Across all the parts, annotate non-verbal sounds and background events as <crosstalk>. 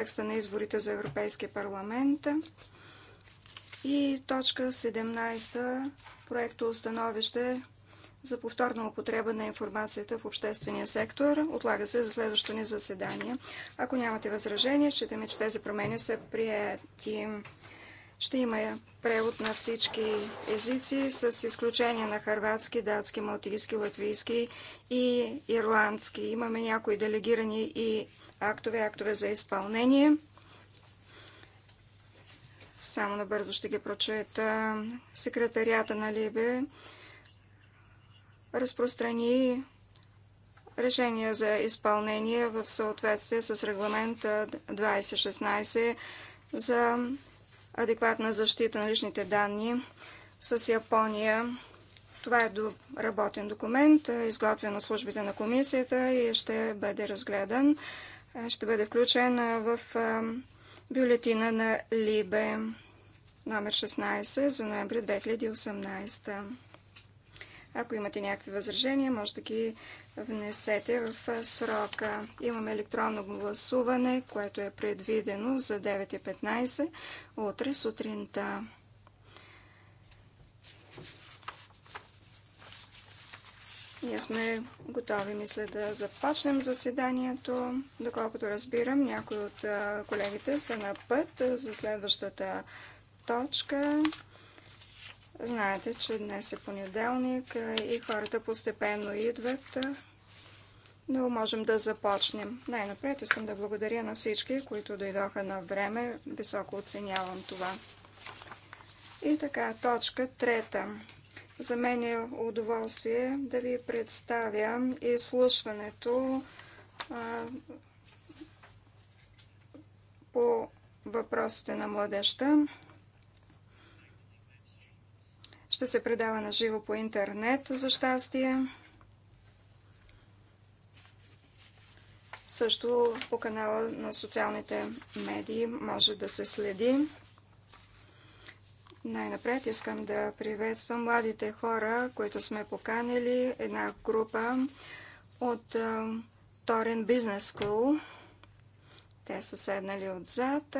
текста на изборите за Европейския парламент. И точка 17. Проекто установище за повторна употреба на информацията в обществения сектор. Отлага се за следващото ни заседание. Ако нямате възражение, считаме, че тези промени са прияти. Ще има превод на всички езици, с изключение на харватски, датски, малтийски, латвийски и ирландски. Имаме някои делегирани и актове, актове за изпълнение. Само набързо ще ги прочета. Секретарията на Либе разпространи решения за изпълнение в съответствие с регламент 2016 за адекватна защита на личните данни с Япония. Това е работен документ, изготвен от службите на комисията и ще бъде разгледан ще бъде включен в бюлетина на Либе номер 16 за ноември 2018. Ако имате някакви възражения, може да ги внесете в срока. Имаме електронно гласуване, което е предвидено за 9.15 утре сутринта. Ние сме готови, мисля, да започнем заседанието. Доколкото разбирам, някои от колегите са на път за следващата точка. Знаете, че днес е понеделник и хората постепенно идват, но можем да започнем. Най-напред искам да благодаря на всички, които дойдоха на време. Високо оценявам това. И така, точка трета. За мен е удоволствие да ви представя изслушването по въпросите на младеща. Ще се предава на живо по интернет, за щастие. Също по канала на социалните медии може да се следи. Най-напред искам да приветствам младите хора, които сме поканили, една група от Торен Бизнес Скул. Те са седнали отзад.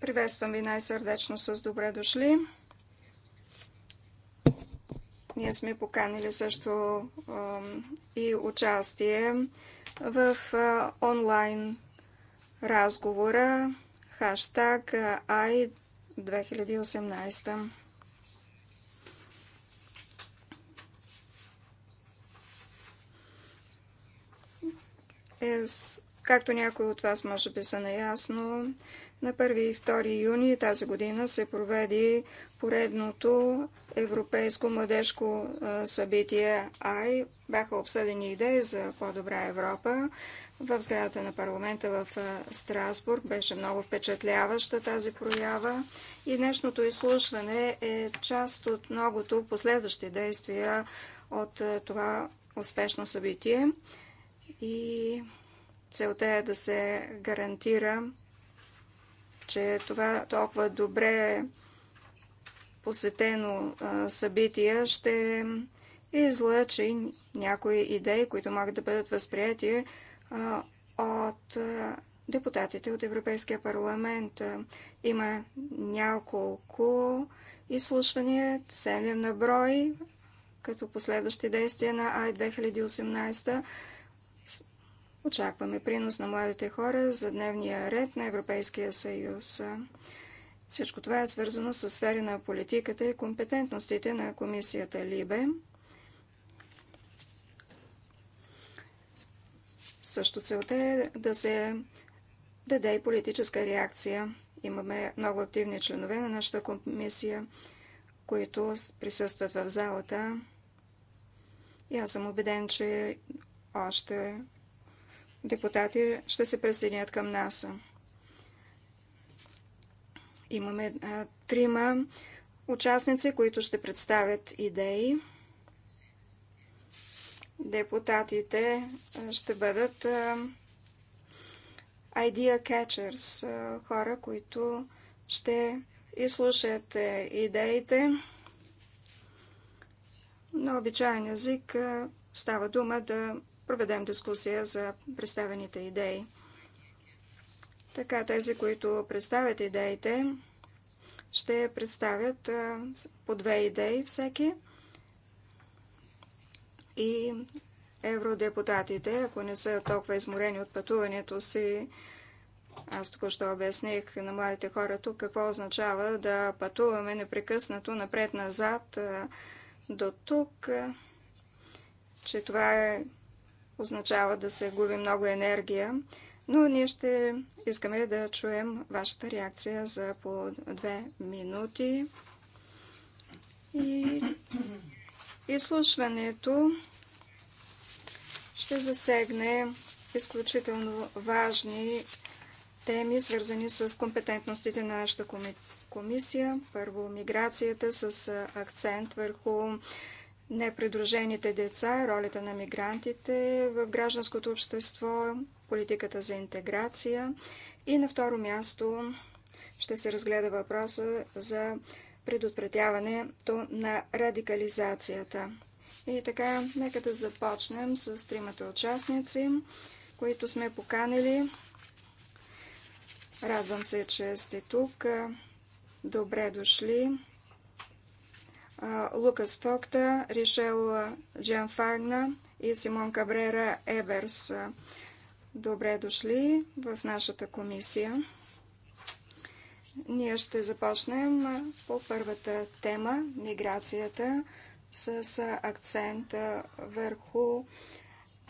Приветствам ви най-сърдечно с добре дошли. Ние сме поканили също и участие в онлайн разговора хаштаг Ай 2018. както някои от вас може би са наясно, на 1 и 2 юни тази година се проведе поредното европейско младежко събитие АЙ. Бяха обсъдени идеи за по-добра Европа. В сградата на парламента в Страсбург беше много впечатляваща тази проява и днешното изслушване е част от многото последващи действия от това успешно събитие. И целта е да се гарантира че това толкова добре посетено събитие ще излъчи някои идеи, които могат да бъдат възприяти от депутатите от Европейския парламент. Има няколко изслушвания, 7 на брой, като последващи действия на АЙ 2018 Очакваме принос на младите хора за дневния ред на Европейския съюз. Всичко това е свързано с сфери на политиката и компетентностите на комисията Либе. Също целта е да се даде и политическа реакция. Имаме много активни членове на нашата комисия, които присъстват в залата. И аз съм убеден, че още депутати ще се присъединят към нас. Имаме а, трима участници, които ще представят идеи. Депутатите ще бъдат а, idea catchers, а, хора, които ще изслушат е, идеите. На обичайен език става дума да проведем дискусия за представените идеи. Така тези, които представят идеите, ще представят по две идеи всеки. И евродепутатите, ако не са толкова изморени от пътуването си, аз току-що обясних на младите хора тук какво означава да пътуваме непрекъснато напред-назад до тук, че това е означава да се губи много енергия, но ние ще искаме да чуем вашата реакция за по две минути. И изслушването ще засегне изключително важни теми, свързани с компетентностите на нашата комисия. Първо, миграцията с акцент върху непридружените деца, ролята на мигрантите в гражданското общество, политиката за интеграция и на второ място ще се разгледа въпроса за предотвратяването на радикализацията. И така, нека да започнем с тримата участници, които сме поканили. Радвам се, че сте тук. Добре дошли. Лукас Фокта, Ришел Фагна и Симон Кабрера Еверс. Добре дошли в нашата комисия. Ние ще започнем по първата тема – миграцията, с акцент върху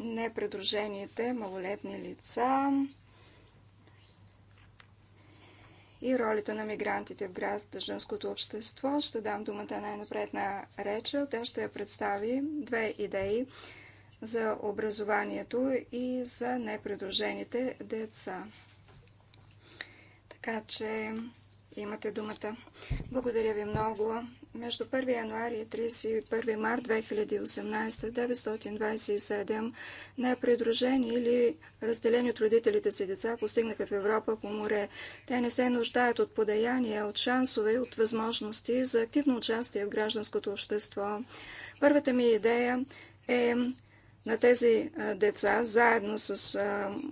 непредружените малолетни лица, и ролята на мигрантите в гражданското общество. Ще дам думата най-напред на Речел. Тя ще представи две идеи за образованието и за непредложените деца. Така че имате думата. Благодаря ви много между 1 януари и 31 март 2018 927 непридружени или разделени от родителите си деца постигнаха в Европа по море. Те не се нуждаят от подаяния, от шансове, от възможности за активно участие в гражданското общество. Първата ми идея е на тези деца, заедно с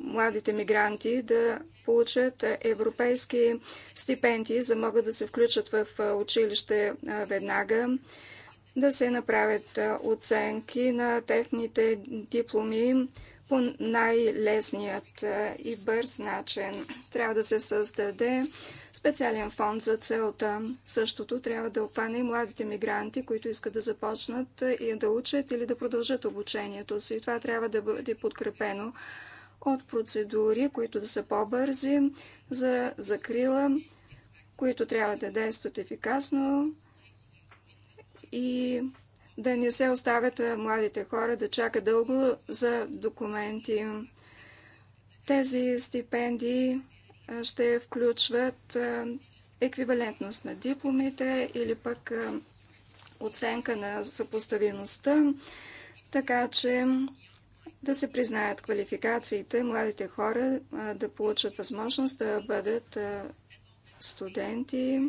младите мигранти, да получат европейски стипендии, за да могат да се включат в училище веднага, да се направят оценки на техните дипломи по най-лесният и бърз начин. Трябва да се създаде специален фонд за целта. Същото трябва да обхване и младите мигранти, които искат да започнат и да учат или да продължат обучението си. Това трябва да бъде подкрепено от процедури, които да са по-бързи за закрила, които трябва да действат ефикасно и да не се оставят младите хора да чакат дълго за документи. Тези стипендии ще включват еквивалентност на дипломите или пък оценка на съпоставеността, така че да се признаят квалификациите, младите хора да получат възможност да бъдат студенти.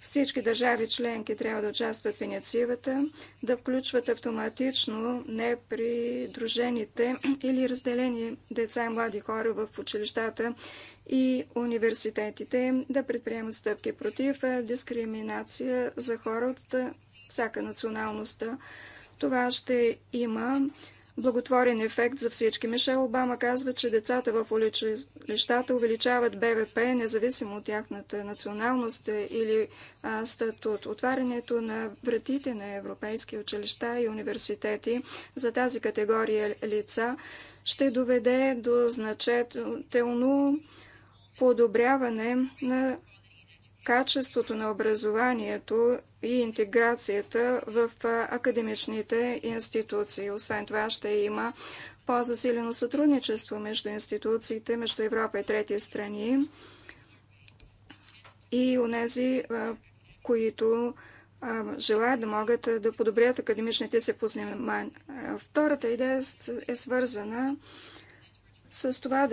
Всички държави членки трябва да участват в инициативата, да включват автоматично непридружените <clears throat> или разделени деца и млади хора в училищата и университетите да предприемат стъпки против е, дискриминация за хора от всяка националност. Това ще има благотворен ефект за всички. Мишел Обама казва, че децата в училищата увеличават БВП, независимо от тяхната националност е, или а, статут. Отварянето на вратите на европейски училища и университети за тази категория лица ще доведе до значително подобряване на качеството на образованието и интеграцията в академичните институции. Освен това ще има по-засилено сътрудничество между институциите, между Европа и трети страни и унези, които желаят да могат да подобрят академичните си познания. Втората идея е свързана с това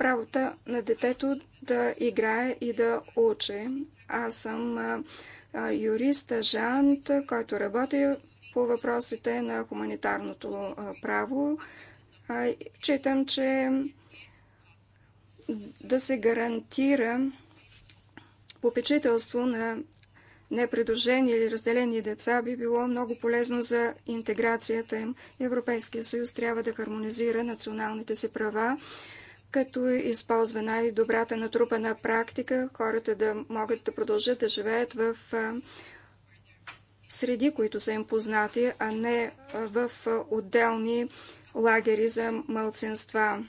правота на детето да играе и да учи. Аз съм юрист, Жант, който работи по въпросите на хуманитарното право. Читам, че да се гарантира попечителство на непредружени или разделени деца би било много полезно за интеграцията им. Европейския съюз трябва да хармонизира националните си права като използва най-добрата натрупана практика, хората да могат да продължат да живеят в среди, които са им познати, а не в отделни лагери за мълцинства.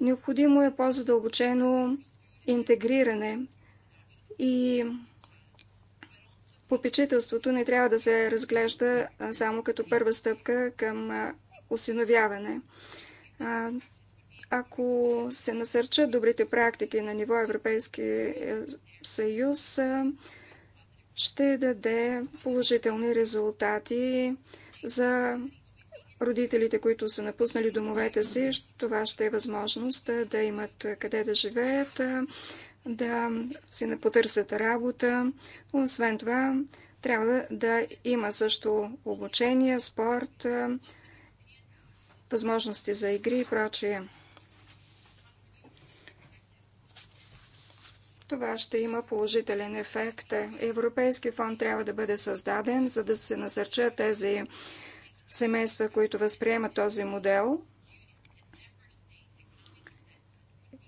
Необходимо е по-задълбочено интегриране и попечителството не трябва да се разглежда само като първа стъпка към осиновяване. Ако се насърчат добрите практики на ниво Европейски е, съюз, е, ще даде положителни резултати за родителите, които са напуснали домовете си. Това ще е възможност е, да имат къде да живеят, да си не потърсят работа. Освен това, трябва да има също обучение, спорт, възможности за игри и прочие. Това ще има положителен ефект. Европейски фонд трябва да бъде създаден, за да се насърчат тези семейства, които възприемат този модел.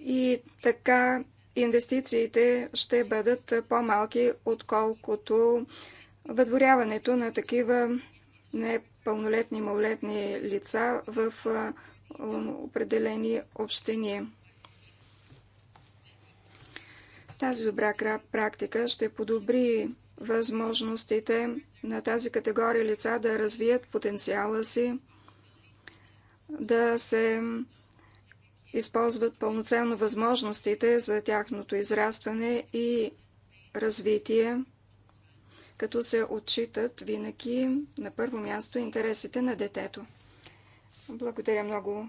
И така инвестициите ще бъдат по-малки, отколкото въдворяването на такива непълнолетни и малолетни лица в определени общини. Тази добра практика ще подобри възможностите на тази категория лица да развият потенциала си, да се използват пълноценно възможностите за тяхното израстване и развитие, като се отчитат винаги на първо място интересите на детето. Благодаря много,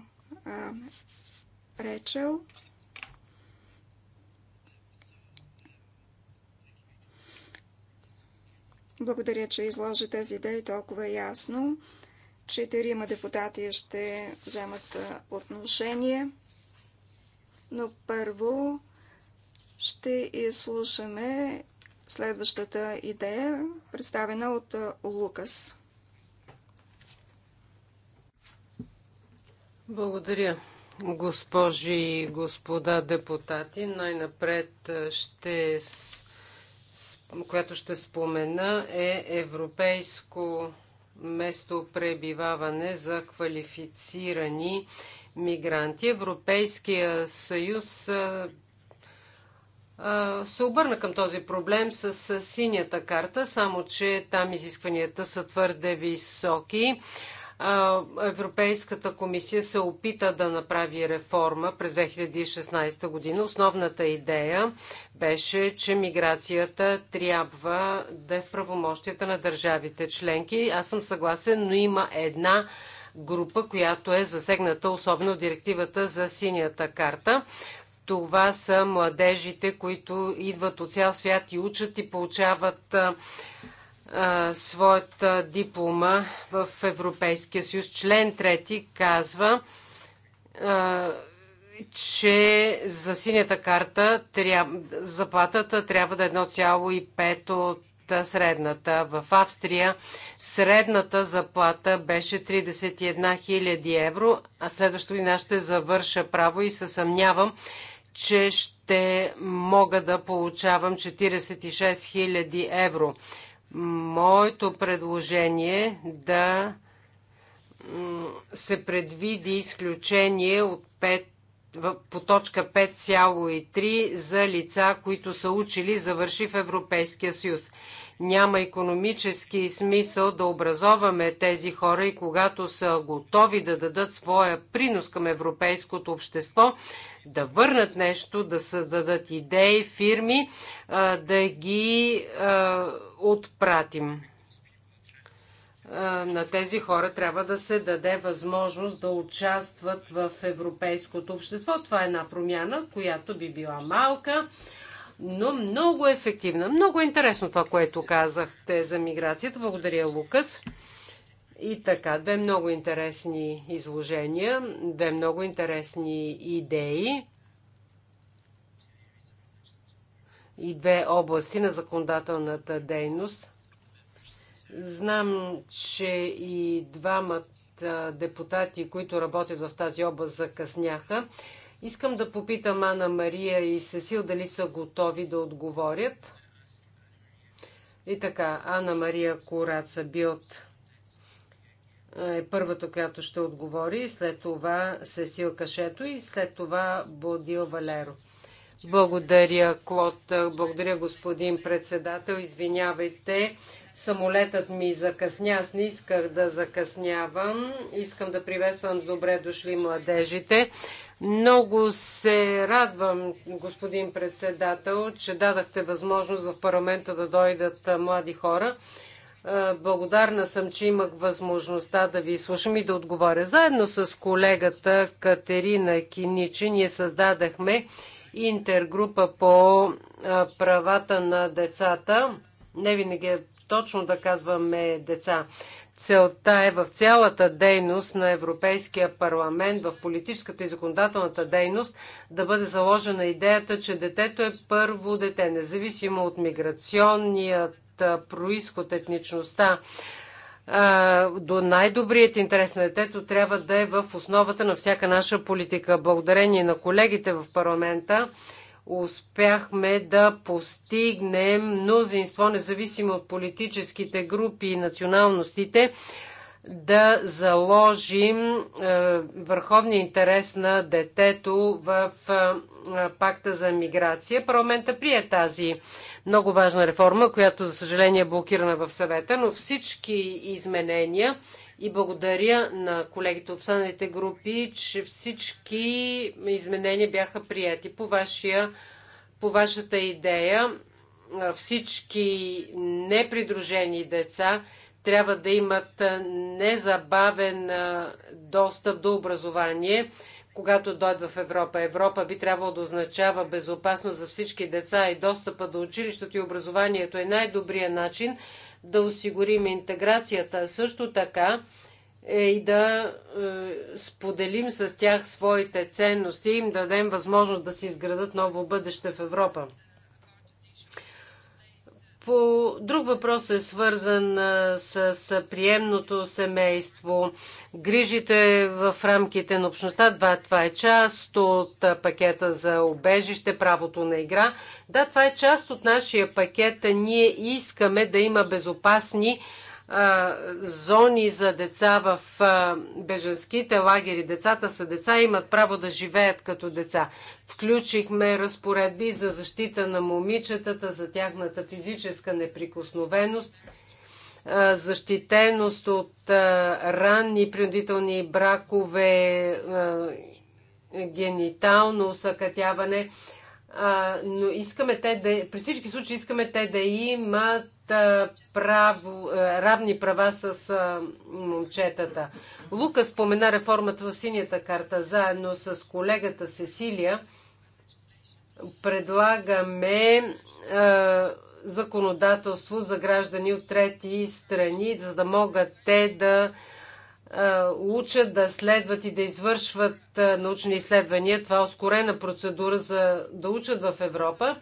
Речел. Благодаря, че изложи тези идеи толкова ясно. Четирима депутати ще вземат отношение, но първо ще изслушаме следващата идея, представена от Лукас. Благодаря, госпожи и господа депутати. Най-напред ще която ще спомена, е европейско пребиваване за квалифицирани мигранти. Европейския съюз се обърна към този проблем с синята карта, само че там изискванията са твърде високи. Европейската комисия се опита да направи реформа през 2016 година. Основната идея беше, че миграцията трябва да е в правомощията на държавите членки. Аз съм съгласен, но има една група, която е засегната особено директивата за синята карта. Това са младежите, които идват от цял свят и учат и получават своята диплома в Европейския съюз. Член трети казва, че за синята карта заплатата трябва да е 1,5 от средната. В Австрия средната заплата беше 31 000 евро, а следващото година ще завърша право и се съмнявам, че ще мога да получавам 46 000 евро. Моето предложение е да се предвиди изключение от 5 по точка 5,3 за лица, които са учили завърши в Европейския съюз. Няма економически смисъл да образоваме тези хора и когато са готови да дадат своя принос към европейското общество, да върнат нещо, да създадат идеи, фирми, да ги отпратим. На тези хора трябва да се даде възможност да участват в европейското общество. Това е една промяна, която би била малка, но много ефективна. Много е интересно това, което казахте за миграцията. Благодаря, Лукас. И така, две много интересни изложения, две много интересни идеи и две области на законодателната дейност. Знам, че и двамата депутати, които работят в тази област, закъсняха. Искам да попитам Ана Мария и Сесил дали са готови да отговорят. И така, Ана Мария Кураца Билт е първата, която ще отговори. След това Сесил Кашето и след това Бодил Валеро. Благодаря, Клод. Благодаря, господин председател. Извинявайте. Самолетът ми закъсня. Аз не исках да закъснявам. Искам да приветствам добре дошли младежите. Много се радвам, господин председател, че дадахте възможност в парламента да дойдат млади хора. Е, благодарна съм, че имах възможността да ви слушам и да отговоря. Заедно с колегата Катерина Киничи ние създадахме интергрупа по е, правата на децата. Не винаги е точно да казваме деца. Целта е в цялата дейност на Европейския парламент, в политическата и законодателната дейност, да бъде заложена идеята, че детето е първо дете, независимо от миграционният происход, етничността, до най-добрият интерес на детето трябва да е в основата на всяка наша политика. Благодарение на колегите в парламента успяхме да постигнем мнозинство, независимо от политическите групи и националностите, да заложим е, върховния интерес на детето в е, е, пакта за миграция. Парламента прие тази много важна реформа, която за съжаление е блокирана в съвета, но всички изменения и благодаря на колегите от останалите групи, че всички изменения бяха прияти по, вашия, по вашата идея. Е, всички непридружени деца – трябва да имат незабавен достъп до образование, когато дойдат в Европа. Европа би трябвало да означава безопасност за всички деца и достъпа до училището и образованието е най-добрият начин да осигурим интеграцията. Също така е и да е, споделим с тях своите ценности и им дадем възможност да си изградат ново бъдеще в Европа. По друг въпрос е свързан с приемното семейство, грижите в рамките на общността. Това, това е част от пакета за обежище, правото на игра. Да, това е част от нашия пакет. Ние искаме да има безопасни зони за деца в беженските лагери. Децата са деца и имат право да живеят като деца. Включихме разпоредби за защита на момичетата, за тяхната физическа неприкосновеност, защитеност от ранни принудителни бракове, генитално усъкътяване. Но искаме те да, при всички случаи искаме те да имат право, равни права с момчетата. Лука спомена реформата в синята карта заедно с колегата Сесилия. Предлагаме законодателство за граждани от трети страни, за да могат те да учат, да следват и да извършват научни изследвания. Това е ускорена процедура за да учат в Европа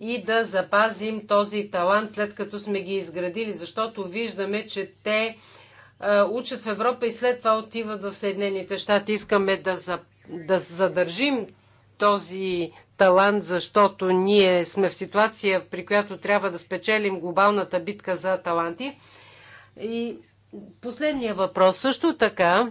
и да запазим този талант, след като сме ги изградили, защото виждаме, че те учат в Европа и след това отиват в Съединените щати. Искаме да, за, да задържим този талант, защото ние сме в ситуация, при която трябва да спечелим глобалната битка за таланти. И последния въпрос също така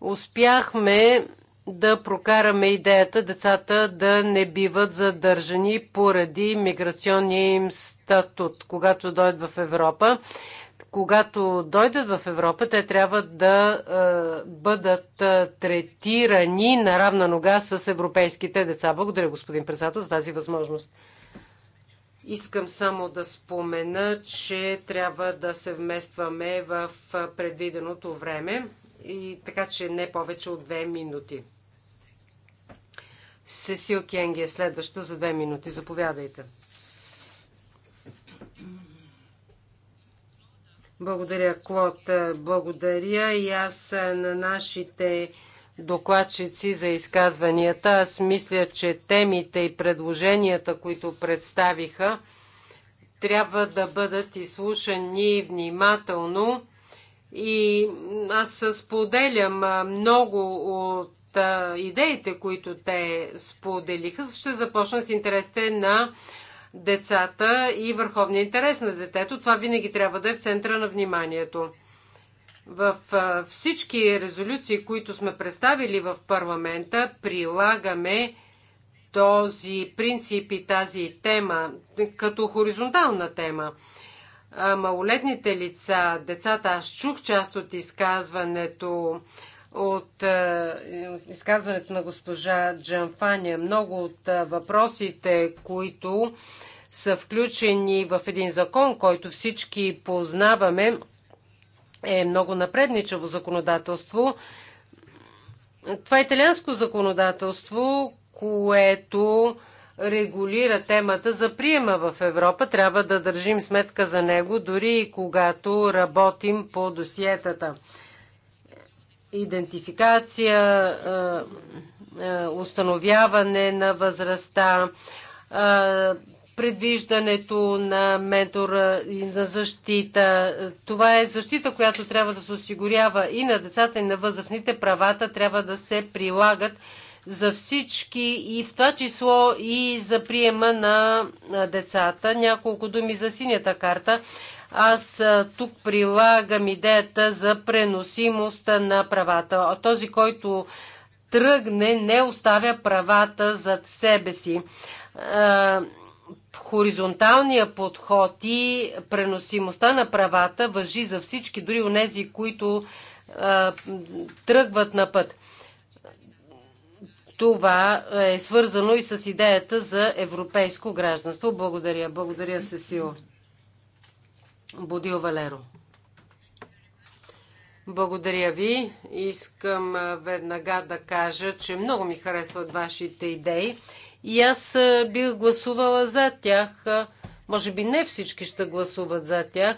успяхме да прокараме идеята децата да не биват задържани поради миграционния им статут, когато дойдат в Европа. Когато дойдат в Европа, те трябва да е, бъдат е, третирани на равна нога с европейските деца. Благодаря, господин председател, за тази възможност. Искам само да спомена, че трябва да се вместваме в предвиденото време и така че не повече от две минути. Сесил Кенги е следваща за две минути. Заповядайте. Благодаря, Клод. Благодаря и аз на нашите докладчици за изказванията. Аз мисля, че темите и предложенията, които представиха, трябва да бъдат изслушани внимателно. И аз споделям много от идеите, които те споделиха. Ще започна с интересите на децата и върховния интерес на детето. Това винаги трябва да е в центъра на вниманието. В всички резолюции, които сме представили в парламента, прилагаме този принцип и тази тема като хоризонтална тема. Малолетните лица, децата, аз чух част от изказването от е, изказването на госпожа Джанфаня, Много от е, въпросите, които са включени в един закон, който всички познаваме, е много напредничаво законодателство. Това е италианско законодателство, което регулира темата за приема в Европа. Трябва да държим сметка за него, дори и когато работим по досиетата идентификация, установяване на възрастта, предвиждането на ментора и на защита. Това е защита, която трябва да се осигурява и на децата, и на възрастните. Правата трябва да се прилагат за всички и в това число и за приема на децата. Няколко думи за синята карта. Аз тук прилагам идеята за преносимост на правата. Този, който тръгне, не оставя правата зад себе си. Хоризонталния подход и преносимостта на правата въжи за всички, дори у нези, които тръгват на път. Това е свързано и с идеята за европейско гражданство. Благодаря. Благодаря, Се Сила. Будил Валеро. Благодаря ви. Искам веднага да кажа, че много ми харесват вашите идеи и аз бих гласувала за тях. Може би не всички ще гласуват за тях.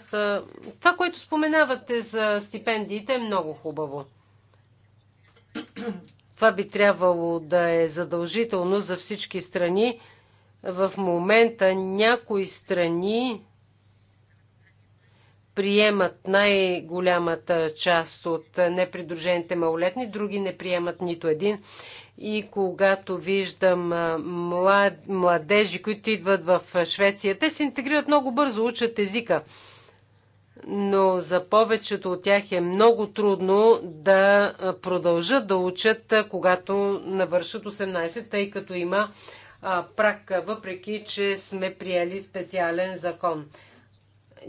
Това, което споменавате за стипендиите е много хубаво. Това би трябвало да е задължително за всички страни. В момента някои страни приемат най-голямата част от непридружените малолетни, други не приемат нито един. И когато виждам млад, младежи, които идват в Швеция, те се интегрират много бързо, учат езика. Но за повечето от тях е много трудно да продължат да учат, когато навършат 18, тъй като има прак, въпреки че сме приели специален закон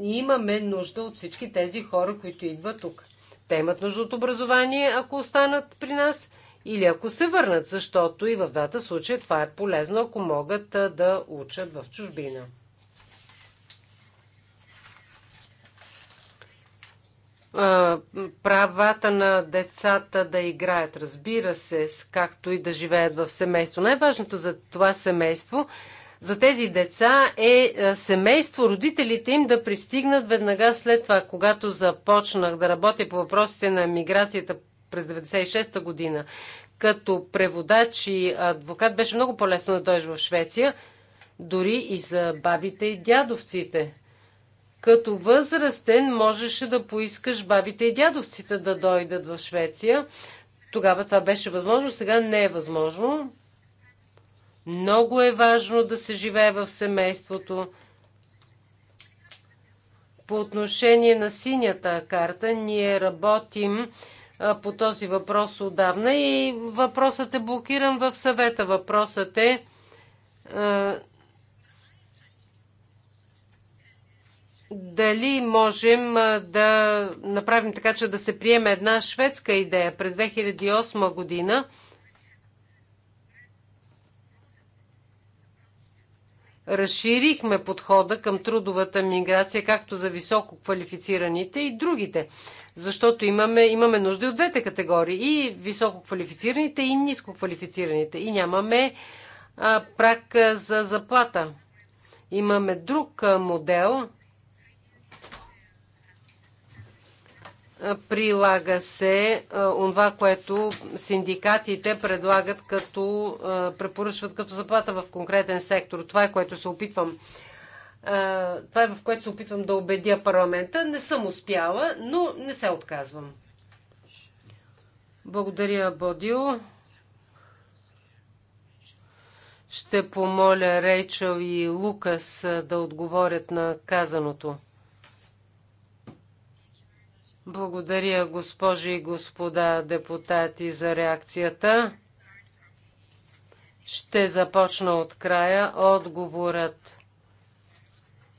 имаме нужда от всички тези хора, които идват тук. Те имат нужда от образование, ако останат при нас или ако се върнат, защото и в двата случая това е полезно, ако могат да учат в чужбина. правата на децата да играят, разбира се, както и да живеят в семейство. Най-важното за това семейство за тези деца е, е семейство, родителите им да пристигнат веднага след това. Когато започнах да работя по въпросите на миграцията през 96-та година, като преводач и адвокат, беше много по-лесно да дойдеш в Швеция, дори и за бабите и дядовците. Като възрастен можеше да поискаш бабите и дядовците да дойдат в Швеция. Тогава това беше възможно, сега не е възможно. Много е важно да се живее в семейството. По отношение на синята карта, ние работим по този въпрос отдавна и въпросът е блокиран в съвета. Въпросът е дали можем да направим така, че да се приеме една шведска идея през 2008 година – разширихме подхода към трудовата миграция, както за високо квалифицираните и другите. Защото имаме, имаме нужда от двете категории. И високо квалифицираните, и ниско квалифицираните. И нямаме а, прак за заплата. Имаме друг модел, Прилага се това, което синдикатите предлагат като препоръчват като заплата в конкретен сектор. Това е което се опитвам. Това е в което се опитвам да убедя парламента. Не съм успяла, но не се отказвам. Благодаря, Бодил. Ще помоля Рейчел и Лукас да отговорят на казаното. Благодаря, госпожи и господа депутати, за реакцията. Ще започна от края. Отговорът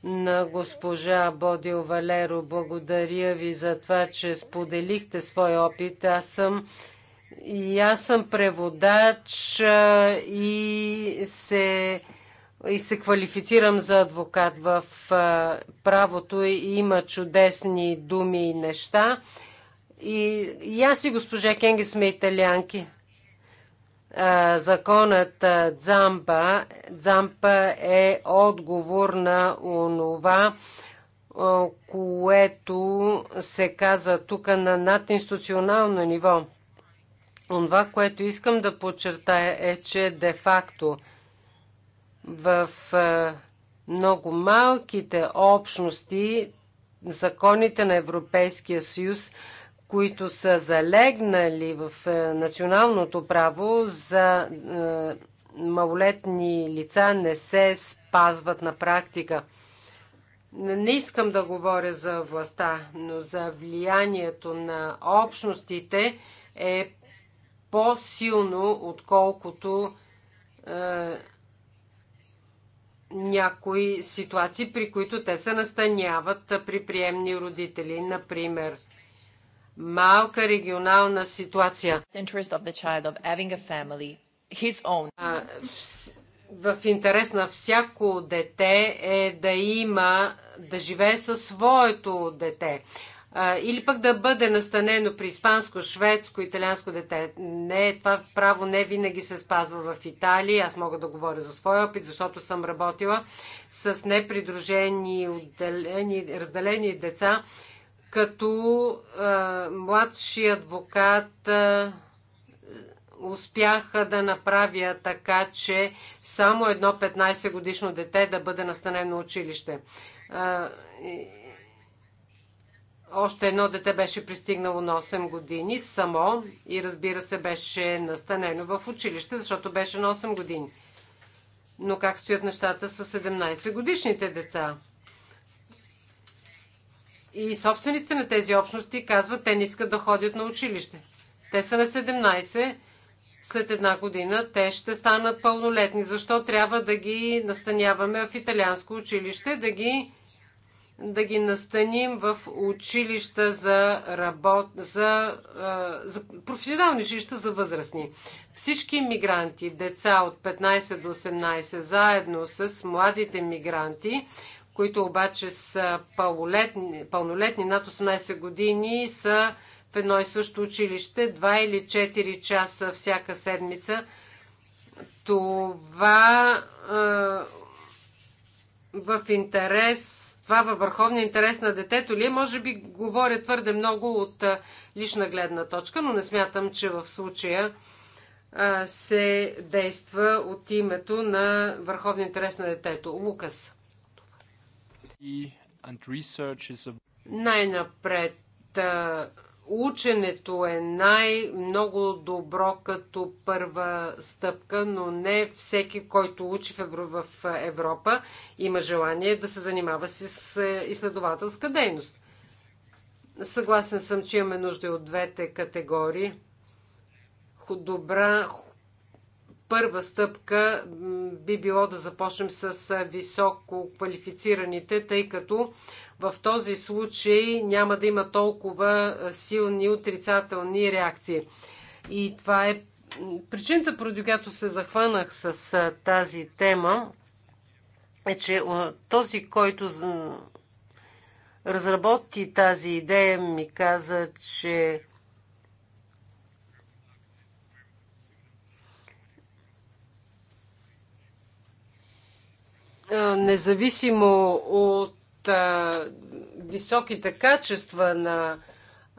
на госпожа Бодил Валеро. Благодаря ви за това, че споделихте своя опит. Аз съм и аз съм преводач и се и се квалифицирам за адвокат в правото и има чудесни думи и неща. И, и аз и госпожа Кенги сме италианки. Законът Дзампа, Дзампа е отговор на онова, което се каза тук на надинституционално ниво. Онова, което искам да подчертая е, че де-факто – в много малките общности законите на Европейския съюз, които са залегнали в националното право за малолетни лица, не се спазват на практика. Не искам да говоря за властта, но за влиянието на общностите е по-силно, отколкото някои ситуации, при които те се настаняват при приемни родители. Например, малка регионална ситуация. В интерес на всяко дете е да има, да живее със своето дете или пък да бъде настанено при испанско, шведско, италианско дете. Не, това право не винаги се спазва в Италия. Аз мога да говоря за своя опит, защото съм работила с непридружени, отделени, разделени деца, като а, младши адвокат а, успяха да направя така, че само едно 15 годишно дете да бъде настанено училище. А, и, още едно дете беше пристигнало на 8 години само и разбира се беше настанено в училище, защото беше на 8 години. Но как стоят нещата с 17 годишните деца? И собствениците на тези общности казват, те не искат да ходят на училище. Те са на 17, след една година те ще станат пълнолетни. Защо трябва да ги настаняваме в италианско училище, да ги да ги настаним в училища за, работ... за, за професионални училища за възрастни. Всички мигранти, деца от 15 до 18, заедно с младите мигранти, които обаче са пълнолетни, пълнолетни над 18 години, са в едно и също училище, 2 или 4 часа всяка седмица. Това а, в интерес това във върховния интерес на детето ли е, може би говоря твърде много от лична гледна точка, но не смятам, че в случая се действа от името на върховния интерес на детето. Лукас. Най-напред Ученето е най-много добро като първа стъпка, но не всеки, който учи в Европа, има желание да се занимава с е, изследователска дейност. Съгласен съм, че имаме нужда от двете категории. Добра първа стъпка би било да започнем с е, високо квалифицираните, тъй като в този случай няма да има толкова силни отрицателни реакции. И това е причината, поради която се захванах с тази тема, е, че този, който разработи тази идея, ми каза, че независимо от а, високите качества на,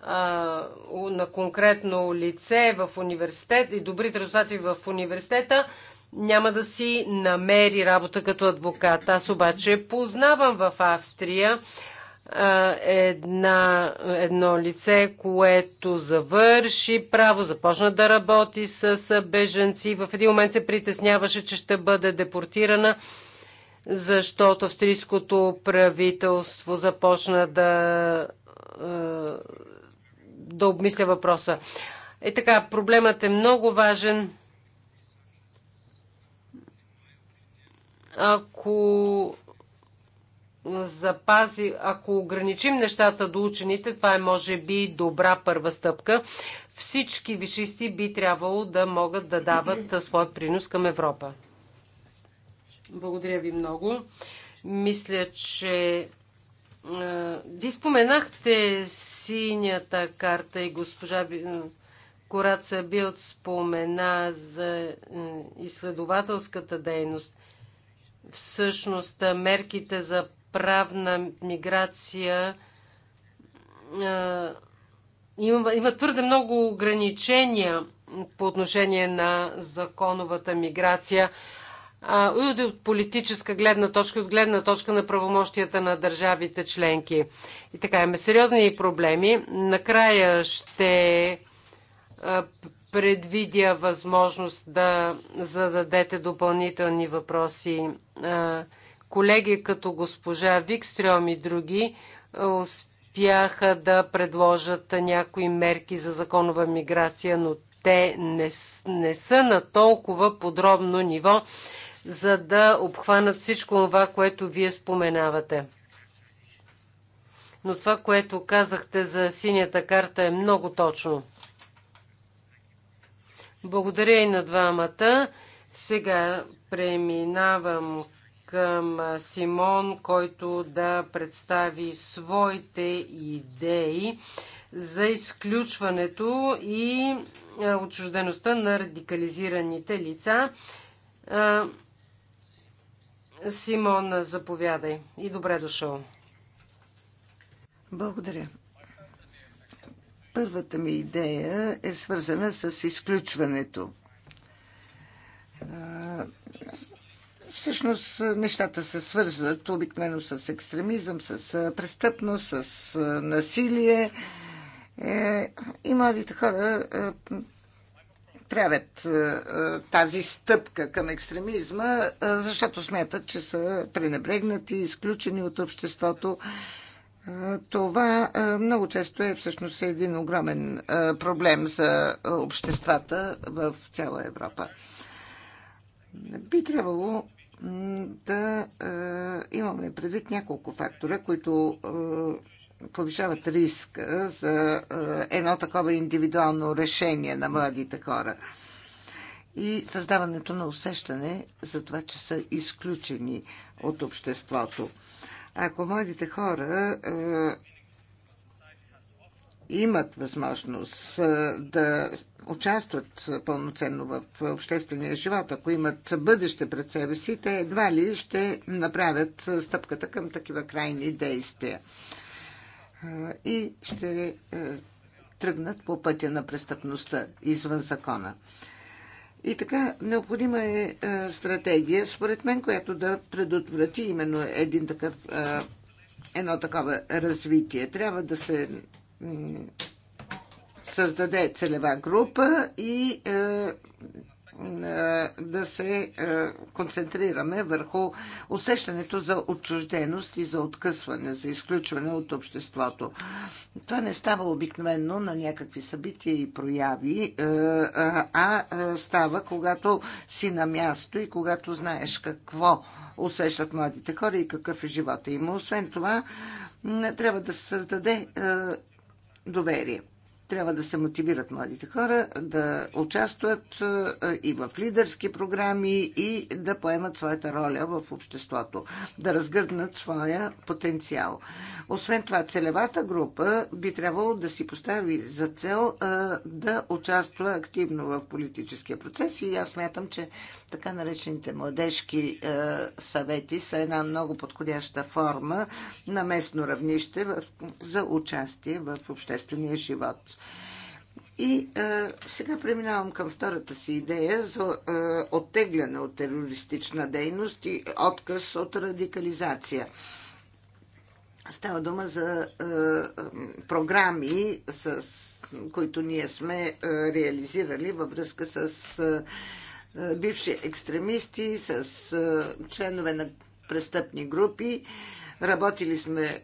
а, на конкретно лице в университет и добрите резултати в университета, няма да си намери работа като адвокат. Аз обаче познавам в Австрия една, едно лице, което завърши право, започна да работи с беженци. В един момент се притесняваше, че ще бъде депортирана защото австрийското правителство започна да, е, да обмисля въпроса. Е така, проблемът е много важен. Ако запази, ако ограничим нещата до учените, това е може би добра първа стъпка. Всички вишисти би трябвало да могат да дават своя принос към Европа. Благодаря ви много. Мисля, че ви споменахте синята карта и госпожа Кораца Билт спомена за изследователската дейност. Всъщност, мерките за правна миграция има, има твърде много ограничения по отношение на законовата миграция и от политическа гледна точка, от гледна точка на правомощията на държавите членки. И така, имаме сериозни проблеми. Накрая ще предвидя възможност да зададете допълнителни въпроси. колеги като госпожа Викстрем и други успяха да предложат някои мерки за законова миграция, но те не, не са на толкова подробно ниво, за да обхванат всичко това, което вие споменавате. Но това, което казахте за синята карта е много точно. Благодаря и на двамата. Сега преминавам към Симон, който да представи своите идеи за изключването и отчуждеността на радикализираните лица. Симон, заповядай и добре дошъл. Благодаря. Първата ми идея е свързана с изключването. Всъщност нещата се свързват обикновено с екстремизъм, с престъпност, с насилие. Е, и младите хора правят е, е, тази стъпка към екстремизма, е, защото смятат, че са пренебрегнати, изключени от обществото. Това много често е всъщност един огромен проблем за обществата в цяла Европа. Би трябвало да имаме предвид няколко фактора, които повишават риска за е, едно такова индивидуално решение на младите хора и създаването на усещане за това, че са изключени от обществото. Ако младите хора е, имат възможност е, да участват пълноценно в обществения живот, ако имат бъдеще пред себе си, те едва ли ще направят стъпката към такива крайни действия и ще е, тръгнат по пътя на престъпността извън закона. И така, необходима е, е стратегия, според мен, която да предотврати именно един такъв, е, едно такова развитие. Трябва да се създаде целева група и да се е, концентрираме върху усещането за отчужденост и за откъсване, за изключване от обществото. Това не става обикновено на някакви събития и прояви, е, е, а става когато си на място и когато знаеш какво усещат младите хора и какъв е живота им. Освен това, трябва да се създаде доверие. Трябва да се мотивират младите хора да участват е, и в лидерски програми и да поемат своята роля в обществото, да разгърнат своя потенциал. Освен това, целевата група би трябвало да си постави за цел е, да участва активно в политическия процес и аз смятам, че така наречените младежки е, съвети са една много подходяща форма на местно равнище за участие в обществения живот. И а, е, сега преминавам към втората си идея за а, е, оттегляне от терористична дейност и отказ от радикализация. Става дума за а, е, програми, с, които ние сме а, реализирали във връзка с а, бивши екстремисти, с а, членове на престъпни групи. А, Работили сме е,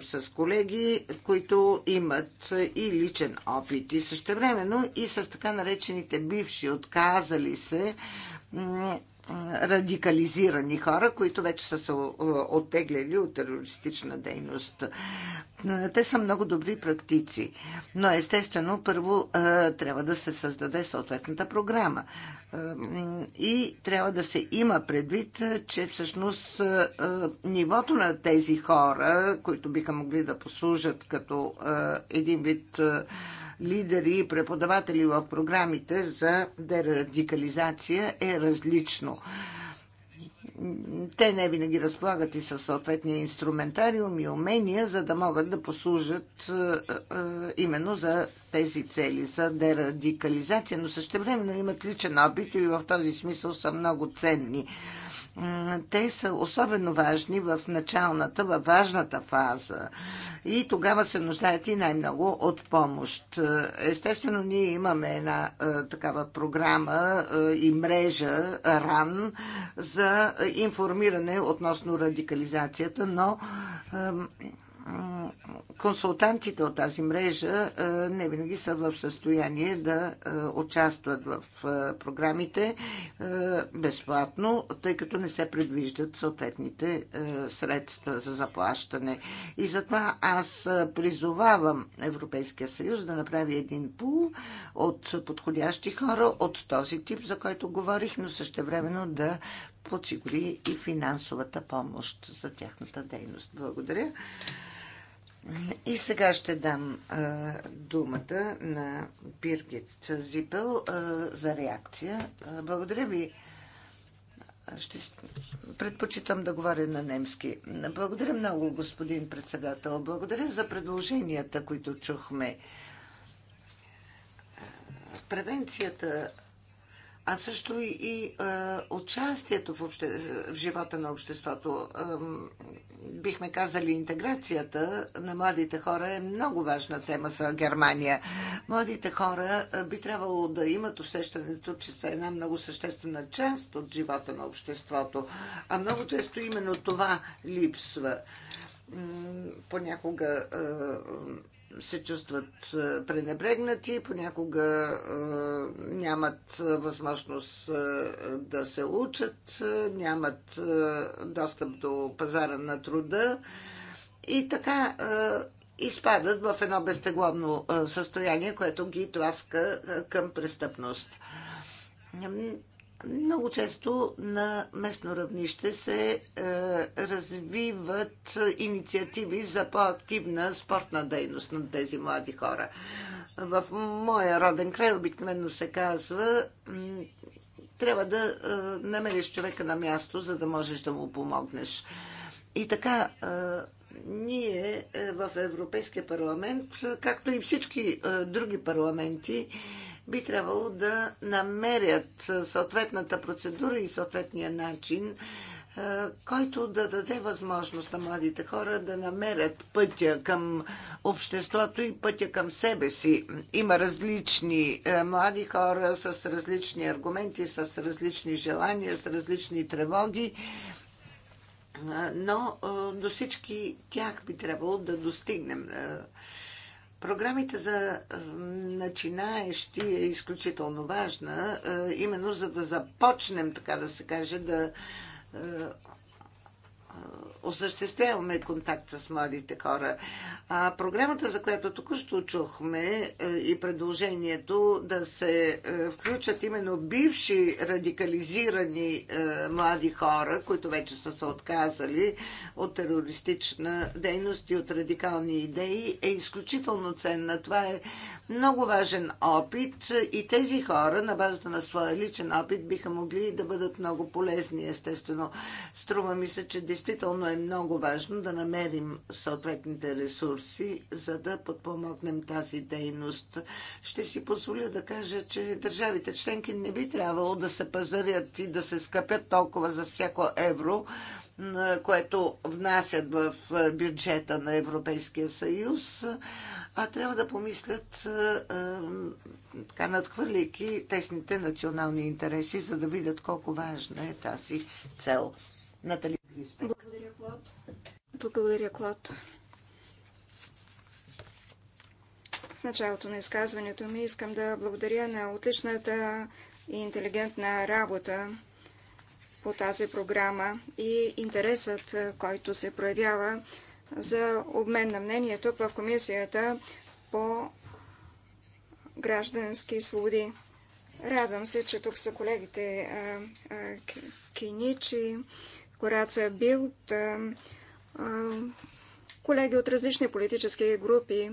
с колеги, които имат и личен опит и същевременно и с така наречените бивши, отказали се радикализирани хора, които вече са се е, оттегляли от терористична дейност. Те са много добри практици, но естествено първо е, трябва да се създаде съответната програма. Е, и трябва да се има предвид, че всъщност нивото на тези хора, които биха могли да послужат като един вид лидери и преподаватели в програмите за дерадикализация е различно. Те не винаги разполагат и със съответния инструментариум и умения, за да могат да послужат е, е, именно за тези цели, за дерадикализация, но същевременно имат личен опит и в този смисъл са много ценни те са особено важни в началната, във важната фаза. И тогава се нуждаят и най-много от помощ. Е, естествено, ние имаме една е, такава програма е, и мрежа РАН за информиране относно радикализацията, но консултантите от тази мрежа не винаги са в състояние да участват в програмите безплатно, тъй като не се предвиждат съответните средства за заплащане. И затова аз призовавам Европейския съюз да направи един пул от подходящи хора от този тип, за който говорих, но също времено да подсигури и финансовата помощ за тяхната дейност. Благодаря. И сега ще дам а, думата на Биргит Зипел а, за реакция. А, благодаря ви. Ще предпочитам да говоря на немски. Благодаря много, господин председател. Благодаря за предложенията, които чухме. Превенцията, а също и, и а, участието в, обще... в живота на обществото. А, бихме казали, интеграцията на младите хора е много важна тема за Германия. Младите хора би трябвало да имат усещането, че са една много съществена част от живота на обществото. А много често именно това липсва. Понякога се чувстват е, пренебрегнати, понякога е, нямат възможност е, да се учат, нямат достъп до пазара на труда и така изпадат в едно безтегловно състояние, което ги тласка към престъпност много често на местно равнище се е, развиват инициативи за по-активна спортна дейност на тези млади хора. В моя роден край обикновено се казва, трябва да е, намериш човека на място, за да можеш да му помогнеш. И така, е, ние е, в Европейския парламент, както и всички е, други парламенти, би трябвало да намерят съответната процедура и съответния начин, е, който да даде възможност на младите хора да намерят пътя към обществото и пътя към себе си. Има различни е, млади хора с различни аргументи, с различни желания, с различни тревоги, е, но до всички тях би трябвало да достигнем Програмите за е, начинаещи е изключително важна, е, именно за да започнем, така да се каже, да е, осъществяваме контакт с младите хора. А програмата, за която току-що чухме е, и предложението да се е, включат именно бивши радикализирани е, млади хора, които вече са се отказали от терористична дейност и от радикални идеи, е изключително ценна. Това е много важен опит и тези хора на базата на своя личен опит биха могли да бъдат много полезни, естествено. Струва ми се, че действително е много важно да намерим съответните ресурси, за да подпомогнем тази дейност. Ще си позволя да кажа, че държавите членки не би трябвало да се пазарят и да се скъпят толкова за всяко евро, което внасят в е, бюджета на Европейския съюз, а трябва да помислят, е, е, така надхвърляйки тесните национални интереси, за да видят колко важна е тази цел. Натали. Благодаря, Клод. Благодаря, Клод. В началото на изказването ми искам да благодаря на отличната и интелигентна работа по тази програма и интересът, който се проявява за обмен на мнение тук в Комисията по граждански свободи. Радвам се, че тук са колегите Киничи, Кораца Билт, колеги от различни политически групи.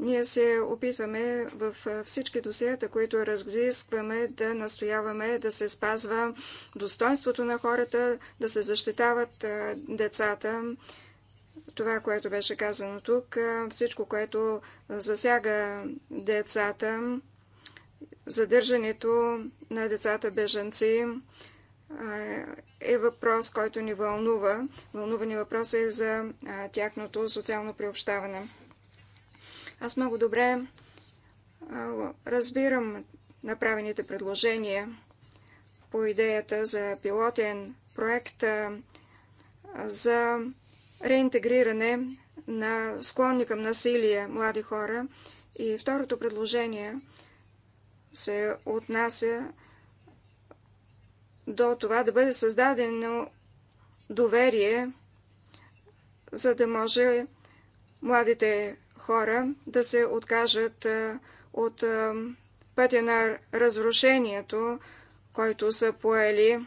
Ние се опитваме в всички досията, които разискваме, да настояваме да се спазва достоинството на хората, да се защитават децата. Това, което беше казано тук, всичко, което засяга децата, задържането на децата беженци, е въпрос, който ни вълнува. Вълнува ни въпроса е за тяхното социално приобщаване. Аз много добре разбирам направените предложения по идеята за пилотен проект за реинтегриране на склонни към насилие млади хора. И второто предложение се отнася до това да бъде създадено доверие, за да може младите хора да се откажат от пътя на разрушението, който са поели,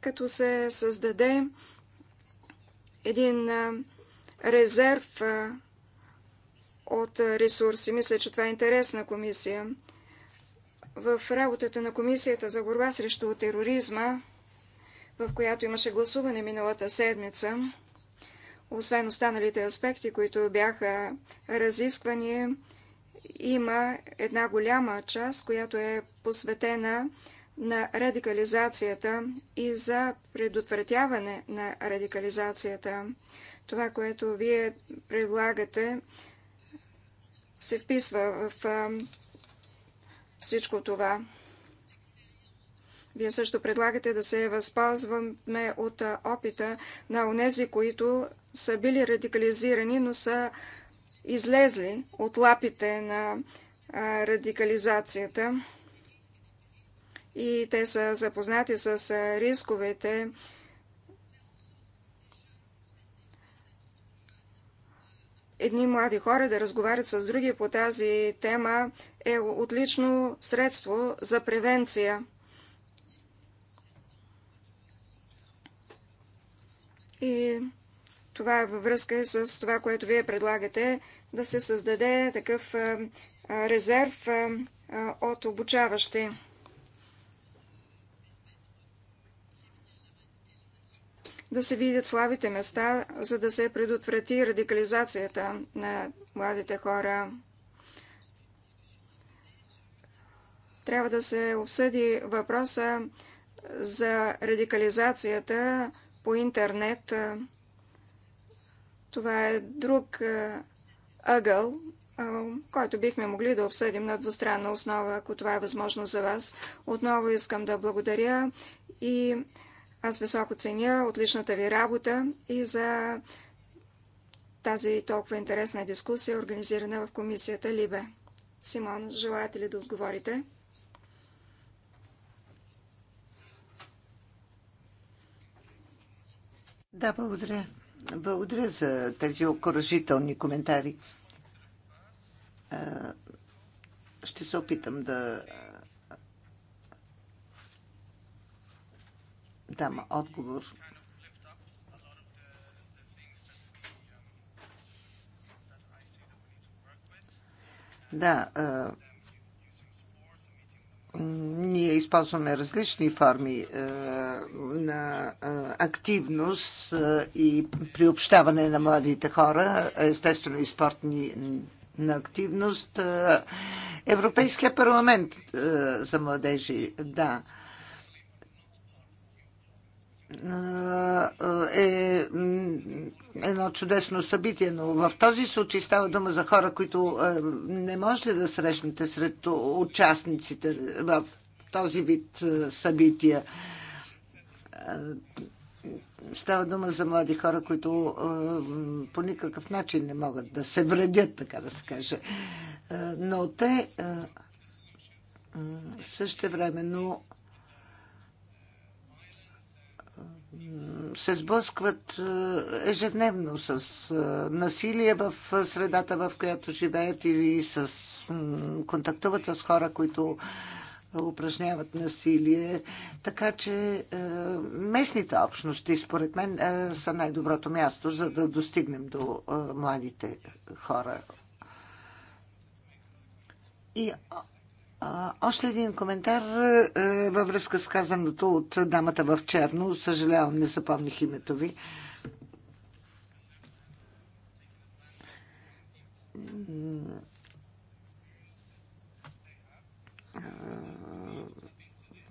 като се създаде един резерв от ресурси. Мисля, че това е интересна комисия в работата на Комисията за борба срещу тероризма, в която имаше гласуване миналата седмица, освен останалите аспекти, които бяха разисквани, има една голяма част, която е посветена на радикализацията и за предотвратяване на радикализацията. Това, което вие предлагате, се вписва в всичко това. Вие също предлагате да се възползваме от опита на онези, които са били радикализирани, но са излезли от лапите на радикализацията и те са запознати с рисковете едни млади хора да разговарят с други по тази тема е отлично средство за превенция. И това е във връзка с това, което вие предлагате, да се създаде такъв резерв от обучаващи. да се видят слабите места, за да се предотврати радикализацията на младите хора. Трябва да се обсъди въпроса за радикализацията по интернет. Това е друг ъгъл, който бихме могли да обсъдим на двустранна основа, ако това е възможно за вас. Отново искам да благодаря и аз високо ценя отличната ви работа и за тази толкова интересна дискусия, организирана в комисията Либе. Симон, желаете ли да отговорите? Да, благодаря. Благодаря за тези окоръжителни коментари. Ще се опитам да дам отговор. Да, ние използваме различни форми на активност и приобщаване на младите хора, естествено и спортни на активност. Европейския парламент за младежи, да. Е, е едно чудесно събитие, но в този случай става дума за хора, които е, не можете да срещнете сред участниците в този вид е, събития. Става дума за млади хора, които по никакъв начин не могат да се вредят, така да се каже. Но те също времено се сблъскват е, ежедневно с е, насилие в е, средата, в която живеят и с, контактуват с хора, които упражняват насилие. Така че местните общности, според мен, са най-доброто място, за да достигнем до младите хора. И още един коментар е, във връзка с казаното от дамата в черно. Съжалявам, не запомних името ви.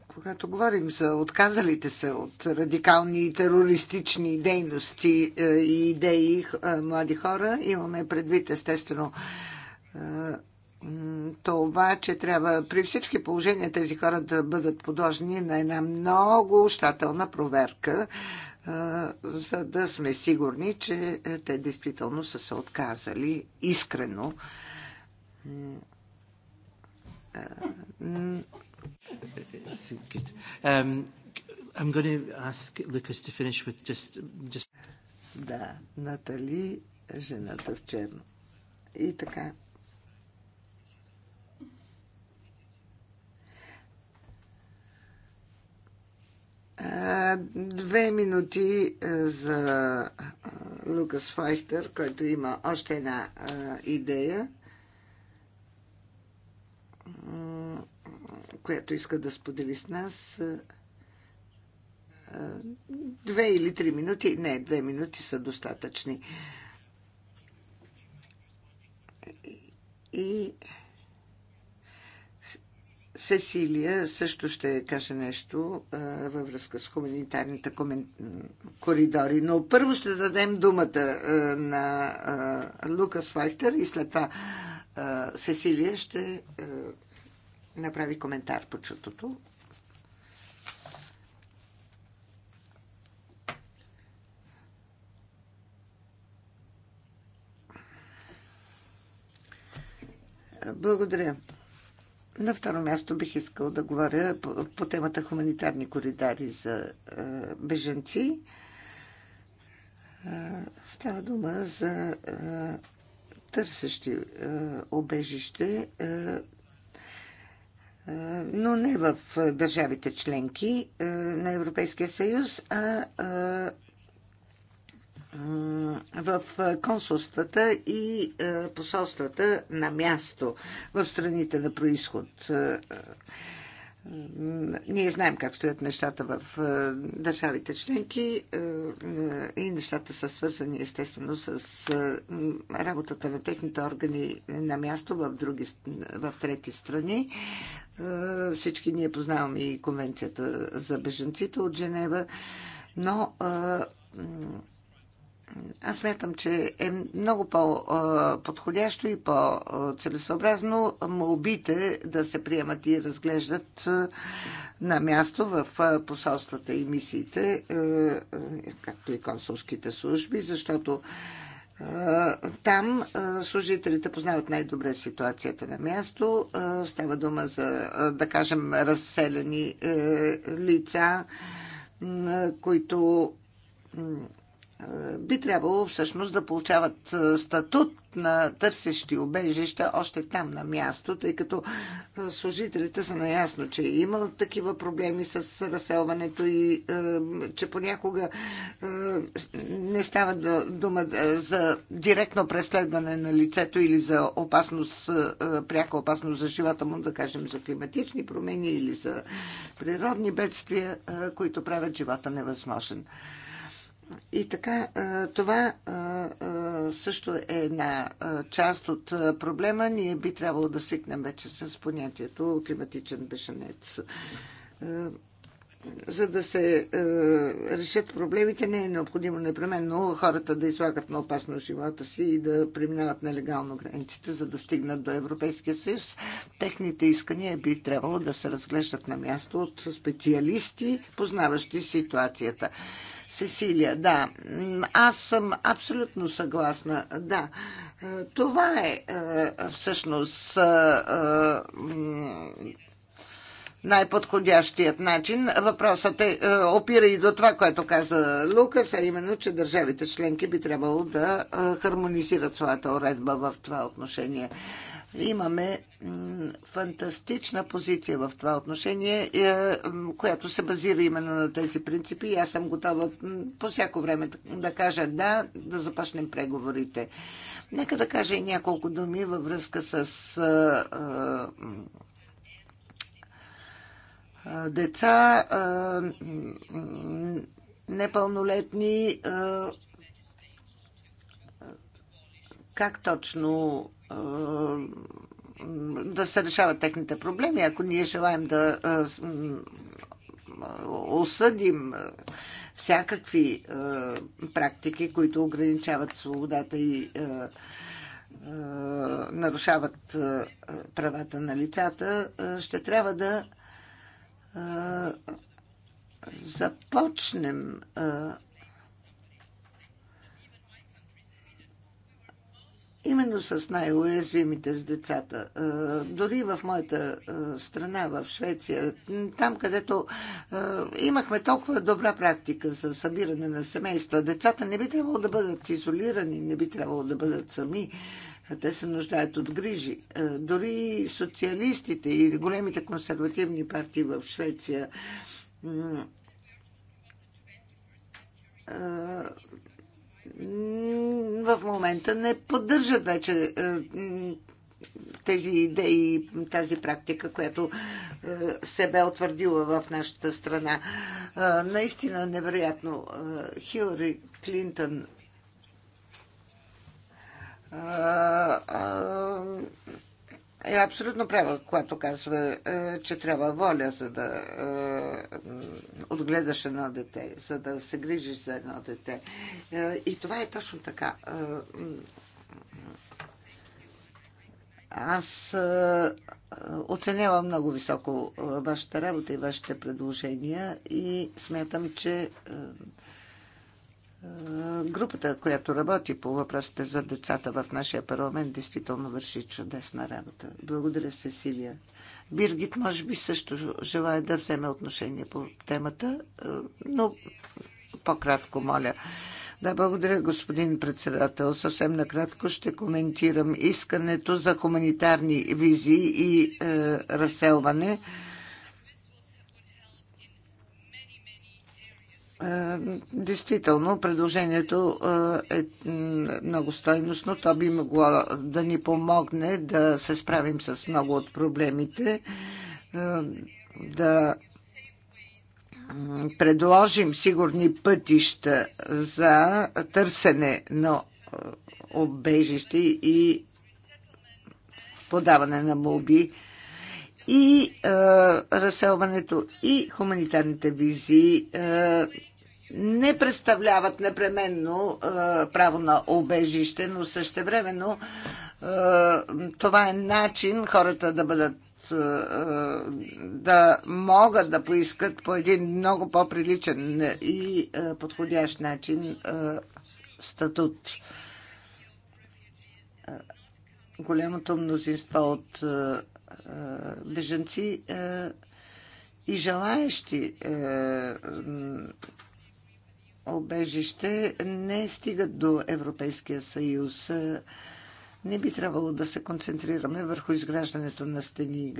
Когато говорим за отказалите се от радикални и терористични дейности е, и идеи е, млади хора, имаме предвид естествено това, че трябва при всички положения тези хора да бъдат подложени на една много щателна проверка, за да сме сигурни, че е, те действително са се отказали искрено. Just, just... Да, Натали, жената в черно. И така. Две минути за Лукас Файхтер, който има още една идея, която иска да сподели с нас. Две или три минути. Не, две минути са достатъчни. И Сесилия също ще каже нещо а, във връзка с хуманитарните комен... коридори. Но първо ще дадем думата а, на а, Лукас Файтер и след това а, Сесилия ще а, направи коментар по чутото. Благодаря. На второ място бих искал да говоря по, по темата хуманитарни коридари за е, беженци. Е, става дума за е, търсещи е, обежище, е, е, но не в е, държавите членки е, на Европейския съюз, а е, в консулствата и посолствата на място в страните на происход. Ние знаем как стоят нещата в държавите членки и нещата са свързани естествено с работата на техните органи на място в, други, в трети страни. Всички ние познаваме и конвенцията за беженците от Женева, но аз смятам, че е много по-подходящо и по-целесообразно молбите да се приемат и разглеждат е, на място в е, посолствата и мисиите, е, както и консулските служби, защото там служителите познават най-добре ситуацията на място. Става дума за, да кажем, разселени лица, които е, би трябвало всъщност да получават е, статут на търсещи убежища още там на място, тъй като е, служителите са наясно, че има такива проблеми с разселването и че понякога не става дума за директно преследване на лицето или за опасност, пряка опасност за живота му, да кажем за климатични промени или за природни бедствия, които правят живота невъзможен. И така, това също е една част от проблема. Ние би трябвало да свикнем вече с понятието климатичен бешенец. За да се решат проблемите, не е необходимо непременно хората да излагат на опасно живота си и да преминават нелегално границите, за да стигнат до Европейския съюз. Техните искания би трябвало да се разглеждат на място от специалисти, познаващи ситуацията. Сесилия, да, аз съм абсолютно съгласна. Да, е, това е, е всъщност е, най-подходящият начин. Въпросът е, опира и до това, което каза Лукас, а именно, че държавите членки би трябвало да хармонизират своята уредба в това отношение. Имаме фантастична позиция в това отношение, е, която се базира именно на тези принципи. И аз съм готова по всяко време да кажа да, да започнем преговорите. Нека да кажа и няколко думи във връзка с е, е, деца, непълнолетни, как точно да се решават техните проблеми. Ако ние желаем да осъдим всякакви практики, които ограничават свободата и нарушават правата на лицата, ще трябва да започнем именно с най-уязвимите с децата. Дори в моята страна, в Швеция, там където имахме толкова добра практика за събиране на семейства, децата не би трябвало да бъдат изолирани, не би трябвало да бъдат сами. Те се нуждаят от грижи. Дори социалистите и големите консервативни партии в Швеция в момента не поддържат вече е, тези идеи, тази практика, която е, се бе утвърдила в нашата страна. Е, наистина невероятно. Хилари Клинтън е абсолютно права, когато казва, е, че трябва воля, за да е, отгледаш едно дете, за да се грижиш за едно дете. Е, и това е точно така. Аз оценявам много високо вашата работа и вашите предложения и смятам, че групата, която работи по въпросите за децата в нашия парламент, действително върши чудесна работа. Благодаря, Сесилия. Биргит, може би, също желая да вземе отношение по темата, е, но по-кратко, моля. Да, благодаря, господин председател. Съвсем накратко ще коментирам искането за хуманитарни визи и е, разселване. Е, действително, предложението е, е много стойностно. То би могло да ни помогне да се справим с много от проблемите, е, да предложим сигурни пътища за търсене на обежище и подаване на молби и а, е, разселването и хуманитарните визи а, е, не представляват непременно а, е, право на обежище, но същевременно е, това е начин хората да бъдат да могат да поискат по един много по-приличен и подходящ начин статут голямото мнозинство от е, бежанци е, и желаещи е, обежище не стигат до Европейския съюз. Не би трябвало да се концентрираме върху изграждането на стени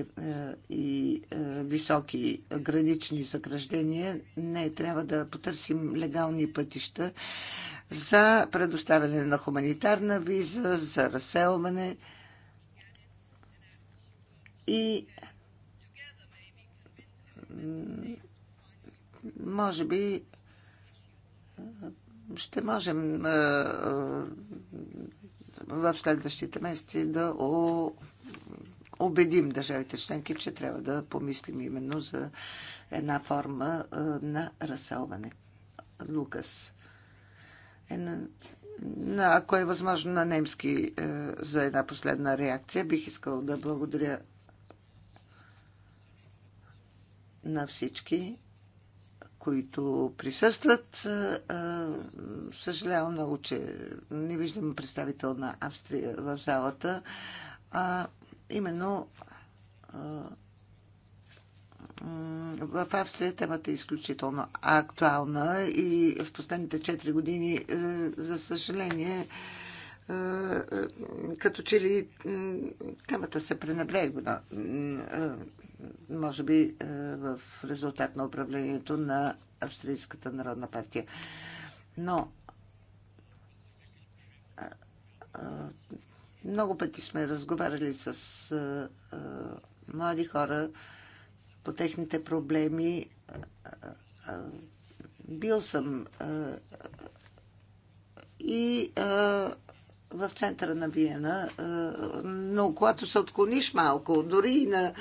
и високи гранични заграждения. Не, трябва да потърсим легални пътища за предоставяне на хуманитарна виза, за разселване. И може би ще можем в следващите месеци да убедим държавите членки, че трябва да помислим именно за една форма на разселване. Лукас. Е, ако е възможно на немски е, за една последна реакция, бих искал да благодаря на всички, които присъстват. Е, е, съжалявам много, че не виждам представител на Австрия в залата. А, именно е, в Австрия темата е изключително актуална и в последните 4 години, за съжаление, като че ли темата се пренебрегва може би е, в резултат на управлението на Австрийската народна партия. Но е, е, много пъти сме разговаряли с млади хора по техните проблеми. Бил съм и в центъра на Виена, но когато се отклониш малко, дори и на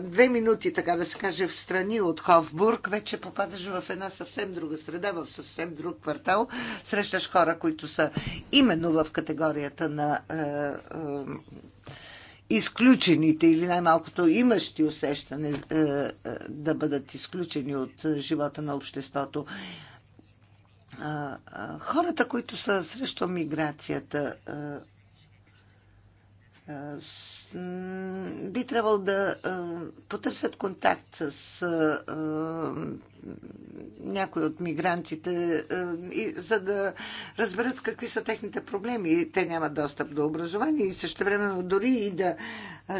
две минути, така да се каже, в страни от Хофбург, вече попадаш в една съвсем друга среда, в съвсем друг квартал. Срещаш хора, които са именно в категорията на изключените или най-малкото имащи усещане да бъдат изключени от живота на обществото хората, които са срещу миграцията, би трябвало да потърсят контакт с някои от мигрантите, е, за да разберат какви са техните проблеми. Те нямат достъп до образование и същевременно дори и да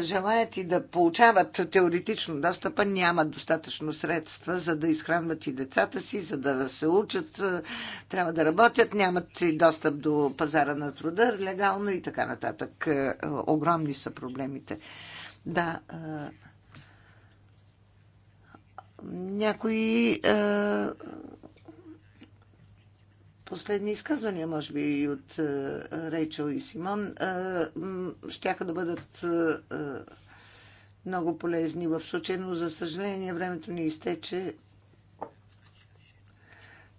желаят и да получават теоретично достъпа, нямат достатъчно средства, за да изхранват и децата си, за да се учат, е, трябва да работят, нямат и достъп до пазара на труда, легално и така нататък. Е, огромни са проблемите. Да, някои а, е, последни изказвания, може би и от а, е, Рейчел и Симон, е, щяха да бъдат а, е, много полезни в случая, но за съжаление времето ни изтече.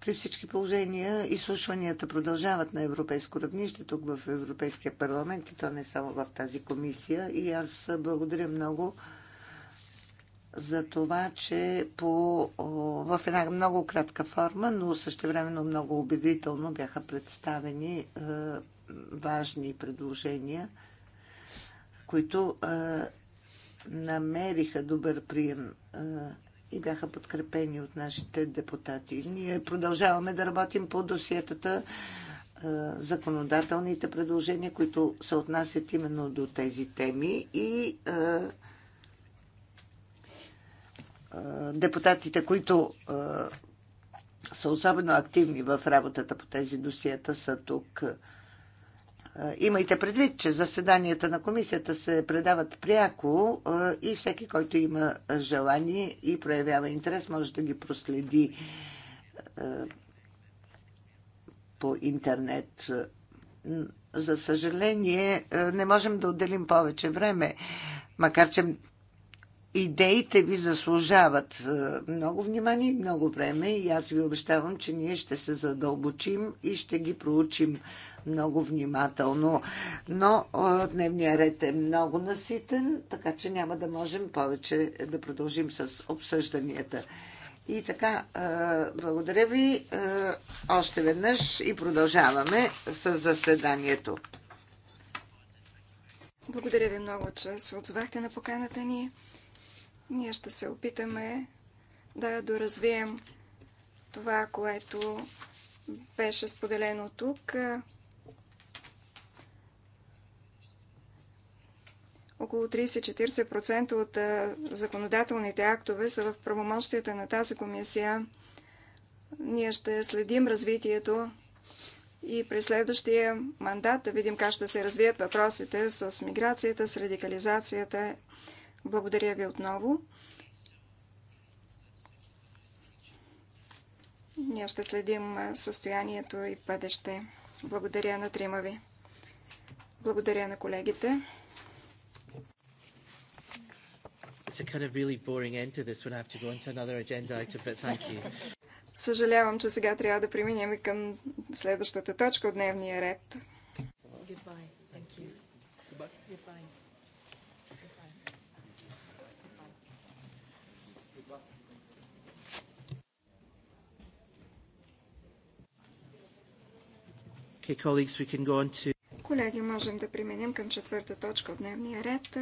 При всички положения изслушванията продължават на европейско равнище, тук в Европейския парламент и то не само в тази комисия. И аз благодаря много за това, че по, в една много кратка форма, но същевременно много убедително бяха представени е, важни предложения, които е, намериха добър прием е, и бяха подкрепени от нашите депутати. Ние продължаваме да работим по досиетата, е, законодателните предложения, които се отнасят именно до тези теми и е, депутатите, които са особено активни в работата по тези досиета, са тук. Имайте предвид, че заседанията на комисията се предават пряко и всеки, който има желание и проявява интерес, може да ги проследи по интернет. За съжаление, не можем да отделим повече време, макар че идеите ви заслужават е, много внимание и много време и аз ви обещавам, че ние ще се задълбочим и ще ги проучим много внимателно. Но е, дневният ред е много наситен, така че няма да можем повече да продължим с обсъжданията. И така, е, благодаря ви още веднъж и продължаваме с заседанието. Благодаря ви много, че се отзовахте на поканата ни. Ние ще се опитаме да доразвием това, което беше споделено тук. Около 30-40% от законодателните актове са в правомощията на тази комисия. Ние ще следим развитието и през следващия мандат да видим как ще се развият въпросите с миграцията, с радикализацията благодаря ви отново. Ние ще следим състоянието и бъдеще. Благодаря на трима ви. Благодаря на колегите. Съжалявам, че сега трябва да преминем към следващата точка от дневния ред. Goodbye. Thank you. Goodbye. Goodbye. Okay, colleagues, we can go on to... Колеги, можем да преминем към четвърта точка от дневния ред.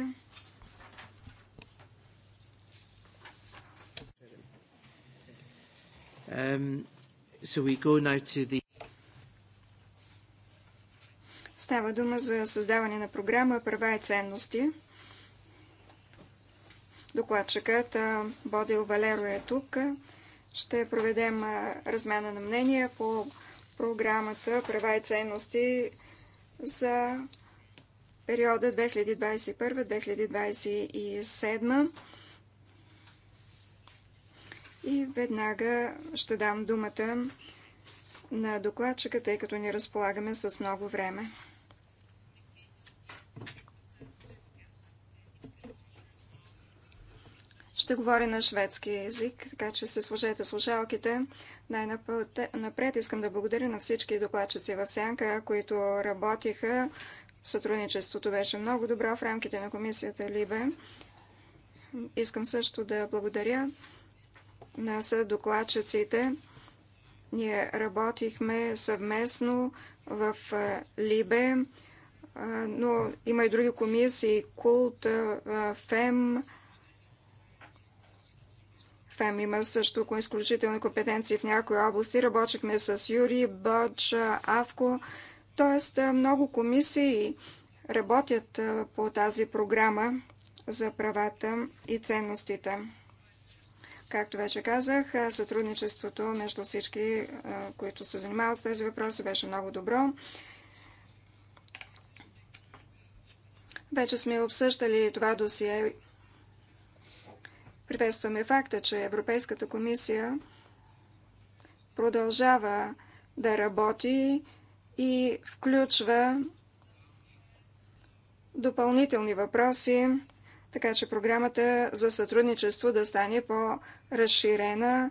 Um, so we go now to the... Става дума за създаване на програма Права и ценности. Докладчикът Бодил Валеро е тук. Ще проведем размяна на мнения по програмата Права и ценности за периода 2021-2027. И веднага ще дам думата на докладчика, тъй като ни разполагаме с много време. Ще говоря на шведски язик, така че се сложете слушалките. Най-напред искам да благодаря на всички докладчици в Сянка, които работиха. Сътрудничеството беше много добро в рамките на комисията Либе. Искам също да благодаря на съдокладчиците. Ние работихме съвместно в Либе, но има и други комисии, Култ, ФЕМ, там има също изключителни компетенции в някои области. Работихме с Юри, Бъч, Авко. Тоест много комисии работят по тази програма за правата и ценностите. Както вече казах, сътрудничеството между всички, които се занимават с тези въпроси, беше много добро. Вече сме обсъждали това досие Приветстваме факта, че Европейската комисия продължава да работи и включва допълнителни въпроси, така че програмата за сътрудничество да стане по-разширена,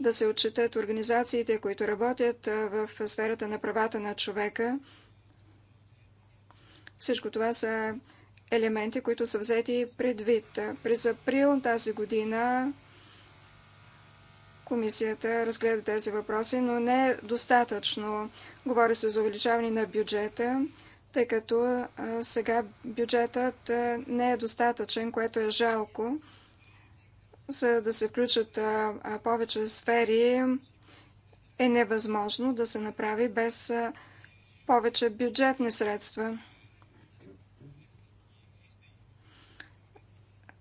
да се отчитат организациите, които работят в сферата на правата на човека. Всичко това са елементи, които са взети предвид. През април тази година комисията разгледа тези въпроси, но не е достатъчно. Говори се за увеличаване на бюджета, тъй като сега бюджетът не е достатъчен, което е жалко, за да се включат повече сфери е невъзможно да се направи без повече бюджетни средства.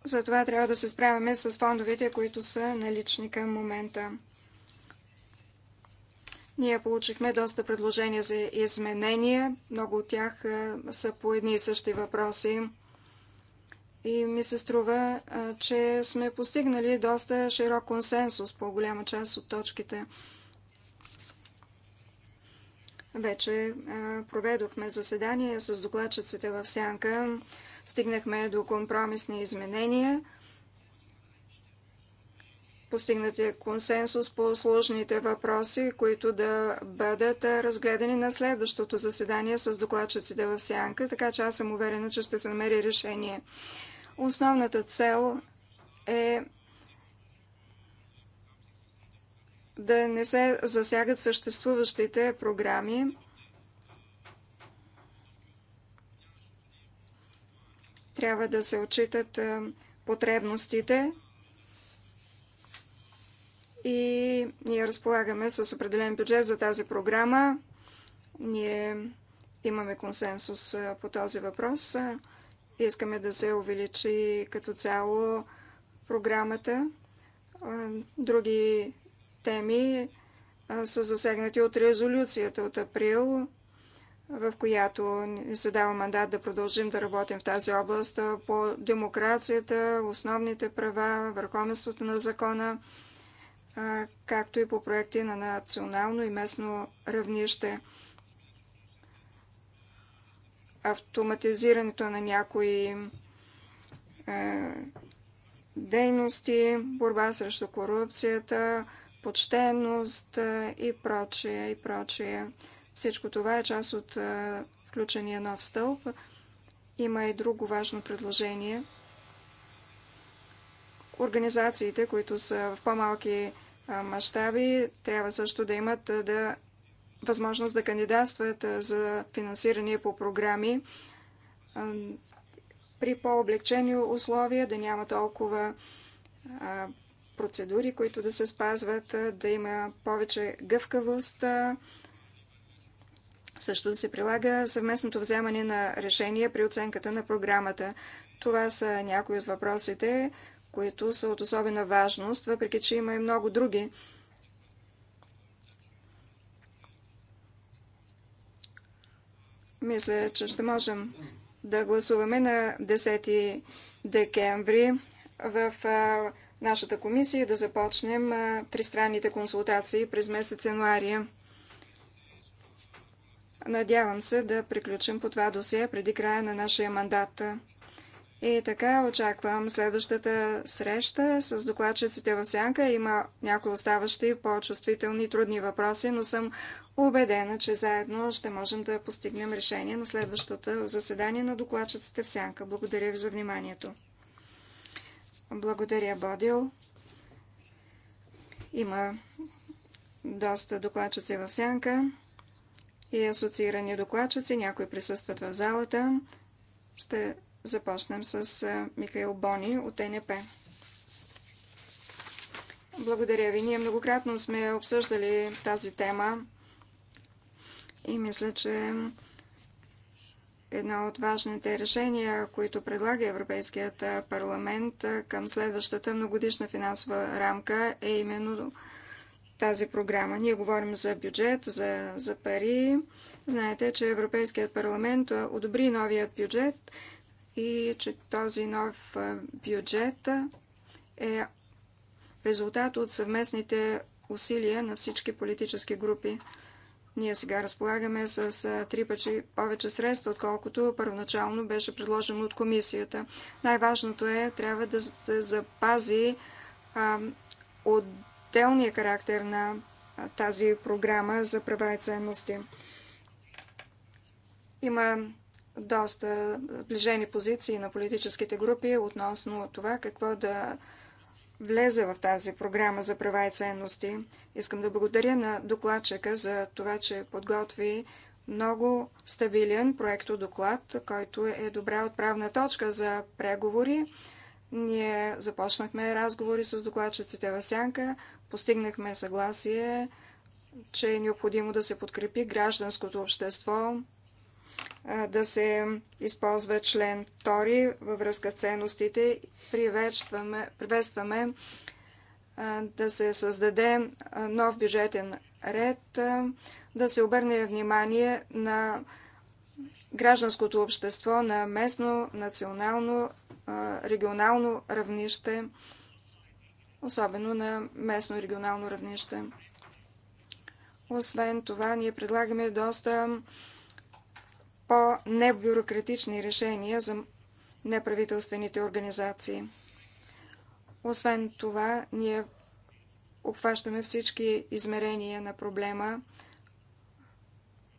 Затова трябва да се справяме с фондовете, които са налични към момента. Ние получихме доста предложения за изменения. Много от тях са по едни и същи въпроси. И ми се струва, че сме постигнали доста широк консенсус по голяма част от точките. Вече проведохме заседание с докладчиците в Сянка Стигнахме до компромисни изменения. Постигнат е консенсус по сложните въпроси, които да бъдат разгледани на следващото заседание с докладчиците в Сянка, така че аз съм уверена, че ще се намери решение. Основната цел е да не се засягат съществуващите програми. трябва да се отчитат е, потребностите и ние разполагаме с определен бюджет за тази програма. Ние имаме консенсус е, по този въпрос. Искаме да се увеличи като цяло програмата. Е, други теми са засегнати от резолюцията от април в която се дава мандат да продължим да работим в тази област по демокрацията, основните права, върховенството на закона, както и по проекти на национално и местно равнище. Автоматизирането на някои дейности, борба срещу корупцията, почтенност и прочее, и прочее. Всичко това е част от включения нов стълб. Има и друго важно предложение. Организациите, които са в по-малки мащаби, трябва също да имат да, възможност да кандидатстват за финансиране по програми при по-облегчени условия, да няма толкова процедури, които да се спазват, да има повече гъвкавост, също да се прилага съвместното вземане на решения при оценката на програмата. Това са някои от въпросите, които са от особена важност, въпреки че има и много други. Мисля, че ще можем да гласуваме на 10 декември в нашата комисия да започнем тристранните консултации през месец януария. Надявам се да приключим по това досие преди края на нашия мандат. И така очаквам следващата среща с докладчиците в Сянка. Има някои оставащи по-чувствителни и трудни въпроси, но съм убедена, че заедно ще можем да постигнем решение на следващото заседание на докладчиците в Сянка. Благодаря ви за вниманието. Благодаря, Бодил. Има доста докладчици в Сянка и асоциирани докладчици. Някои присъстват в залата. Ще започнем с Михаил Бони от НП. Благодаря ви. Ние многократно сме обсъждали тази тема и мисля, че едно от важните решения, които предлага Европейският парламент към следващата многодишна финансова рамка е именно тази програма. Ние говорим за бюджет, за, за пари. Знаете, че Европейският парламент одобри новият бюджет и че този нов бюджет е резултат от съвместните усилия на всички политически групи. Ние сега разполагаме с три пъти повече средства, отколкото първоначално беше предложено от комисията. Най-важното е, трябва да се запази а, от Телния характер на тази програма за права и ценности. Има доста сближени позиции на политическите групи относно това какво да влезе в тази програма за права и ценности. Искам да благодаря на докладчика за това, че подготви много стабилен доклад, който е добра отправна точка за преговори. Ние започнахме разговори с докладчиците в Сянка. Постигнахме съгласие, че е необходимо да се подкрепи гражданското общество, да се използва член 2 във връзка с ценностите. Приветстваме, приветстваме да се създаде нов бюджетен ред, да се обърне внимание на гражданското общество на местно, национално, регионално равнище – особено на местно и регионално равнище. Освен това, ние предлагаме доста по-небюрократични решения за неправителствените организации. Освен това, ние обхващаме всички измерения на проблема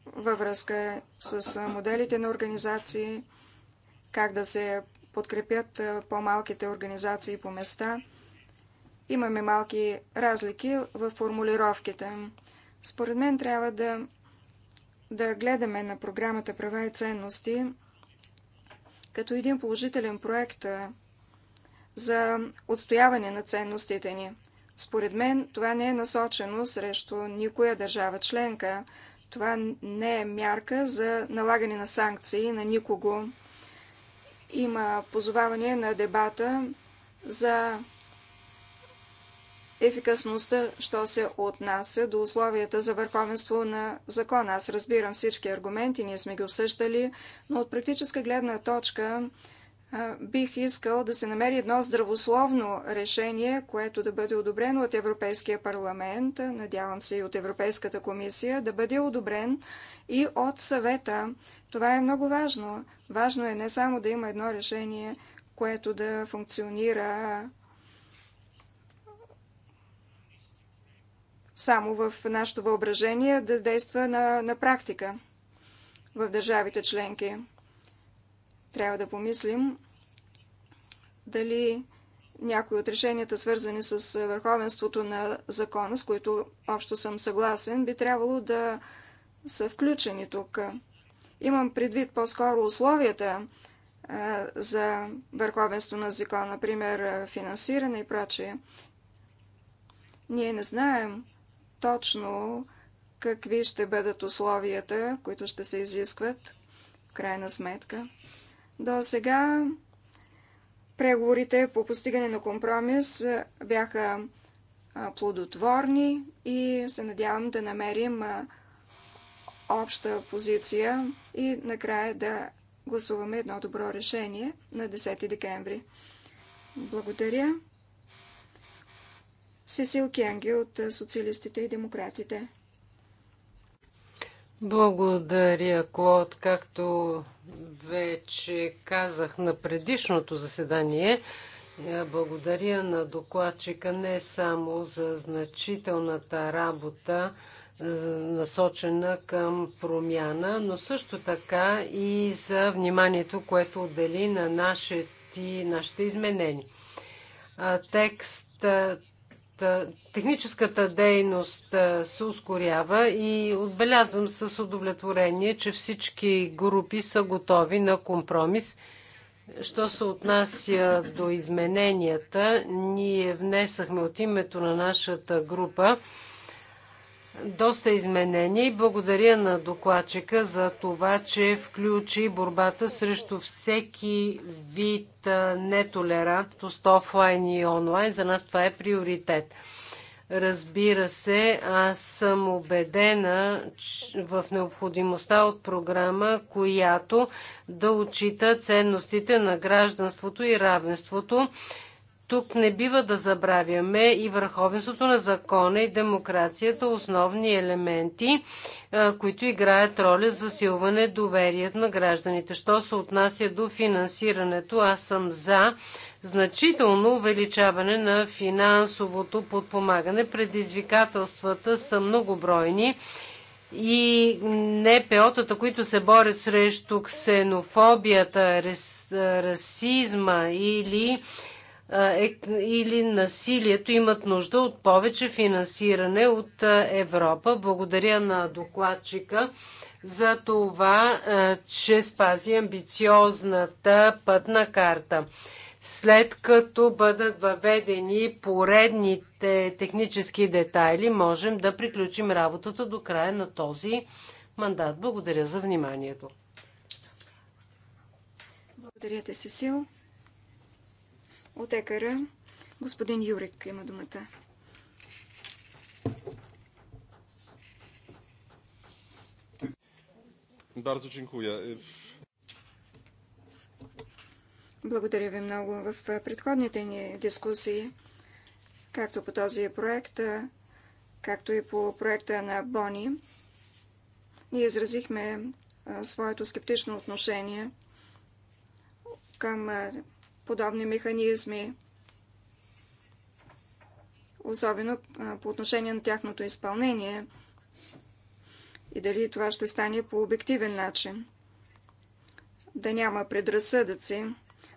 във връзка с моделите на организации, как да се подкрепят по-малките организации по места. Имаме малки разлики в формулировките. Според мен трябва да, да гледаме на програмата Права и ценности като един положителен проект за отстояване на ценностите ни. Според мен това не е насочено срещу никоя държава членка. Това не е мярка за налагане на санкции на никого. Има позоваване на дебата за ефикасността, що се отнася до условията за върховенство на закона. Аз разбирам всички аргументи, ние сме ги обсъждали, но от практическа гледна точка бих искал да се намери едно здравословно решение, което да бъде одобрено от Европейския парламент, надявам се и от Европейската комисия, да бъде одобрен и от съвета. Това е много важно. Важно е не само да има едно решение, което да функционира само в нашето въображение, да действа на, на практика в държавите членки. Трябва да помислим дали някои от решенията, свързани с върховенството на закона, с които общо съм съгласен, би трябвало да са включени тук. Имам предвид по-скоро условията за върховенство на закон, например финансиране и прочее. Ние не знаем точно какви ще бъдат условията, които ще се изискват в крайна сметка. До сега преговорите по постигане на компромис бяха плодотворни и се надявам да намерим обща позиция и накрая да гласуваме едно добро решение на 10 декември. Благодаря. Сесил Кенге от е, Социалистите и Демократите. Благодаря, Клод. Както вече казах на предишното заседание, благодаря на докладчика не само за значителната работа, насочена към промяна, но също така и за вниманието, което отдели на нашите, нашите изменения. Текст техническата дейност се ускорява и отбелязвам с удовлетворение, че всички групи са готови на компромис. Що се отнася до измененията, ние внесахме от името на нашата група доста изменения и благодаря на докладчика за това, че включи борбата срещу всеки вид нетолерантност офлайн и онлайн. За нас това е приоритет. Разбира се, аз съм убедена в необходимостта от програма, която да отчита ценностите на гражданството и равенството тук не бива да забравяме и върховенството на закона и демокрацията, основни елементи, които играят роля за силване доверието на гражданите. Що се отнася до финансирането, аз съм за значително увеличаване на финансовото подпомагане. Предизвикателствата са многобройни и НПО-тата, които се борят срещу ксенофобията, расизма или е, или насилието имат нужда от повече финансиране от Европа. Благодаря на докладчика за това, че спази амбициозната пътна карта. След като бъдат въведени поредните технически детайли, можем да приключим работата до края на този мандат. Благодаря за вниманието. Благодаря те, Сесил. От екара господин Юрик има думата. Благодаря ви много. В предходните ни дискусии, както по този проект, както и по проекта на Бони, ние изразихме своето скептично отношение към подобни механизми, особено по отношение на тяхното изпълнение и дали това ще стане по обективен начин. Да няма предразсъдъци.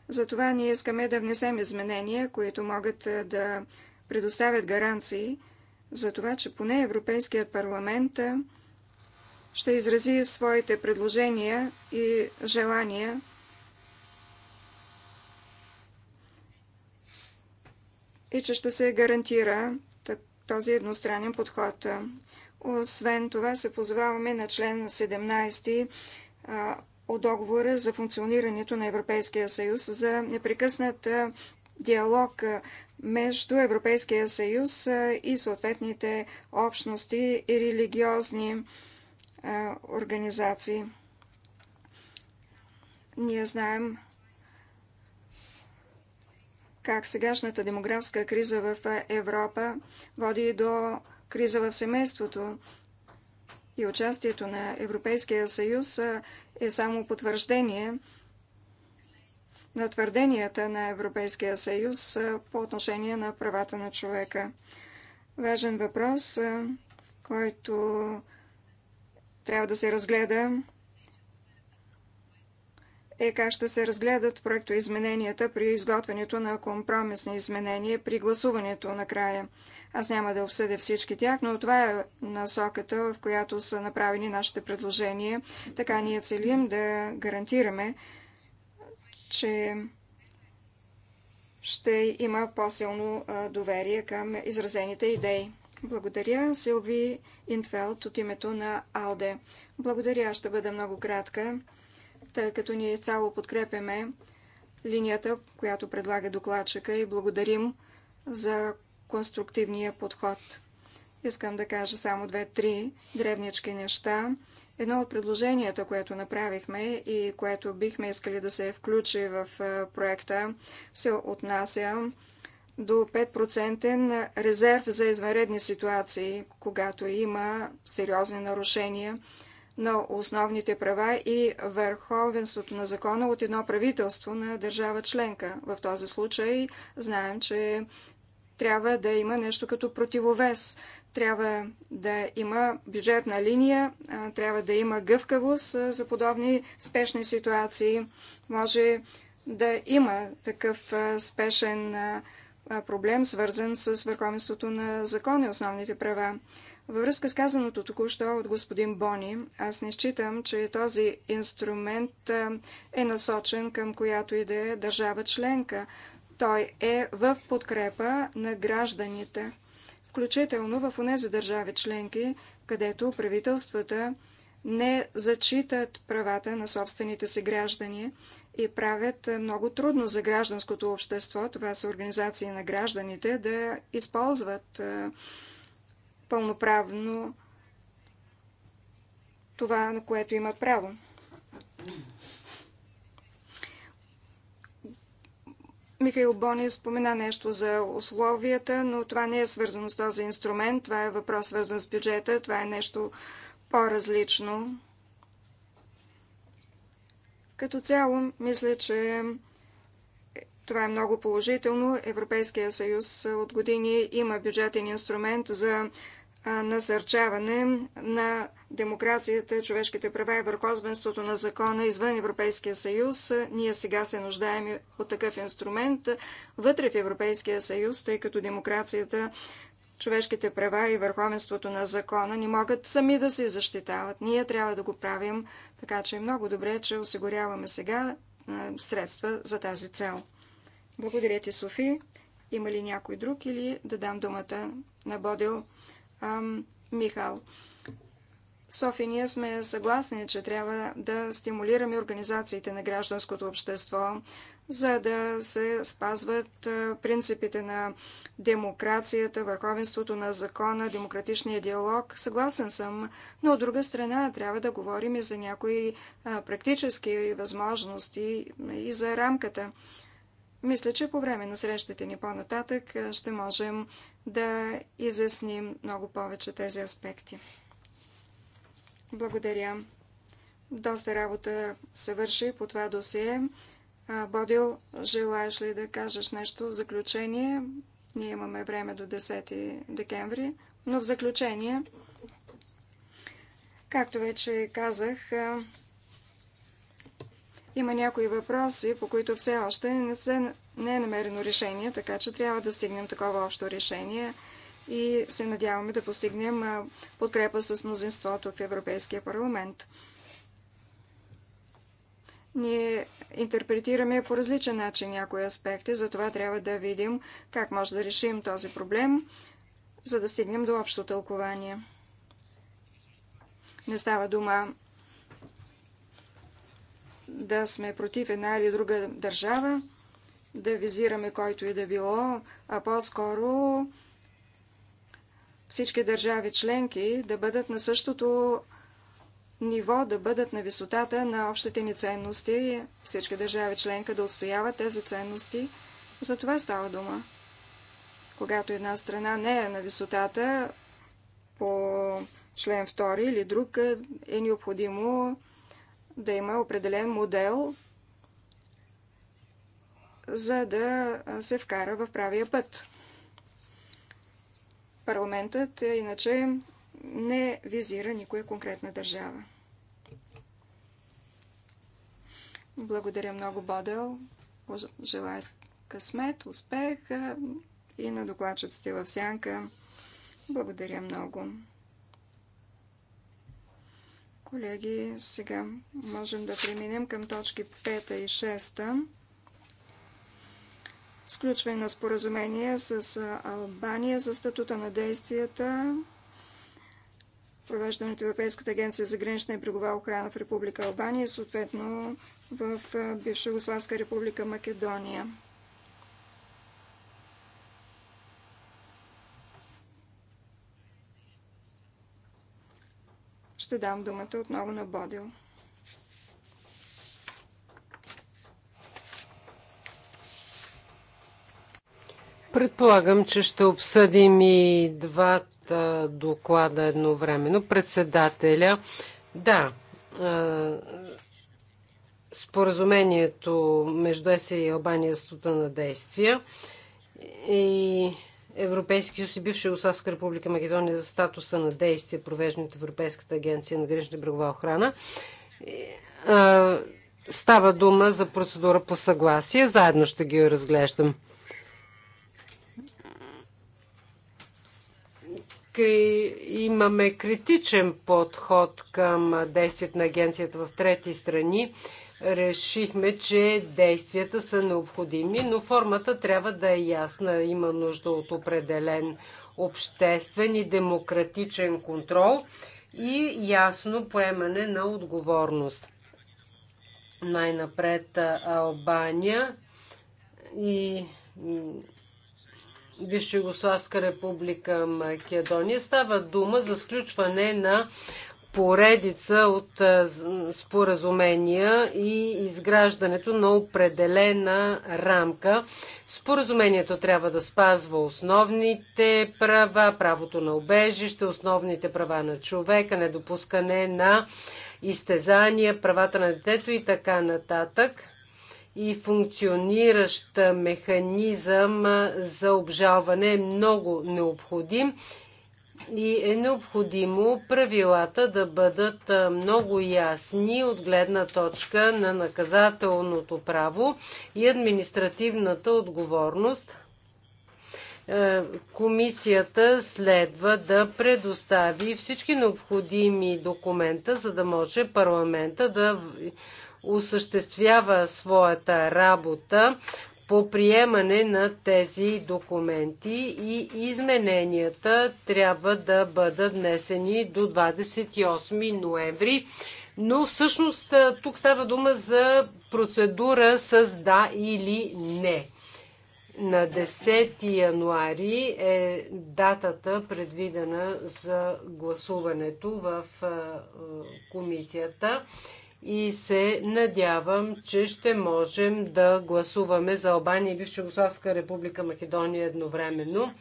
Затова ние искаме да внесем изменения, които могат да предоставят гаранции за това, че поне Европейският парламент ще изрази своите предложения и желания и че ще се гарантира този едностранен подход. Освен това се позоваваме на член 17 от договора за функционирането на Европейския съюз за непрекъснат диалог между Европейския съюз и съответните общности и религиозни организации. Ние знаем, как сегашната демографска криза в Европа води до криза в семейството. И участието на Европейския съюз е само потвърждение на твърденията на Европейския съюз по отношение на правата на човека. Важен въпрос, който трябва да се разгледа е как ще се разгледат проектоизмененията при изготвянето на компромисни изменения при гласуването накрая. Аз няма да обсъдя всички тях, но това е насоката, в която са направени нашите предложения. Така ние целим да гарантираме, че ще има по-силно доверие към изразените идеи. Благодаря, Силви Интфелд, от името на АЛДЕ. Благодаря, ще бъда много кратка тъй като ние цяло подкрепяме линията, която предлага докладчика и благодарим за конструктивния подход. Искам да кажа само две-три древнички неща. Едно от предложенията, което направихме и което бихме искали да се включи в е, проекта, се отнася до 5% резерв за извънредни ситуации, когато има сериозни нарушения – на основните права и върховенството на закона от едно правителство на държава членка. В този случай знаем, че трябва да има нещо като противовес. Трябва да има бюджетна линия, трябва да има гъвкавост за подобни спешни ситуации. Може да има такъв спешен проблем, свързан с върховенството на закона и основните права. Във връзка с казаното току-що от господин Бони, аз не считам, че този инструмент е насочен към която и да е държава членка. Той е в подкрепа на гражданите, включително в онези държави членки, където правителствата не зачитат правата на собствените си граждани и правят много трудно за гражданското общество, това са организации на гражданите, да използват пълноправно това, на което имат право. Михаил Бони спомена нещо за условията, но това не е свързано с този инструмент. Това е въпрос свързан с бюджета. Това е нещо по-различно. Като цяло, мисля, че това е много положително. Европейския съюз от години има бюджетен инструмент за насърчаване на демокрацията, човешките права и върховенството на закона извън Европейския съюз. Ние сега се нуждаем от такъв инструмент вътре в Европейския съюз, тъй като демокрацията, човешките права и върховенството на закона не могат сами да се защитават. Ние трябва да го правим, така че е много добре, че осигуряваме сега средства за тази цел. Благодаря ти, Софи. Има ли някой друг или да дам думата на Бодил Михал. Софи, ние сме съгласни, че трябва да стимулираме организациите на гражданското общество, за да се спазват принципите на демокрацията, върховенството на закона, демократичния диалог. Съгласен съм, но от друга страна трябва да говорим и за някои практически възможности и за рамката. Мисля, че по време на срещите ни по-нататък ще можем да изясним много повече тези аспекти. Благодаря. Доста работа се върши по това досие. Бодил, желаеш ли да кажеш нещо в заключение? Ние имаме време до 10 декември, но в заключение, както вече казах, има някои въпроси, по които все още не, се, не е намерено решение, така че трябва да стигнем такова общо решение и се надяваме да постигнем подкрепа с мнозинството в Европейския парламент. Ние интерпретираме по различен начин някои аспекти, затова трябва да видим как може да решим този проблем, за да стигнем до общо тълкование. Не става дума да сме против една или друга държава, да визираме който и да било, а по-скоро всички държави членки да бъдат на същото ниво, да бъдат на висотата на общите ни ценности, всички държави членка да отстояват тези ценности. За това става дума. Когато една страна не е на висотата по член 2 или друг, е необходимо да има определен модел, за да се вкара в правия път. Парламентът е, иначе не визира никоя конкретна държава. Благодаря много, Бодел. Желая късмет, успех и на докладчиците в сянка. Благодаря много. Колеги, сега можем да преминем към точки 5 и 6. Сключване на споразумение с Албания за статута на действията, провеждането в Европейската агенция за гранична и брегова охрана в Република Албания и съответно в бивша Югославска република Македония. Ще дам думата отново на Бодил. Предполагам, че ще обсъдим и двата доклада едновременно. Председателя, да, споразумението между есе и Албания е стута на действия и Европейски съюз и бивша Югославска република Македония за статуса на действие, провеждане от Европейската агенция на гранична брегова охрана. Става дума за процедура по съгласие. Заедно ще ги разглеждам. Имаме критичен подход към действието на агенцията в трети страни решихме, че действията са необходими, но формата трябва да е ясна. Има нужда от определен обществен и демократичен контрол и ясно поемане на отговорност. Най-напред Албания и Вишегославска република Македония. Става дума за сключване на поредица от е, споразумения и изграждането на определена рамка. Споразумението трябва да спазва основните права, правото на обежище, основните права на човека, недопускане на изтезания, правата на детето и така нататък и функциониращ механизъм е, за обжалване е много необходим и е необходимо правилата да бъдат много ясни от гледна точка на наказателното право и административната отговорност. Е, комисията следва да предостави всички необходими документа, за да може парламента да осъществява своята работа по приемане на тези документи и измененията трябва да бъдат внесени до 28 ноември. Но всъщност тук става дума за процедура с да или не. На 10 януари е датата предвидена за гласуването в комисията и се надявам, че ще можем да гласуваме за Албания и Бивша Югославска република Македония едновременно.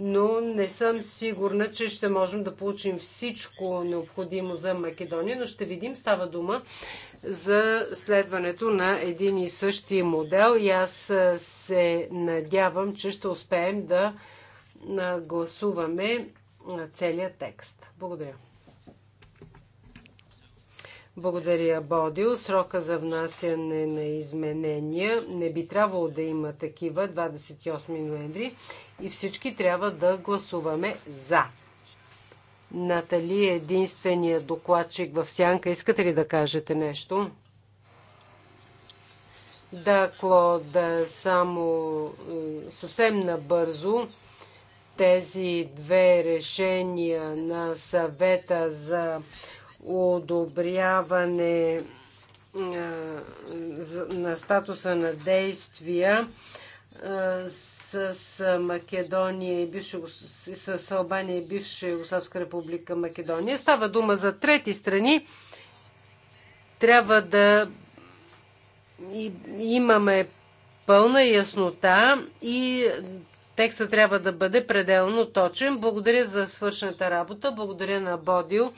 Но не съм сигурна, че ще можем да получим всичко необходимо за Македония, но ще видим. Става дума за следването на един и същи модел и аз се надявам, че ще успеем да гласуваме целият текст. Благодаря. Благодаря, Бодил. Срока за внасяне на изменения не би трябвало да има такива 28 ноември и всички трябва да гласуваме за. Натали е единствения докладчик в Сянка. Искате ли да кажете нещо? Да, Клод, само е, съвсем набързо тези две решения на съвета за одобряване на статуса на действия с Македония и бивше, с Албания и бивше Югославска република Македония. Става дума за трети страни. Трябва да имаме пълна яснота и Текста трябва да бъде пределно точен. Благодаря за свършената работа. Благодаря на Бодил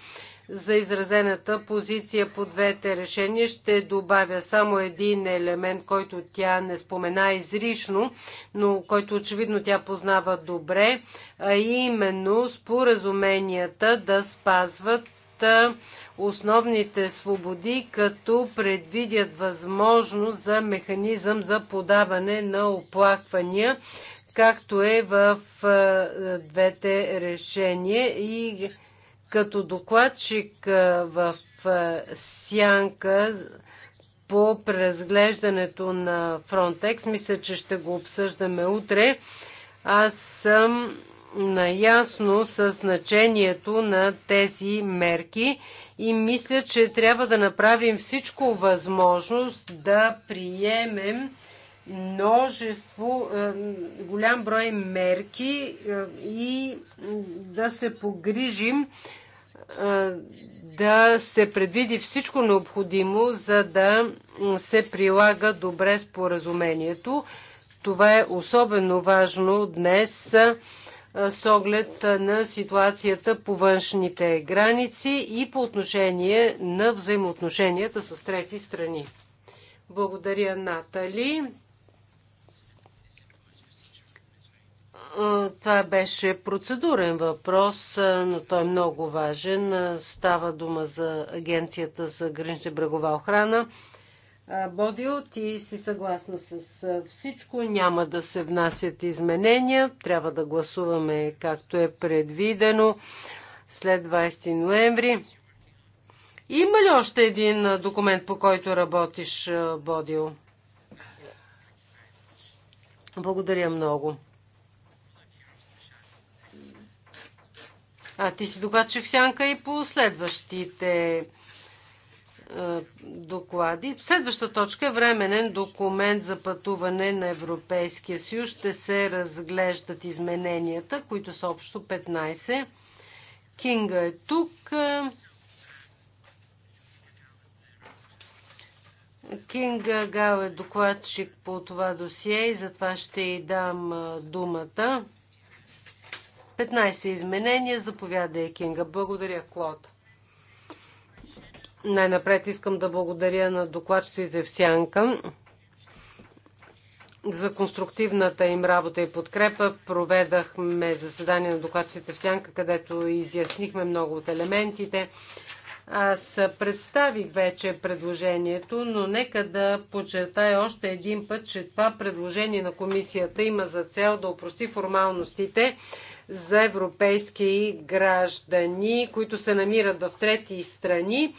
за изразената позиция по двете решения. Ще добавя само един елемент, който тя не спомена изрично, но който очевидно тя познава добре, а именно споразуменията да спазват основните свободи, като предвидят възможност за механизъм за подаване на оплаквания както е в двете решения и като докладчик в сянка по преразглеждането на Frontex. Мисля, че ще го обсъждаме утре. Аз съм наясно с значението на тези мерки и мисля, че трябва да направим всичко възможност да приемем множество, е, голям брой мерки е, и да се погрижим е, да се предвиди всичко необходимо, за да се прилага добре споразумението. Това е особено важно днес с оглед на ситуацията по външните граници и по отношение на взаимоотношенията с трети страни. Благодаря, Натали. Това беше процедурен въпрос, но той е много важен. Става дума за Агенцията за гранична брегова охрана. Бодио, ти си съгласна с всичко. Няма да се внасят изменения. Трябва да гласуваме както е предвидено след 20 ноември. Има ли още един документ, по който работиш, Бодио? Благодаря много. А ти си докладчик сянка и по следващите доклади. Следваща точка е временен документ за пътуване на Европейския съюз. Ще се разглеждат измененията, които са общо 15. Кинга е тук. Кинга Гал е докладчик по това досие и затова ще й дам думата. 15 изменения. Заповядай, Кинга. Благодаря, Клод. Най-напред искам да благодаря на докладчиците в Сянка за конструктивната им работа и подкрепа. Проведахме заседание на докладчиците в Сянка, където изяснихме много от елементите. Аз представих вече предложението, но нека да подчертая още един път, че това предложение на комисията има за цел да опрости формалностите за европейски граждани, които се намират в трети страни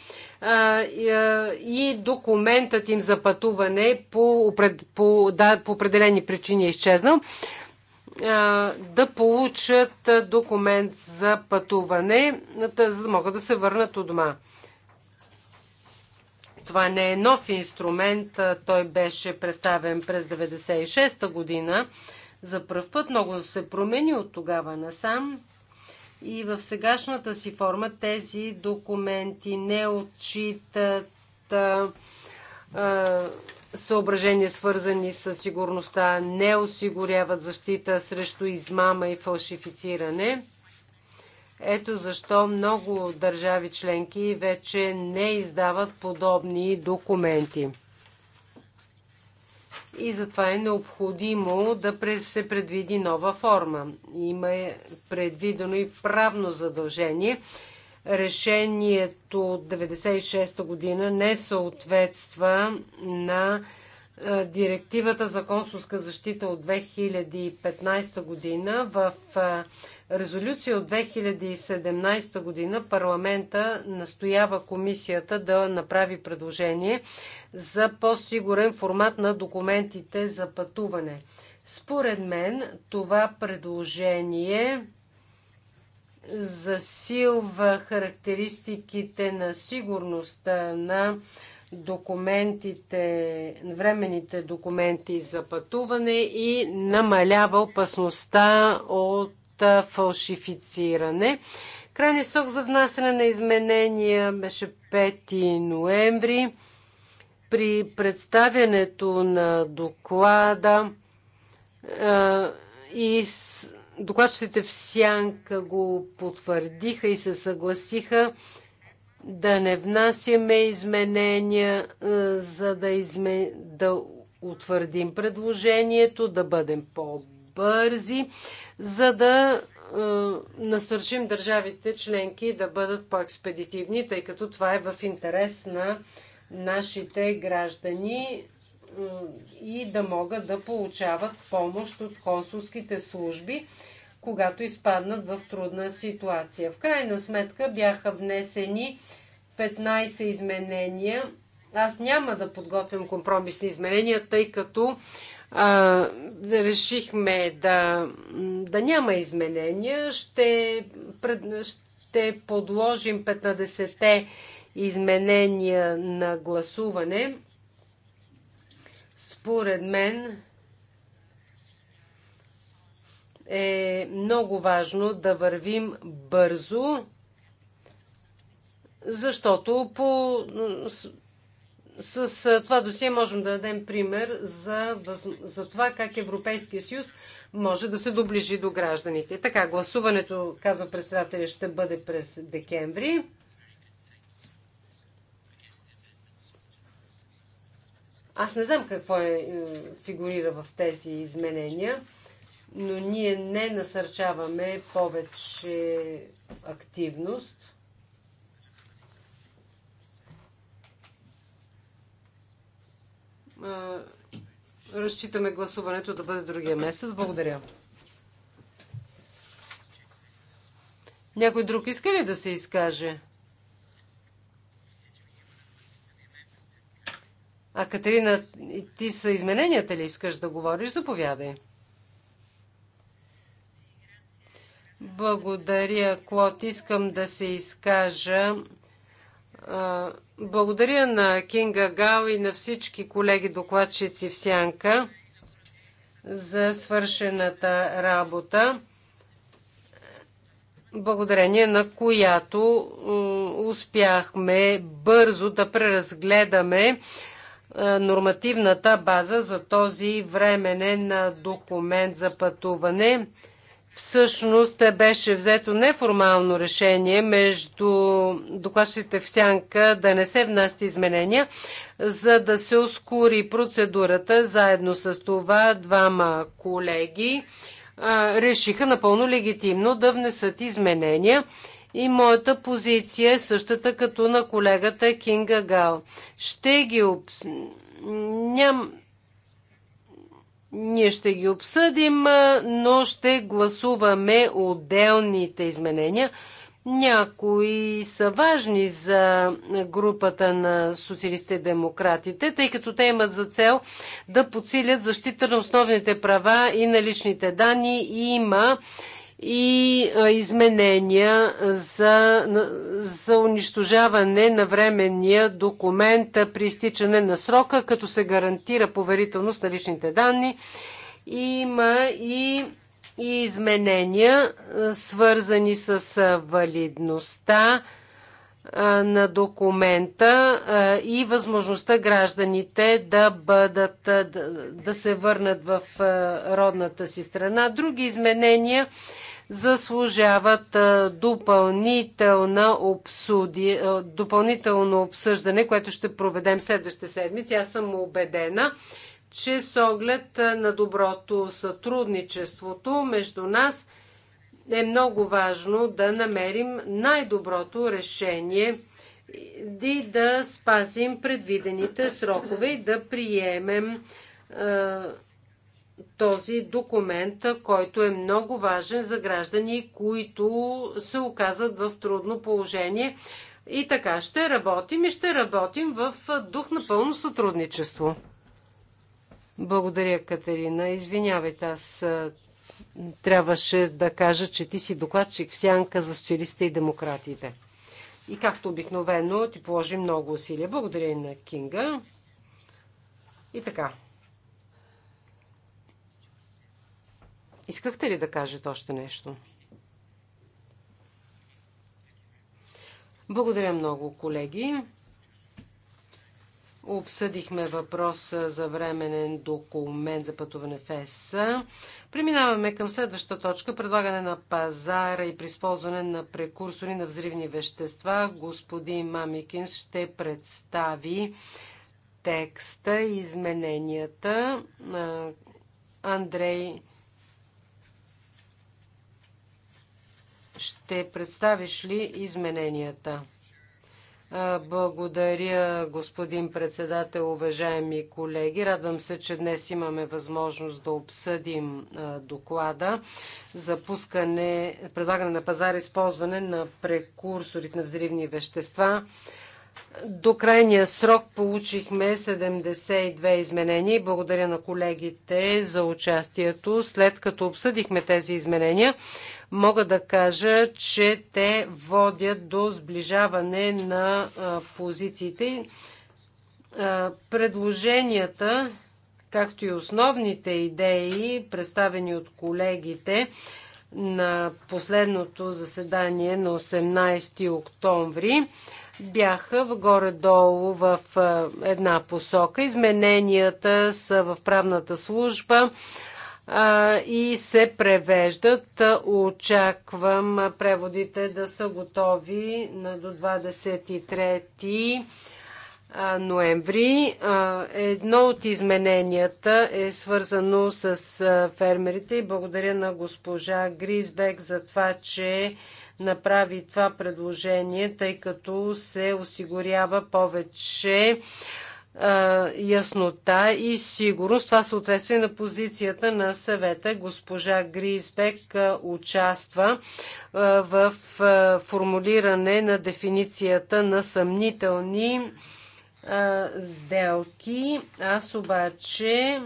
и документът им за пътуване по, по, да, по определени причини е изчезнал да получат документ за пътуване, за да могат да се върнат от дома. Това не е нов инструмент, той беше представен през 1996 година за пръв път много се промени от тогава насам и в сегашната си форма тези документи не отчитат съображения, свързани с сигурността, не осигуряват защита срещу измама и фалшифициране. Ето защо много държави членки вече не издават подобни документи и затова е необходимо да се предвиди нова форма. Има е предвидено и правно задължение. Решението от 1996 година не съответства на директивата за консулска защита от 2015 година в резолюция от 2017 година парламента настоява комисията да направи предложение за по-сигурен формат на документите за пътуване. Според мен това предложение засилва характеристиките на сигурността на документите, временните документи за пътуване и намалява опасността от за фалшифициране. Крайният срок за внасяне на изменения беше 5 ноември. При представянето на доклада е, и докладчиците в Сянка го потвърдиха и се съгласиха да не внасяме изменения, е, за да, изме... да утвърдим предложението, да бъдем по бързи за да е, насърчим държавите членки да бъдат по-експедитивни, тъй като това е в интерес на нашите граждани е, и да могат да получават помощ от консулските служби, когато изпаднат в трудна ситуация. В крайна сметка бяха внесени 15 изменения. Аз няма да подготвям компромисни изменения, тъй като а, решихме да, да няма изменения. Ще, пред, ще подложим 15-те изменения на гласуване. Според мен е много важно да вървим бързо, защото по с това досие можем да дадем пример за, за това как Европейския съюз може да се доближи до гражданите. Така, гласуването, казва председателя, ще бъде през декември. Аз не знам какво е, е фигурира в тези изменения, но ние не насърчаваме повече активност. разчитаме гласуването да бъде другия месец. Благодаря. Някой друг иска ли да се изкаже? А Катерина, ти са измененията ли искаш да говориш? Заповядай. Благодаря, Клод. Искам да се изкажа благодаря на Кинга Гао и на всички колеги докладчици в Сянка за свършената работа, благодарение на която успяхме бързо да преразгледаме нормативната база за този временен документ за пътуване. Всъщност е, беше взето неформално решение между докладчите в сянка да не се внасят изменения, за да се ускори процедурата. Заедно с това двама колеги а, решиха напълно легитимно да внесат изменения и моята позиция е същата като на колегата Кинга Гал. Ще ги обс... Ням... Ние ще ги обсъдим, но ще гласуваме отделните изменения. Някои са важни за групата на социалистите демократите, тъй като те имат за цел да подсилят защита на основните права и на личните данни и има и изменения за, за унищожаване на временния документ при изтичане на срока, като се гарантира поверителност на личните данни. Има и, и изменения, свързани с валидността на документа и възможността гражданите да бъдат, да, да се върнат в родната си страна. Други изменения заслужават обсуди, допълнително обсъждане, което ще проведем следващите седмици. Аз съм убедена, че с оглед на доброто сътрудничеството между нас е много важно да намерим най-доброто решение и да спазим предвидените срокове и да приемем този документ, който е много важен за граждани, които се оказват в трудно положение. И така ще работим и ще работим в дух на пълно сътрудничество. Благодаря, Катерина. Извинявайте, аз трябваше да кажа, че ти си докладчик в сянка за социалистите и демократите. И както обикновено, ти положи много усилия. Благодаря и на Кинга. И така. Искахте ли да кажете още нещо? Благодаря много, колеги. Обсъдихме въпрос за временен документ за пътуване в ЕС. Преминаваме към следваща точка. Предлагане на пазара и използване на прекурсори на взривни вещества. Господин Мамикин ще представи текста и измененията. Андрей Ще представиш ли измененията? Благодаря, господин председател, уважаеми колеги. Радвам се, че днес имаме възможност да обсъдим доклада за пускане, предлагане на пазара използване на прекурсорите на взривни вещества. До крайния срок получихме 72 изменения и благодаря на колегите за участието. След като обсъдихме тези изменения, мога да кажа, че те водят до сближаване на позициите. Предложенията, както и основните идеи, представени от колегите на последното заседание на 18 октомври, бяха в горе-долу в една посока. Измененията са в правната служба и се превеждат. Очаквам преводите да са готови на до 23 ноември. Едно от измененията е свързано с фермерите и благодаря на госпожа Гризбек за това, че направи това предложение, тъй като се осигурява повече яснота и сигурност. Това съответствие на позицията на съвета. Госпожа Гризбек участва в формулиране на дефиницията на съмнителни сделки. Аз обаче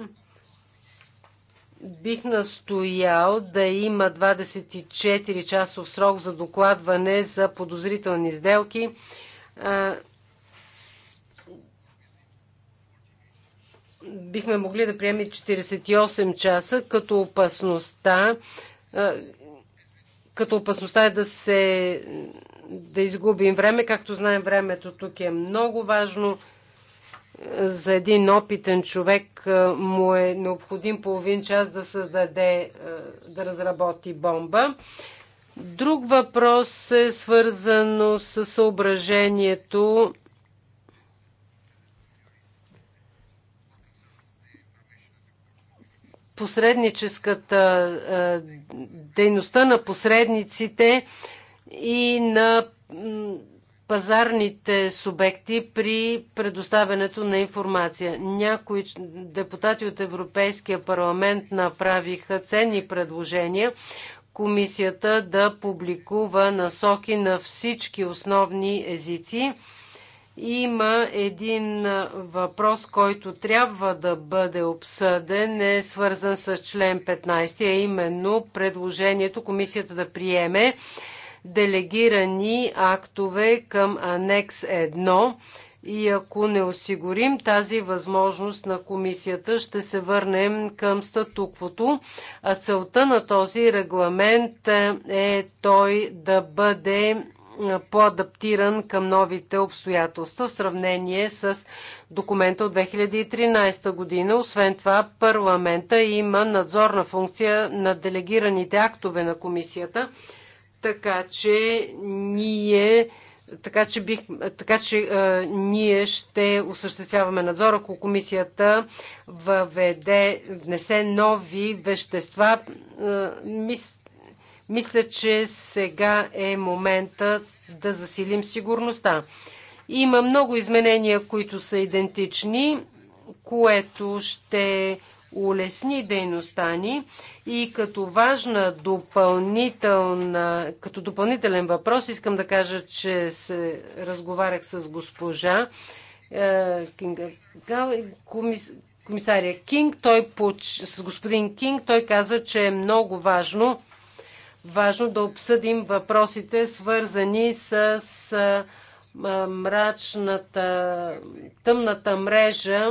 бих настоял да има 24 часов срок за докладване за подозрителни сделки бихме могли да приеме 48 часа, като опасността, като опасността е да се да изгубим време. Както знаем, времето тук е много важно. За един опитен човек му е необходим половин час да създаде, да разработи бомба. Друг въпрос е свързано с съображението посредническата дейността на посредниците и на пазарните субекти при предоставянето на информация. Някои депутати от Европейския парламент направиха ценни предложения комисията да публикува насоки на всички основни езици има един въпрос, който трябва да бъде обсъден, е свързан с член 15, а именно предложението комисията да приеме делегирани актове към анекс 1 и ако не осигурим тази възможност на комисията, ще се върнем към статуквото. А целта на този регламент е той да бъде по-адаптиран към новите обстоятелства в сравнение с документа от 2013 година. Освен това, парламента има надзорна функция на делегираните актове на комисията, така че ние така че, бих, така, че е, ние ще осъществяваме надзор, ако комисията въведе, внесе нови вещества. Е, мис, мисля, че сега е момента да засилим сигурността. Има много изменения, които са идентични, което ще улесни дейността ни и като важна допълнителна, като допълнителен въпрос искам да кажа, че се разговарях с госпожа е, комисария Кинг, той, с господин Кинг, той каза, че е много важно важно да обсъдим въпросите, свързани с мрачната, тъмната мрежа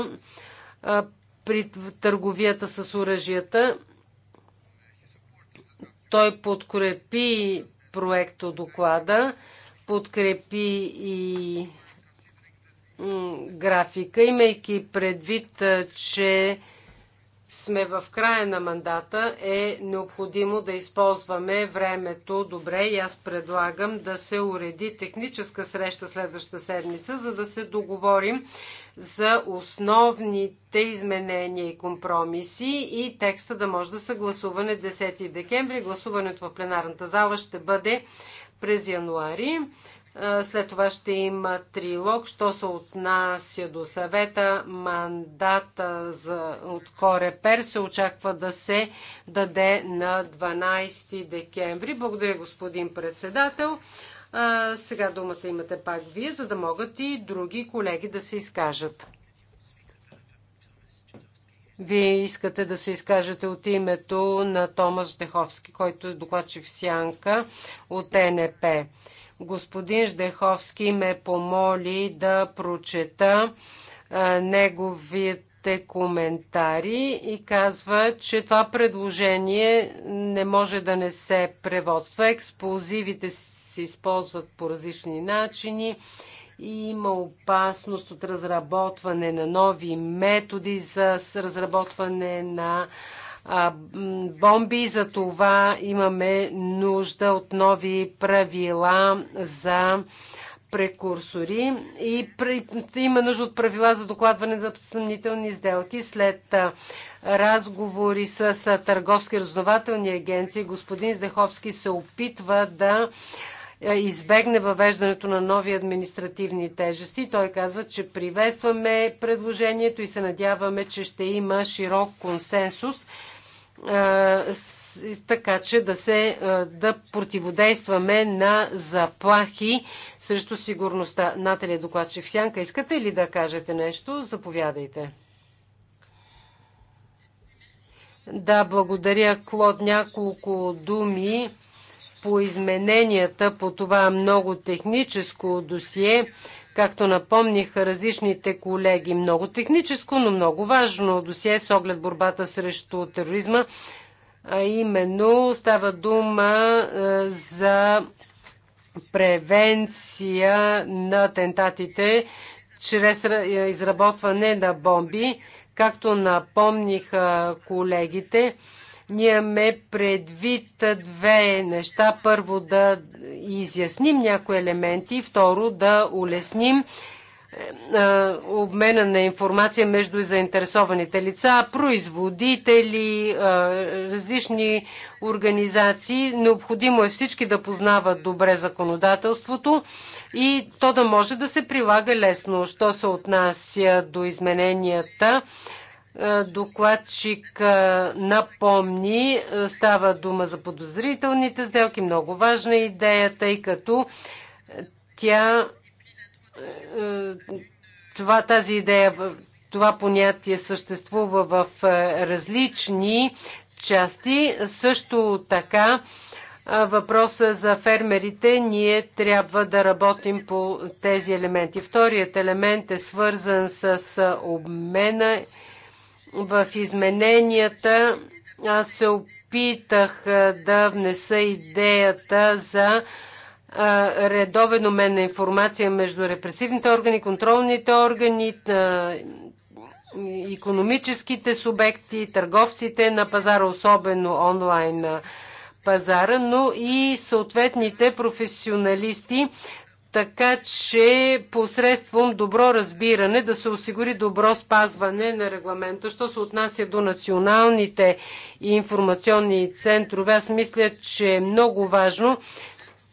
при търговията с оръжията. Той подкрепи проекто доклада, подкрепи и графика, имайки предвид, че сме в края на мандата, е необходимо да използваме времето добре и аз предлагам да се уреди техническа среща следващата седмица, за да се договорим за основните изменения и компромиси и текста да може да са гласува 10 декември. Гласуването в пленарната зала ще бъде през януари. След това ще има трилог, що се отнася до съвета. Мандата за, от Корепер се очаква да се даде на 12 декември. Благодаря, господин председател. А, сега думата имате пак вие, за да могат и други колеги да се изкажат. Вие искате да се изкажете от името на Томас Деховски, който е докладчик в Сянка от НП. Господин Ждеховски ме помоли да прочета неговите коментари и казва, че това предложение не може да не се преводства. Експлозивите се използват по различни начини и има опасност от разработване на нови методи за разработване на а, бомби. За това имаме нужда от нови правила за прекурсори и има нужда от правила за докладване за съмнителни сделки. След разговори с търговски разнователни агенции, господин Здеховски се опитва да избегне въвеждането на нови административни тежести. Той казва, че приветстваме предложението и се надяваме, че ще има широк консенсус така че да, се, да противодействаме на заплахи срещу сигурността. Наталия докладчик Сянка, искате ли да кажете нещо? Заповядайте. Да, благодаря, Клод. Няколко думи по измененията по това много техническо досие. Както напомниха различните колеги, много техническо, но много важно досие с оглед борбата срещу тероризма, а именно става дума за превенция на атентатите чрез изработване на бомби. Както напомниха колегите, ние имаме предвид две неща. Първо да изясним някои елементи, второ да улесним е, е, обмена на информация между заинтересованите лица, производители, е, различни организации. Необходимо е всички да познават добре законодателството и то да може да се прилага лесно. Що се отнася до измененията, е, докладчик е, напомни, е, става дума за подозрителните сделки, много важна идея, тъй като тя това, тази идея, това понятие съществува в различни части. Също така въпроса за фермерите, ние трябва да работим по тези елементи. Вторият елемент е свързан с обмена в измененията аз се опитах да внеса идеята за редовен обмен на информация между репресивните органи, контролните органи, економическите субекти, търговците на пазара, особено онлайн пазара, но и съответните професионалисти, така че посредством добро разбиране да се осигури добро спазване на регламента. Що се отнася до националните информационни центрове, аз мисля, че е много важно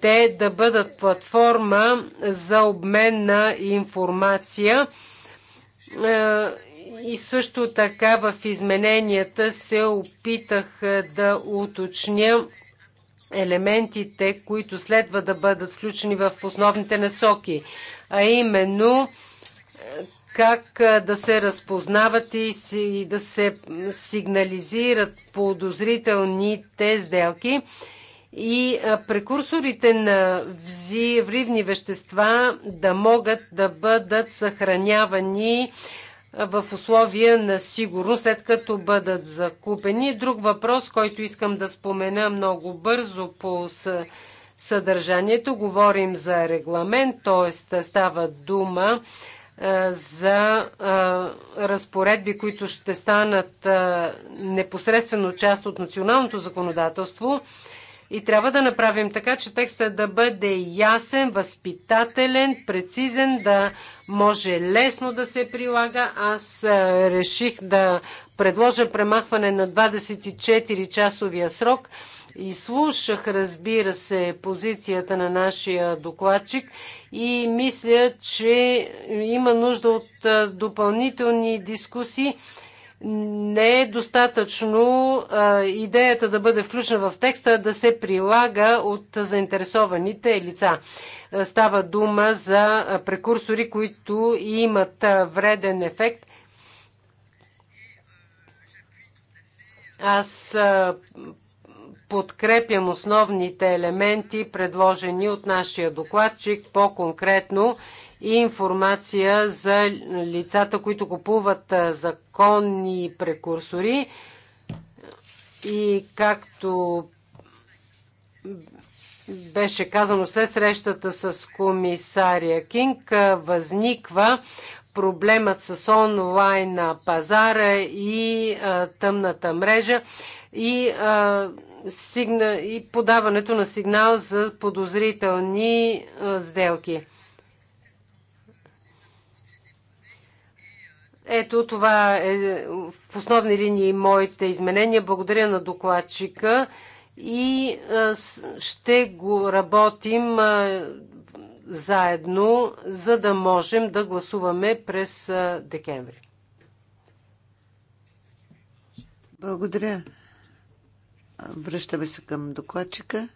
те да бъдат платформа за обмен на информация е, и също така в измененията се опитах е, да уточня елементите, които следва да бъдат включени в основните насоки, а именно е, как е, да се разпознават и, да се сигнализират подозрителните сделки и е, прекурсорите на вривни вещества да могат да бъдат съхранявани в условия на сигурност, след като бъдат закупени. Друг въпрос, който искам да спомена много бързо по съдържанието, говорим за регламент, т.е. става дума за разпоредби, които ще станат непосредствено част от националното законодателство. И трябва да направим така, че текстът да бъде ясен, възпитателен, прецизен, да може лесно да се прилага. Аз реших да предложа премахване на 24-часовия срок и слушах, разбира се, позицията на нашия докладчик и мисля, че има нужда от допълнителни дискусии не е достатъчно а, идеята да бъде включена в текста да се прилага от заинтересованите лица. Става дума за прекурсори, които имат вреден ефект. Аз подкрепям основните елементи, предложени от нашия докладчик, по-конкретно и информация за лицата, които купуват законни прекурсори. И както беше казано след срещата с комисария Кинг, възниква проблемът с онлайн пазара и а, тъмната мрежа и, а, сигна, и подаването на сигнал за подозрителни а, сделки. Ето това е, е в основни линии моите изменения. Благодаря на докладчика и е, ще го работим е, заедно, за да можем да гласуваме през декември. Благодаря. Връщаме се към докладчика.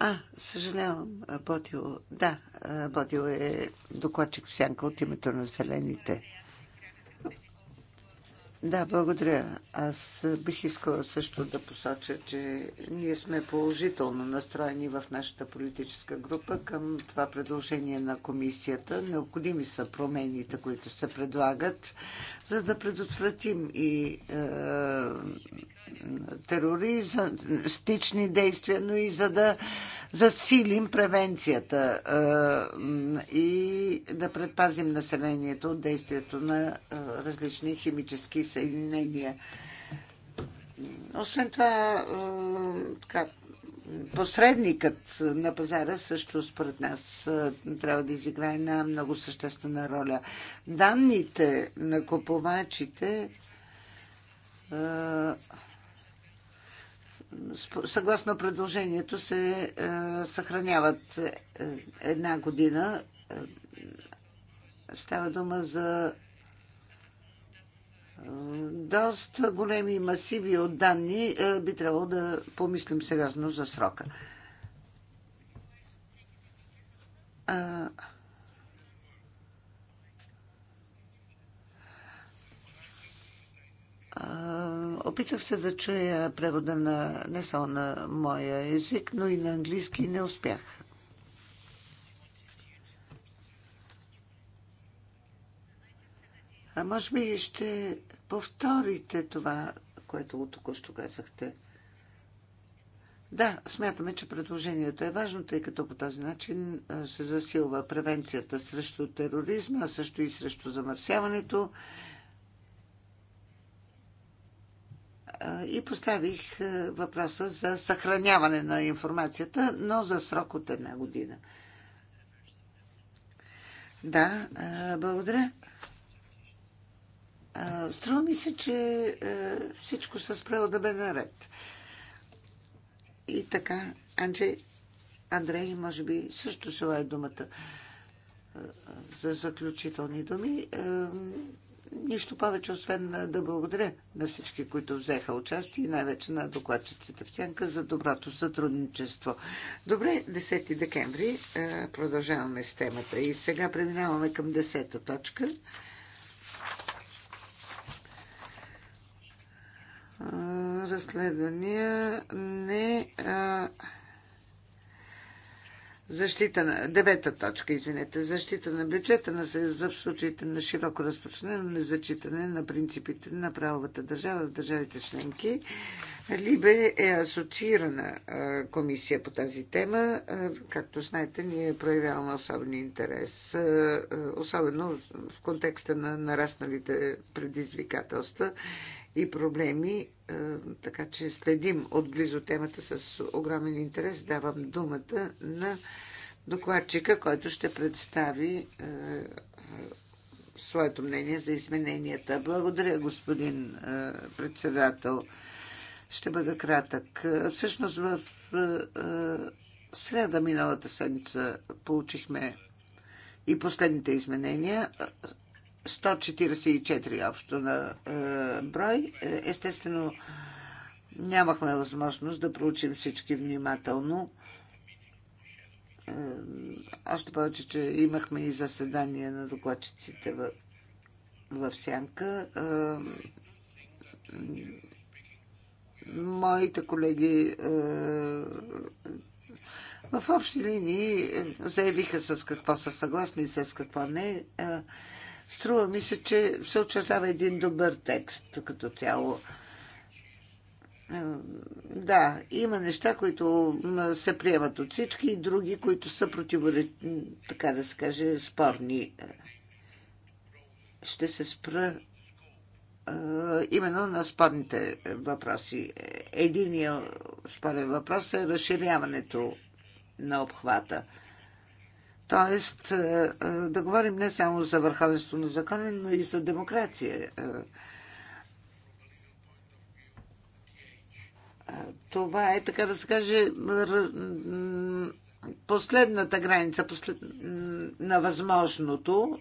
А, съжалявам, Бодил. Да, Бодил е докладчик в сянка от името на зелените. Да, благодаря. Аз бих искала също да посоча, че ние сме положително настроени в нашата политическа група към това предложение на комисията. Необходими са промените, които се предлагат, за да предотвратим и е, терористични действия, но и за да засилим превенцията и да предпазим населението от действието на различни химически съединения. Освен това, така, посредникът на пазара също според нас трябва да изиграе една много съществена роля. Данните на купувачите съгласно предложението се е, съхраняват е, една година. Е, става дума за доста големи масиви от данни. Би трябвало да помислим сериозно за срока. Опитах се да чуя превода на, не само на моя език, но и на английски и не успях. А може би ще повторите това, което от току-що казахте. Да, смятаме, че предложението е важно, тъй като по този начин се засилва превенцията срещу тероризма, а също и срещу замърсяването и поставих въпроса за съхраняване на информацията, но за срок от една година. Да, благодаря. Струва ми се, че всичко се спрело да бе наред. И така, Анджей, Андрей, може би, също желая думата за заключителни думи нищо повече, освен да благодаря на всички, които взеха участие и най-вече на докладчицата в тянка за доброто сътрудничество. Добре, 10 декември е, продължаваме с темата и сега преминаваме към 10 точка. Е, разследвания не а, е, защита на, девета точка, извинете, защита на бюджета на Съюза в случаите на широко разпространено незачитане на принципите на правовата държава в държавите членки. Либе е асоциирана комисия по тази тема. Както знаете, ние проявяваме особен интерес, особено в контекста на нарасналите предизвикателства и проблеми, така че следим отблизо темата с огромен интерес. Давам думата на докладчика, който ще представи своето мнение за измененията. Благодаря, господин председател. Ще бъда кратък. Всъщност в среда миналата седмица получихме и последните изменения. 144 общо на брой. Е, естествено, нямахме възможност да проучим всички внимателно. Е, още повече, че имахме и заседание на докладчиците в, в Сянка. Е, моите колеги е, в общи линии е, заявиха с какво са съгласни и с какво не. Е, струва ми се, че се очертава един добър текст като цяло. Да, има неща, които се приемат от всички и други, които са противоречни, така да се каже, спорни. Ще се спра именно на спорните въпроси. Единият спорен въпрос е разширяването на обхвата. Тоест, да говорим не само за върховенство на закона, но и за демокрация. Това е, така да се каже, последната граница послед... на възможното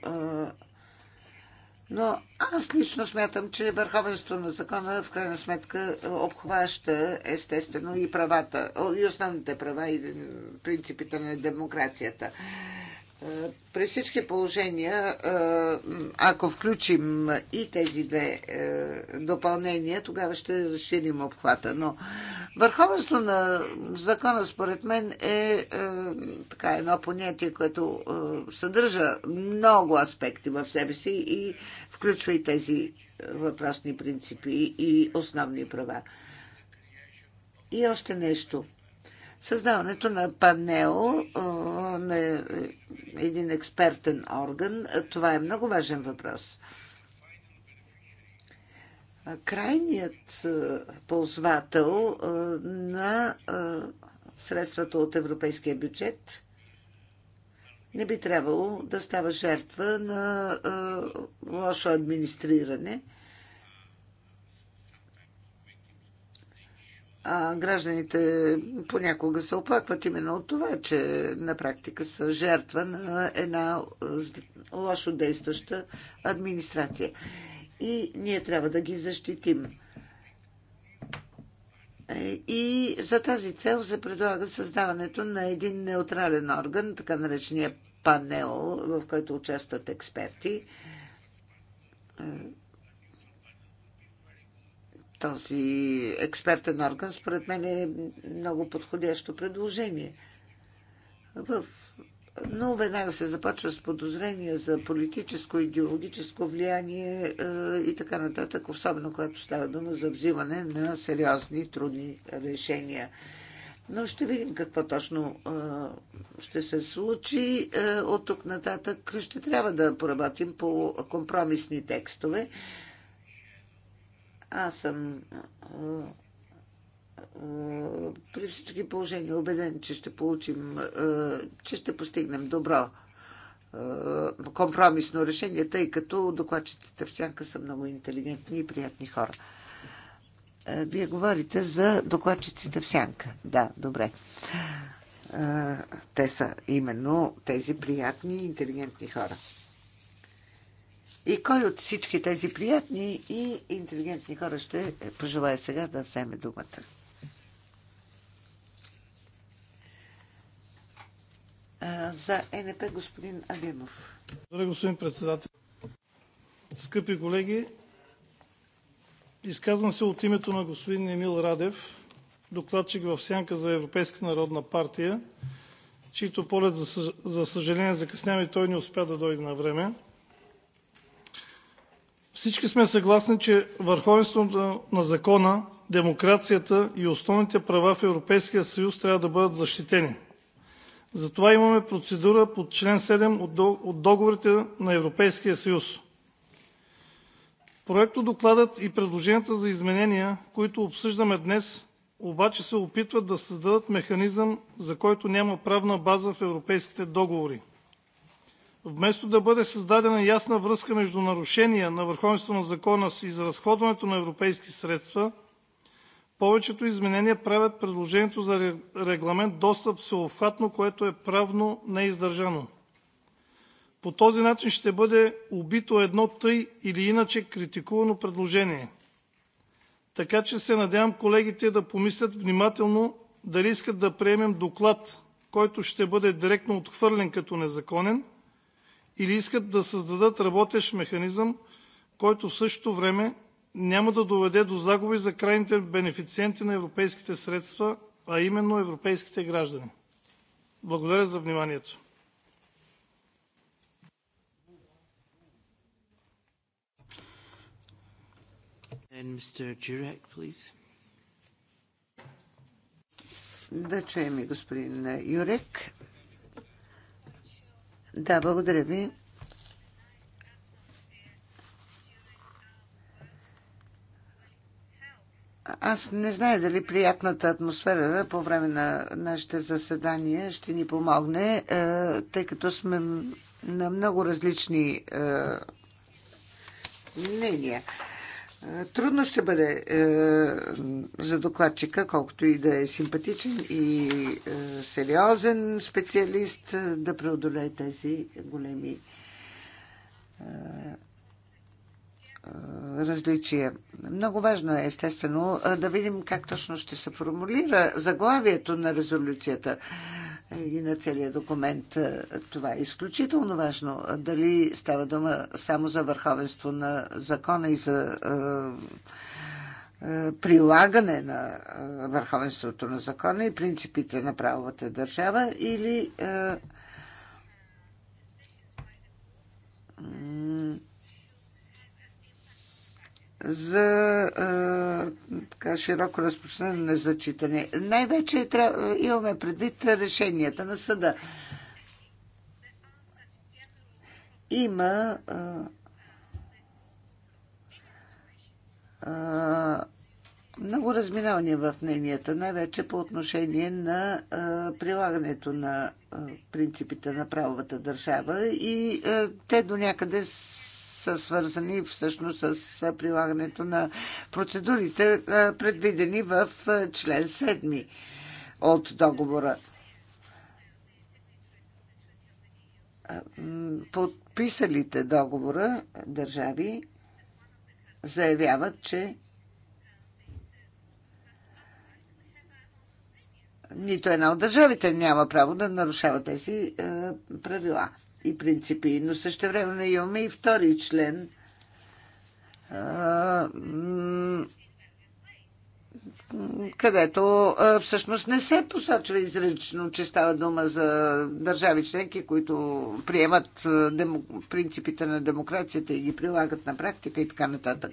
но аз лично смятам, че върховенството на закона в крайна сметка обхваща естествено и правата, и основните права и принципите на демокрацията. Е, при всички положения, е, ако включим и тези две е, допълнения, тогава ще разширим обхвата. Но върховенство на закона, според мен, е така едно понятие, което съдържа много аспекти в себе си и включва и тези въпросни принципи и основни права. И още нещо – Създаването на панел на един експертен орган, това е много важен въпрос. Крайният ползвател на средствата от европейския бюджет не би трябвало да става жертва на лошо администриране – А гражданите понякога се оплакват именно от това, че на практика са жертва на една лошо действаща администрация. И ние трябва да ги защитим. Е, и за тази цел се предлага създаването на един неутрален орган, така наречения панел, в който участват експерти е, този експертен орган, според мен е много подходящо предложение. В... Но веднага се започва с подозрения за политическо, идеологическо влияние е, и така нататък, особено когато става дума за взимане на сериозни, трудни решения. Но ще видим какво точно е, ще се случи е, от тук нататък. Ще трябва да поработим по компромисни текстове. Аз съм при всички положения убеден, че ще получим, че ще постигнем добро компромисно решение, тъй като докладчиците в сянка са много интелигентни и приятни хора. Вие говорите за докладчиците в сянка. Да, добре. Те са именно тези приятни и интелигентни хора. И кой от всички тези приятни и интелигентни хора ще пожелая сега да вземе думата? За НП е господин Адемов. Добре, господин председател. Скъпи колеги, изказвам се от името на господин Емил Радев, докладчик в Сянка за Европейска народна партия, чийто полет, за съжаление, закъснява и той не успя да дойде на време. Всички сме съгласни, че върховенството на закона, демокрацията и основните права в Европейския съюз трябва да бъдат защитени. Затова имаме процедура по чл. 7 от договорите на Европейския съюз. Проектодокладът и предложенията за изменения, които обсъждаме днес, обаче се опитват да създадат механизъм, за който няма правна база в европейските договори. Вместо да бъде създадена ясна връзка между нарушения на върховенството на закона с изразходването на европейски средства, повечето изменения правят предложението за регламент доста всеобхватно, което е правно неиздържано. По този начин ще бъде убито едно тъй или иначе критикувано предложение. Така че се надявам колегите да помислят внимателно дали искат да приемем доклад, който ще бъде директно отхвърлен като незаконен, или искат да създадат работещ механизъм, който в същото време няма да доведе до загуби за крайните бенефициенти на европейските средства, а именно европейските граждани. Благодаря за вниманието. Да чуем и господин Юрек. Да, благодаря ви. Аз не знае дали приятната атмосфера по време на нашите заседания ще ни помогне, е, тъй като сме на много различни е, мнения. Трудно ще бъде е, за докладчика, колкото и да е симпатичен и е, сериозен специалист, е, да преодолее тези големи е, е, различия. Много важно е, естествено, е, да видим как точно ще се формулира заглавието на резолюцията. Е, и на целият документ. Е, това е изключително важно. Дали става дума само за върховенство на закона и за е, е, прилагане на върховенството на закона и принципите на правовата държава или за а, така, широко разпространено незачитане. Най-вече имаме предвид решенията на съда. Има а, а, много разминавания в мненията, най-вече по отношение на а, прилагането на а, принципите на правовата държава и а, те до някъде са свързани всъщност с прилагането на процедурите, предвидени в член 7 от договора. Подписалите договора държави заявяват, че нито една от държавите няма право да нарушава тези правила и принципи. Но също време имаме и втори член. където всъщност не се посочва изрично, че става дума за държави членки, които приемат принципите на демокрацията и ги прилагат на практика и така нататък.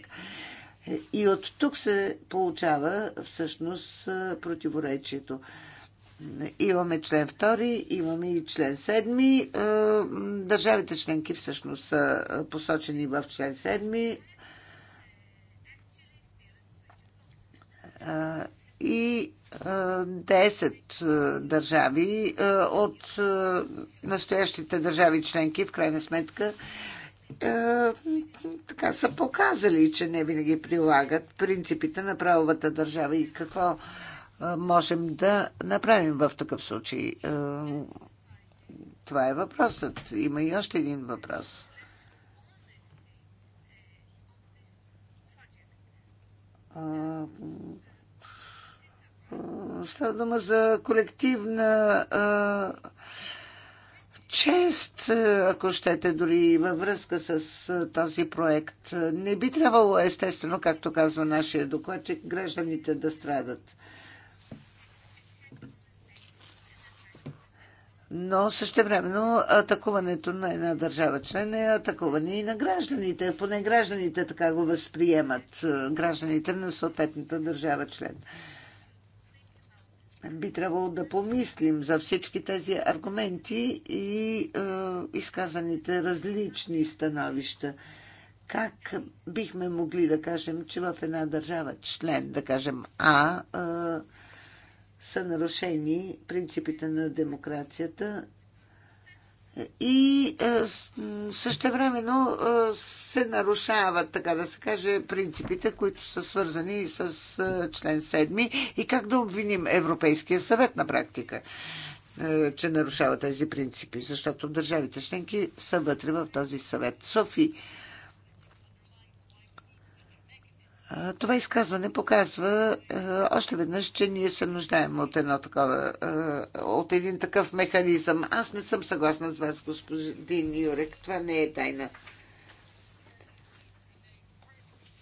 И от тук се получава всъщност противоречието. Имаме член 2, имаме и член 7. Е, държавите членки всъщност са посочени в член 7. Е, и 10 е, държави от настоящите държави членки, в крайна сметка, така са показали, че не винаги прилагат принципите на правовата държава и какво можем да направим в такъв случай? Това е въпросът. Има и още един въпрос. Става дума за колективна чест, ако щете, дори във връзка с този проект. Не би трябвало, естествено, както казва нашия докладчик, гражданите да страдат. но същевременно атакуването на една държава член е атакуване и на гражданите. Поне гражданите така го възприемат. Гражданите на съответната държава член. Би трябвало да помислим за всички тези аргументи и е, изказаните различни становища. Как бихме могли да кажем, че в една държава член, да кажем А, е, са нарушени принципите на демокрацията и е, същевременно е, се нарушават, така да се каже, принципите, които са свързани с е, член 7 и как да обвиним Европейския съвет на практика, че нарушава тези принципи, защото държавите членки са вътре в този съвет. Софи, Това изказване показва е, още веднъж, че ние се нуждаем от, едно такова, е, от един такъв механизъм. Аз не съм съгласна с вас, господин Юрек. Това не е тайна.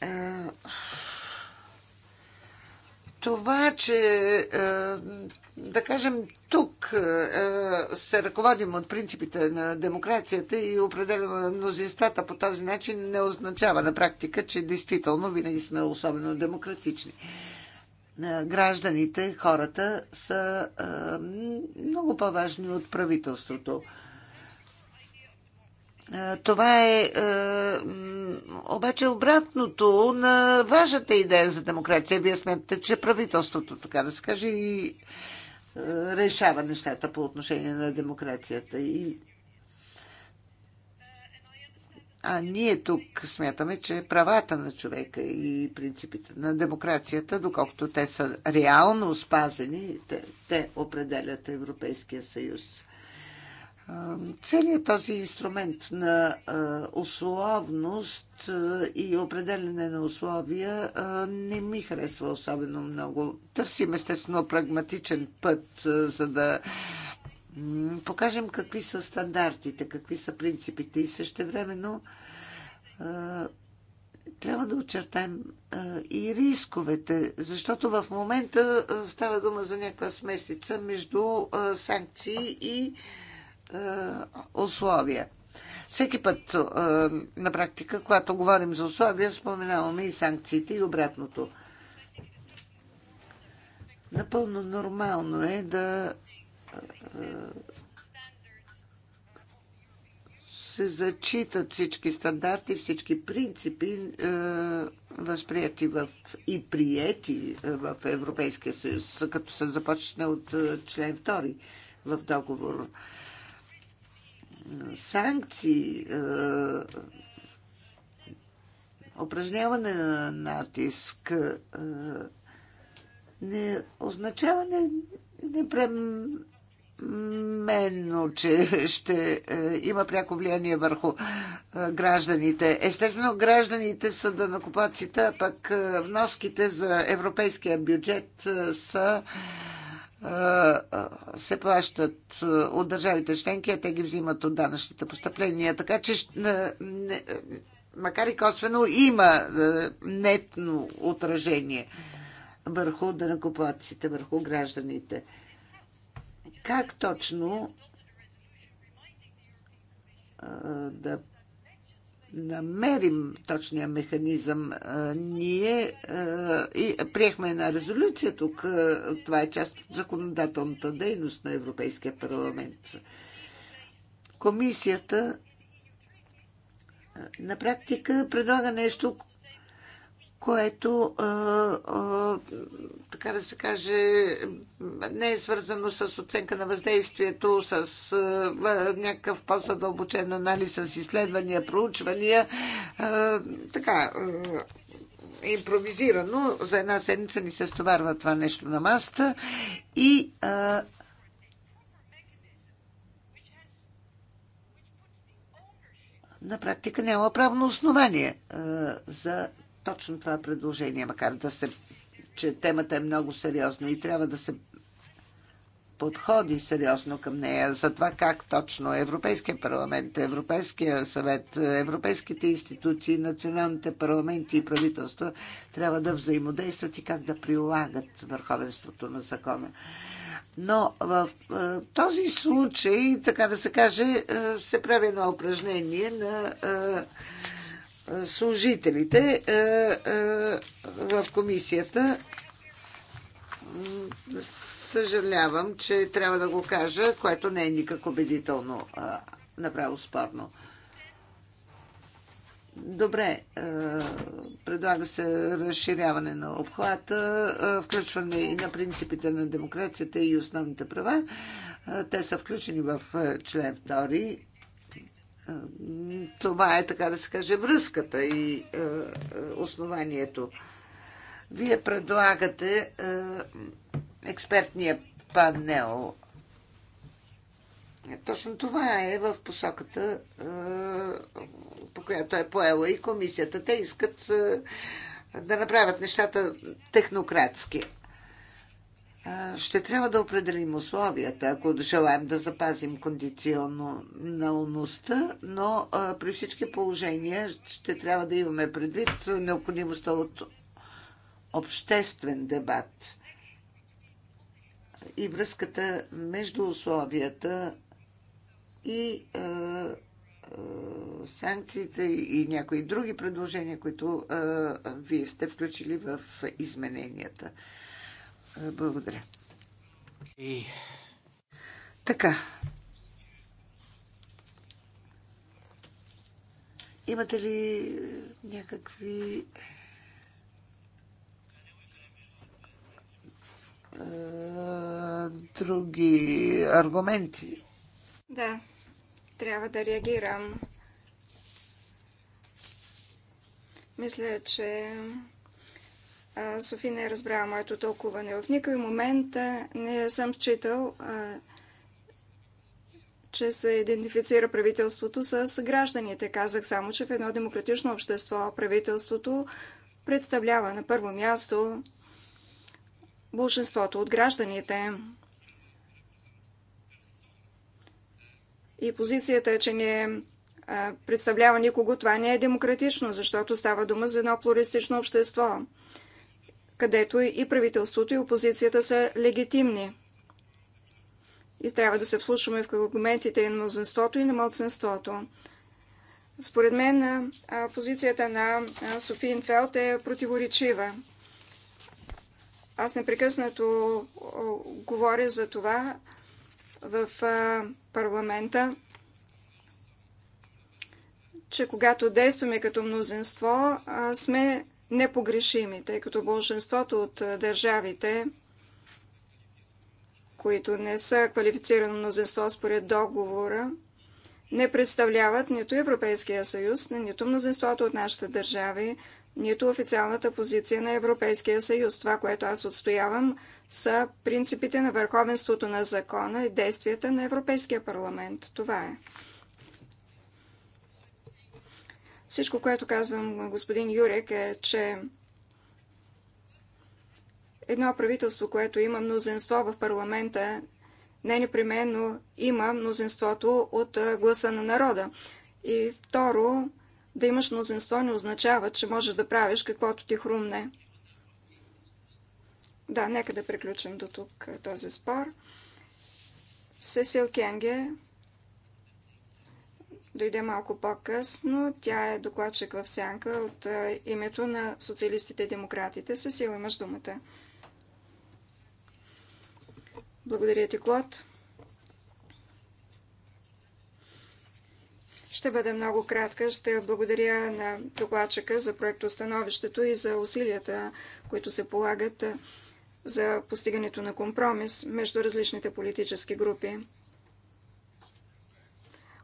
Е, това, че да кажем, тук е, е, се ръководим от принципите на демокрацията и определено мнозинствата по този начин не означава на практика, че действително винаги сме особено демократични. Е, гражданите, хората са много по-важни от правителството. Това е, е обаче обратното на вашата идея за демокрация. Вие смятате, че правителството, така да се каже, и е, решава нещата по отношение на демокрацията. И... А ние тук смятаме, че правата на човека и принципите на демокрацията, доколкото те са реално спазени, те, те определят Европейския съюз. Целият този инструмент на условност и определене на условия не ми харесва особено много. Търсим естествено прагматичен път, за да покажем какви са стандартите, какви са принципите и също трябва да очертаем и рисковете, защото в момента става дума за някаква смесица между санкции и е, условия. Всеки път е, на практика, когато говорим за условия, споменаваме и санкциите и обратното. Напълно нормално е да е, се зачитат всички стандарти, всички принципи, е, възприяти в, и приети в Европейския съюз, като се започне от член 2 в договор санкции, е, упражняване на натиск е, не означава не, непременно, че ще е, има пряко влияние върху гражданите. Естествено, гражданите са данакопаците, а пък вноските за европейския бюджет са се плащат от държавите членки, а те ги взимат от данъчните постъпления. Така че, макар и косвено, има нетно отражение върху дънакоплатците, върху гражданите. Как точно да намерим точния механизъм. Ние и приехме една резолюция тук. Това е част от законодателната дейност на Европейския парламент. Комисията на практика предлага нещо, което, така да се каже, не е свързано с оценка на въздействието, с някакъв по-задълбочен анализ, с изследвания, проучвания. Така, импровизирано, за една седмица ни се стоварва това нещо на маста и на практика няма правно основание а, за точно това е предложение, макар да се, че темата е много сериозна и трябва да се подходи сериозно към нея за това как точно Европейския парламент, Европейския съвет, европейските институции, националните парламенти и правителства трябва да взаимодействат и как да прилагат върховенството на закона. Но в е, този случай, така да се каже, е, се прави едно упражнение на служителите е, е, в комисията. Съжалявам, че трябва да го кажа, което не е никак убедително, направо спорно. Добре, е, предлага се разширяване на обхвата, включване и на принципите на демокрацията и основните права. Те са включени в член 2 това е, така да се каже, връзката и е, е, основанието. Вие предлагате е, експертния панел. Точно това е в посоката, по която е поела и комисията. Те искат да направят нещата технократски ще трябва да определим условията, ако желаем да запазим кондиционалността, но при всички положения ще трябва да имаме предвид необходимостта от обществен дебат и връзката между условията и е, е, санкциите и някои други предложения, които е, вие сте включили в измененията. Е, благодаря. И... Така. Имате ли някакви е, други аргументи? Да, трябва да реагирам. Мисля, че Софи не е разбрала моето тълкуване. В никакъв момент не съм считал, че се идентифицира правителството с гражданите. Казах само, че в едно демократично общество правителството представлява на първо място большинството от гражданите. И позицията е, че не представлява никого. Това не е демократично, защото става дума за едно плуристично общество където и правителството и опозицията са легитимни. И трябва да се вслушваме в аргументите и на мнозинството и на младсенството. Според мен позицията на Софиин Фелт е противоречива. Аз непрекъснато говоря за това в парламента, че когато действаме като мнозинство, сме непогрешими, тъй като большинството от държавите, които не са квалифицирано мнозинство според договора, не представляват нито Европейския съюз, нито мнозинството от нашите държави, нито официалната позиция на Европейския съюз. Това, което аз отстоявам, са принципите на върховенството на закона и действията на Европейския парламент. Това е. Всичко, което казвам господин Юрек е, че едно правителство, което има мнозинство в парламента, не непременно има мнозинството от гласа на народа. И второ, да имаш мнозинство не означава, че можеш да правиш каквото ти хрумне. Да, нека да приключим до тук този спор. Сесил Кенге дойде малко по-късно. Тя е докладчик в сянка от името на социалистите и демократите. Сесила, имаш думата. Благодаря ти, Клод. Ще бъда много кратка. Ще благодаря на докладчика за проектостановището и за усилията, които се полагат за постигането на компромис между различните политически групи.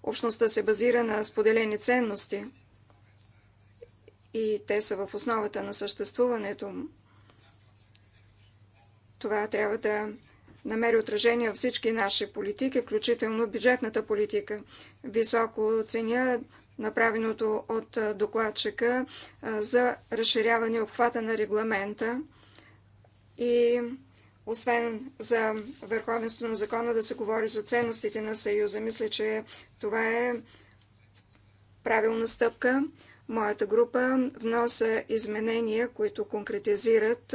Общността се базира на споделени ценности и те са в основата на съществуването Това трябва да намери отражение във всички наши политики, включително бюджетната политика. Високо оценя направеното от докладчика за разширяване обхвата на регламента и освен за върховенството на закона, да се говори за ценностите на Съюза. Мисля, че това е правилна стъпка. Моята група вноса изменения, които конкретизират,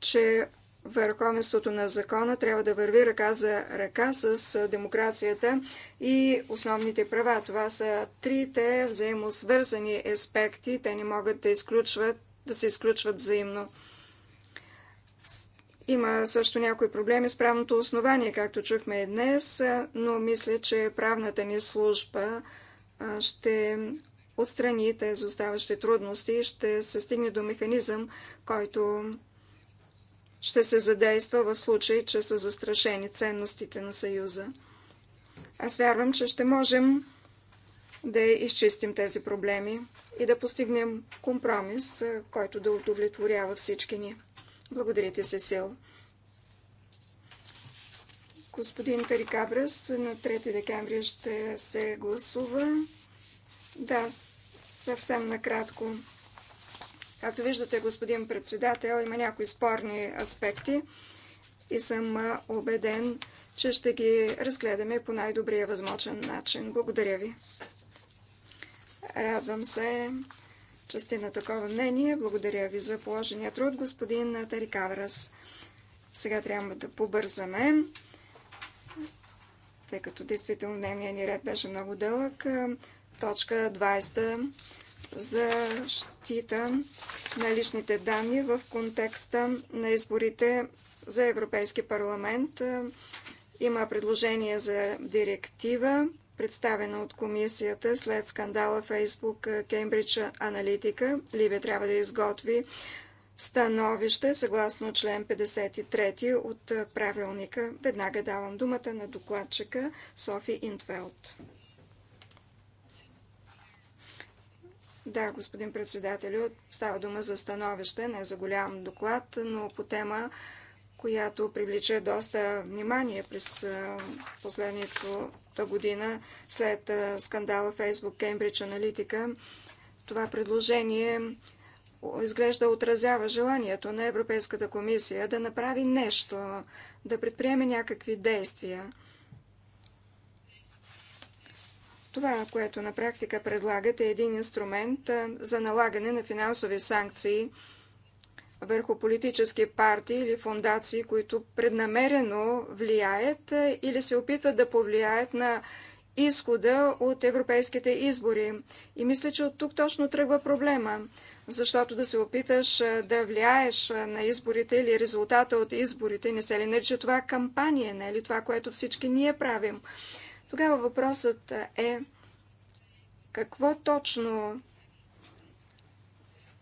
че върховенството на закона трябва да върви ръка за ръка с демокрацията и основните права. Това са трите взаимосвързани аспекти. Те не могат да, изключват, да се изключват взаимно. Има също някои проблеми с правното основание, както чухме и днес, но мисля, че правната ни служба ще отстрани тези оставащи трудности и ще се стигне до механизъм, който ще се задейства в случай, че са застрашени ценностите на Съюза. Аз вярвам, че ще можем да изчистим тези проблеми и да постигнем компромис, който да удовлетворява всички ни. Благодаря ти, Сесил. Господин Тарикабрас, на 3 декември ще се гласува. Да, съвсем накратко. Както виждате, господин председател, има някои спорни аспекти и съм убеден, че ще ги разгледаме по най-добрия възможен начин. Благодаря ви. Радвам се, че сте на такова мнение. Благодаря ви за положения труд, господин Тарикаврас. Сега трябва да побързаме, тъй като действително дневният ни ред беше много дълъг. Точка 20 за щита на личните данни в контекста на изборите за Европейски парламент. Има предложение за директива представена от комисията след скандала Facebook Cambridge Analytica. Либия трябва да изготви становище съгласно член 53 от правилника. Веднага давам думата на докладчика Софи Интвелт. Да, господин председателю, става дума за становище, не за голям доклад, но по тема, която привлече доста внимание през последната година след скандала Facebook Cambridge Analytica. Това предложение изглежда отразява желанието на Европейската комисия да направи нещо, да предприеме някакви действия. Това, което на практика предлагат е един инструмент за налагане на финансови санкции – върху политически партии или фундации, които преднамерено влияят е, или се опитват да повлияят на изхода от европейските избори. И мисля, че от тук точно тръгва проблема, защото да се опиташ е, да влияеш е, на изборите или резултата от изборите, не се ли нарича това кампания, не е ли това, което всички ние правим? Тогава въпросът е какво точно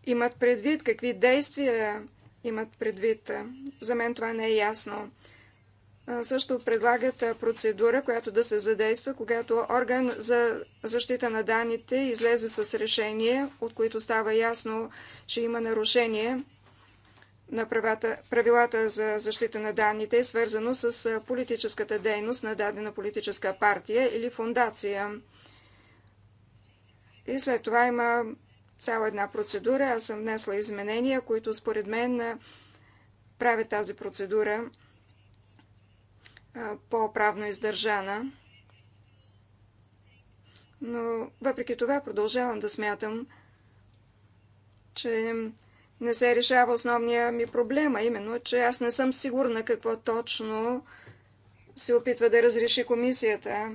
имат предвид, какви действия имат предвид. За мен това не е ясно. Също предлагат процедура, която да се задейства, когато орган за защита на данните излезе с решение, от които става ясно, че има нарушение на правата, правилата за защита на данните, свързано с политическата дейност на дадена политическа партия или фундация. И след това има цяла една процедура. Аз съм внесла изменения, които според мен правят тази процедура по-правно издържана. Но въпреки това продължавам да смятам, че не се решава основния ми проблема, именно, че аз не съм сигурна какво точно се опитва да разреши комисията.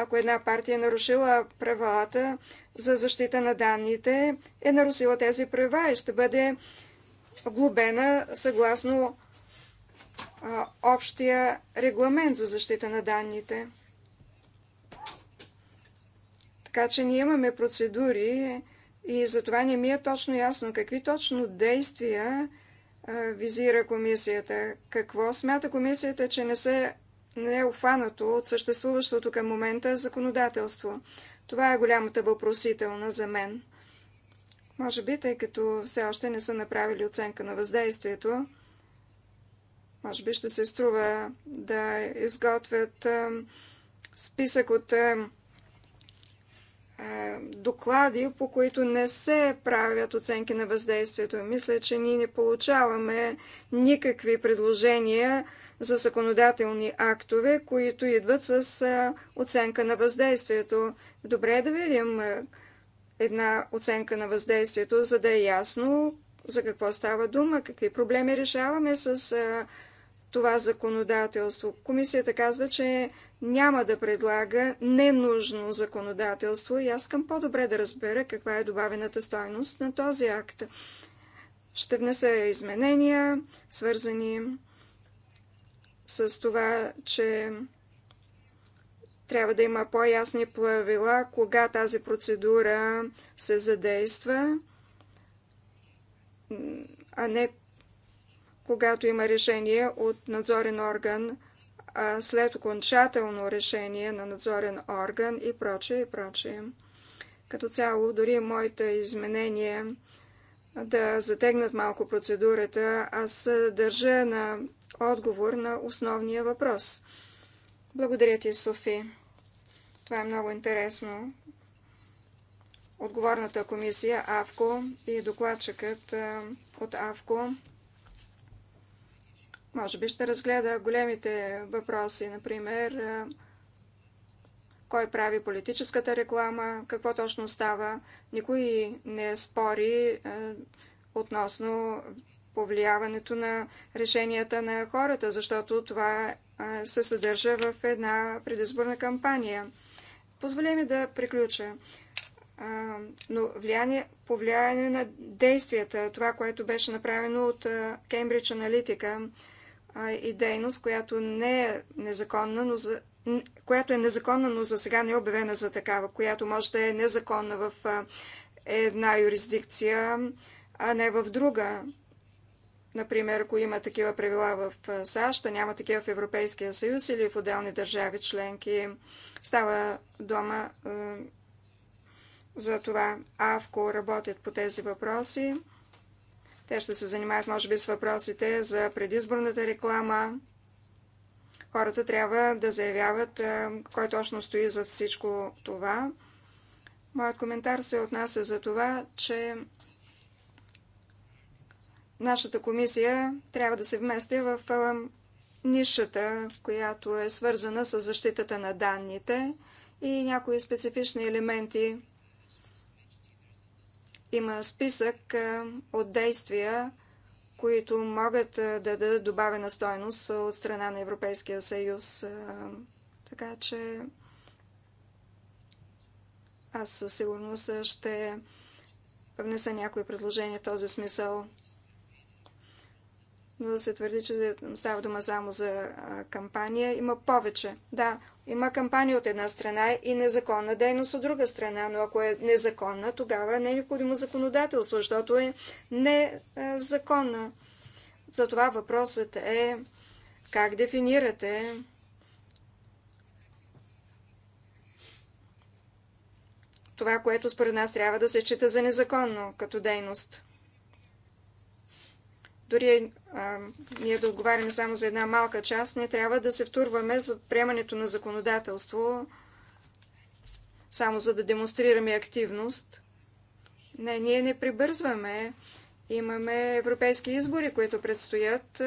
Ако една партия е нарушила правилата за защита на данните, е нарушила тези права и ще бъде глобена съгласно а, общия регламент за защита на данните. Така че ние имаме процедури и за това не ми е точно ясно какви точно действия визира комисията. Какво смята комисията, че не се не е обхванато от съществуващото към момента законодателство. Това е голямата въпросителна за мен. Може би, тъй като все още не са направили оценка на въздействието, може би ще се струва да изготвят списък от доклади, по които не се правят оценки на въздействието. Мисля, че ние не получаваме никакви предложения за законодателни актове, които идват с оценка на въздействието. Добре е да видим една оценка на въздействието, за да е ясно за какво става дума, какви проблеми решаваме с това законодателство. Комисията казва, че няма да предлага ненужно законодателство и аз искам по-добре да разбера каква е добавената стойност на този акт. Ще внеса изменения, свързани с това, че трябва да има по-ясни правила, кога тази процедура се задейства, а не когато има решение от надзорен орган – след окончателно решение на надзорен орган и прочее, и прочее. Като цяло, дори моите изменения да затегнат малко процедурата, аз държа на отговор на основния въпрос. Благодаря ти, Софи. Това е много интересно. Отговорната комисия АВКО и докладчикът от АВКО може би ще разгледа големите въпроси, например, кой прави политическата реклама, какво точно става. Никой не спори относно повлияването на решенията на хората, защото това се съдържа в една предизборна кампания. Позволя ми да приключа. Но влияние, повлияние на действията, това, което беше направено от Кембридж Аналитика, и дейност, която не е незаконна, но за, която е незаконна, но за сега не е обявена за такава, която може да е незаконна в една юрисдикция, а не в друга. Например, ако има такива правила в САЩ, а няма такива в Европейския съюз или в отделни държави членки, става дома е, за това. АВКО работят по тези въпроси. Те ще се занимават, може би, с въпросите за предизборната реклама. Хората трябва да заявяват кой точно стои за всичко това. Моят коментар се отнася за това, че нашата комисия трябва да се вмести в нишата, която е свързана с защитата на данните и някои специфични елементи има списък е, от действия, които могат е, да дадат добавена стойност от страна на Европейския съюз. Е, така че аз със сигурност ще внеса някои предложения в този смисъл. Но да се твърди, че става дума само за кампания, има повече. Да, има кампания от една страна и незаконна дейност от друга страна, но ако е незаконна, тогава не е необходимо законодателство, защото е незаконна. Затова въпросът е как дефинирате това, което според нас трябва да се чита за незаконно като дейност. Дори а, ние да отговаряме само за една малка част, не трябва да се втурваме за приемането на законодателство, само за да демонстрираме активност. Не, ние не прибързваме. Имаме европейски избори, които предстоят.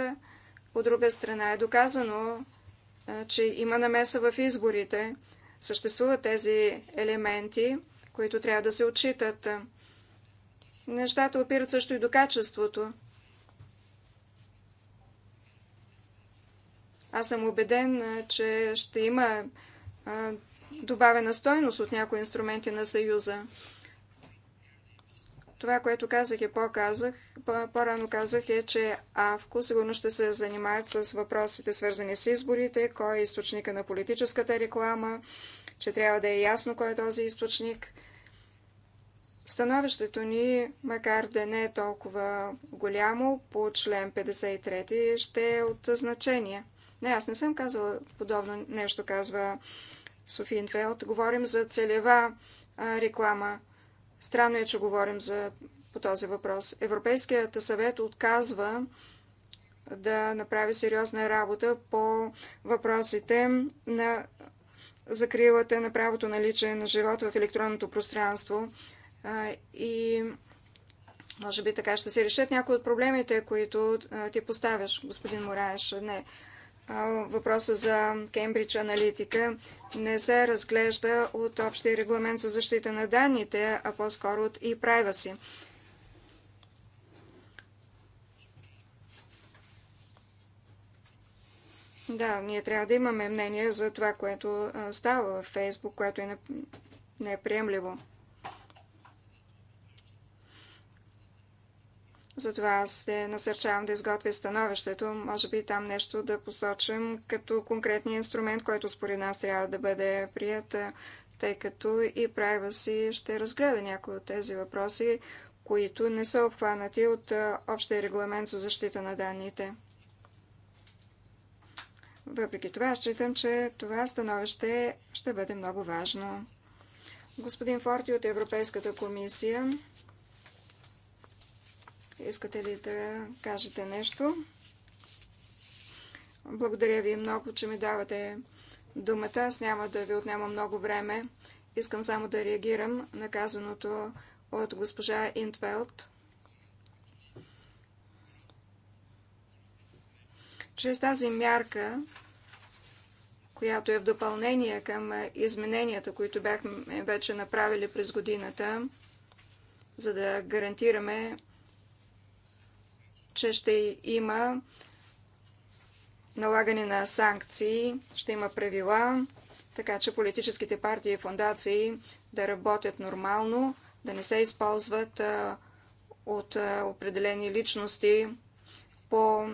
От друга страна е доказано, че има намеса в изборите. Съществуват тези елементи, които трябва да се отчитат. Нещата опират също и до качеството. Аз съм убеден, че ще има добавена стойност от някои инструменти на Съюза. Това, което казах и по-казах, по-рано казах е, че АВКО сигурно ще се занимаят с въпросите свързани с изборите, кой е източника на политическата реклама, че трябва да е ясно кой е този източник. Становището ни, макар да не е толкова голямо, по член 53 ще е от значение. Не, аз не съм казала подобно нещо, казва Софин Фелт. Говорим за целева а, реклама. Странно е, че говорим за, по този въпрос. Европейският съвет отказва да направи сериозна работа по въпросите на закрилата на правото на личен живот в електронното пространство. А, и може би така ще се решат някои от проблемите, които ти поставяш, господин Мораеш. Не, въпроса за Кембридж аналитика не се разглежда от общия регламент за защита на данните, а по-скоро от и privacy. Да, ние трябва да имаме мнение за това, което става в Фейсбук, което е неприемливо. Затова аз се насърчавам да изготвя становището. Може би там нещо да посочим като конкретния инструмент, който според нас трябва да бъде прият, тъй като и си, ще разгледа някои от тези въпроси, които не са обхванати от общия регламент за защита на данните. Въпреки това, считам, че това становище ще бъде много важно. Господин Форти от Европейската комисия Искате ли да кажете нещо? Благодаря ви много, че ми давате думата. Аз няма да ви отнема много време. Искам само да реагирам на казаното от госпожа Интвелт, чрез тази мярка, която е в допълнение към измененията, които бяхме вече направили през годината, за да гарантираме че ще има налагане на санкции, ще има правила, така че политическите партии и фундации да работят нормално, да не се използват от определени личности по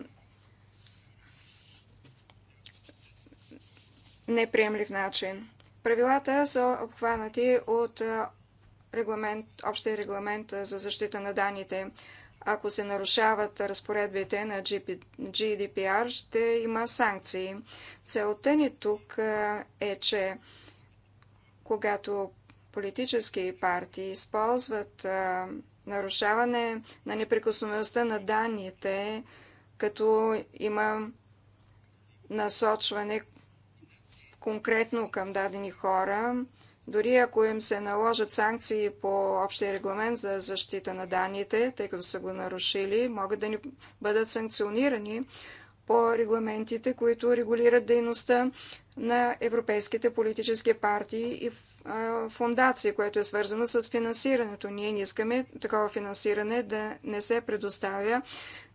неприемлив начин. Правилата са обхванати от регламент, общия регламент за защита на данните ако се нарушават разпоредбите на GDPR, ще има санкции. Целта ни тук е, че когато политически партии използват нарушаване на неприкосновеността на данните, като има насочване конкретно към дадени хора, дори ако им се наложат санкции по общия регламент за защита на данните, тъй като са го нарушили, могат да ни бъдат санкционирани по регламентите, които регулират дейността на европейските политически партии и фундации, което е свързано с финансирането. Ние не искаме такова финансиране да не се предоставя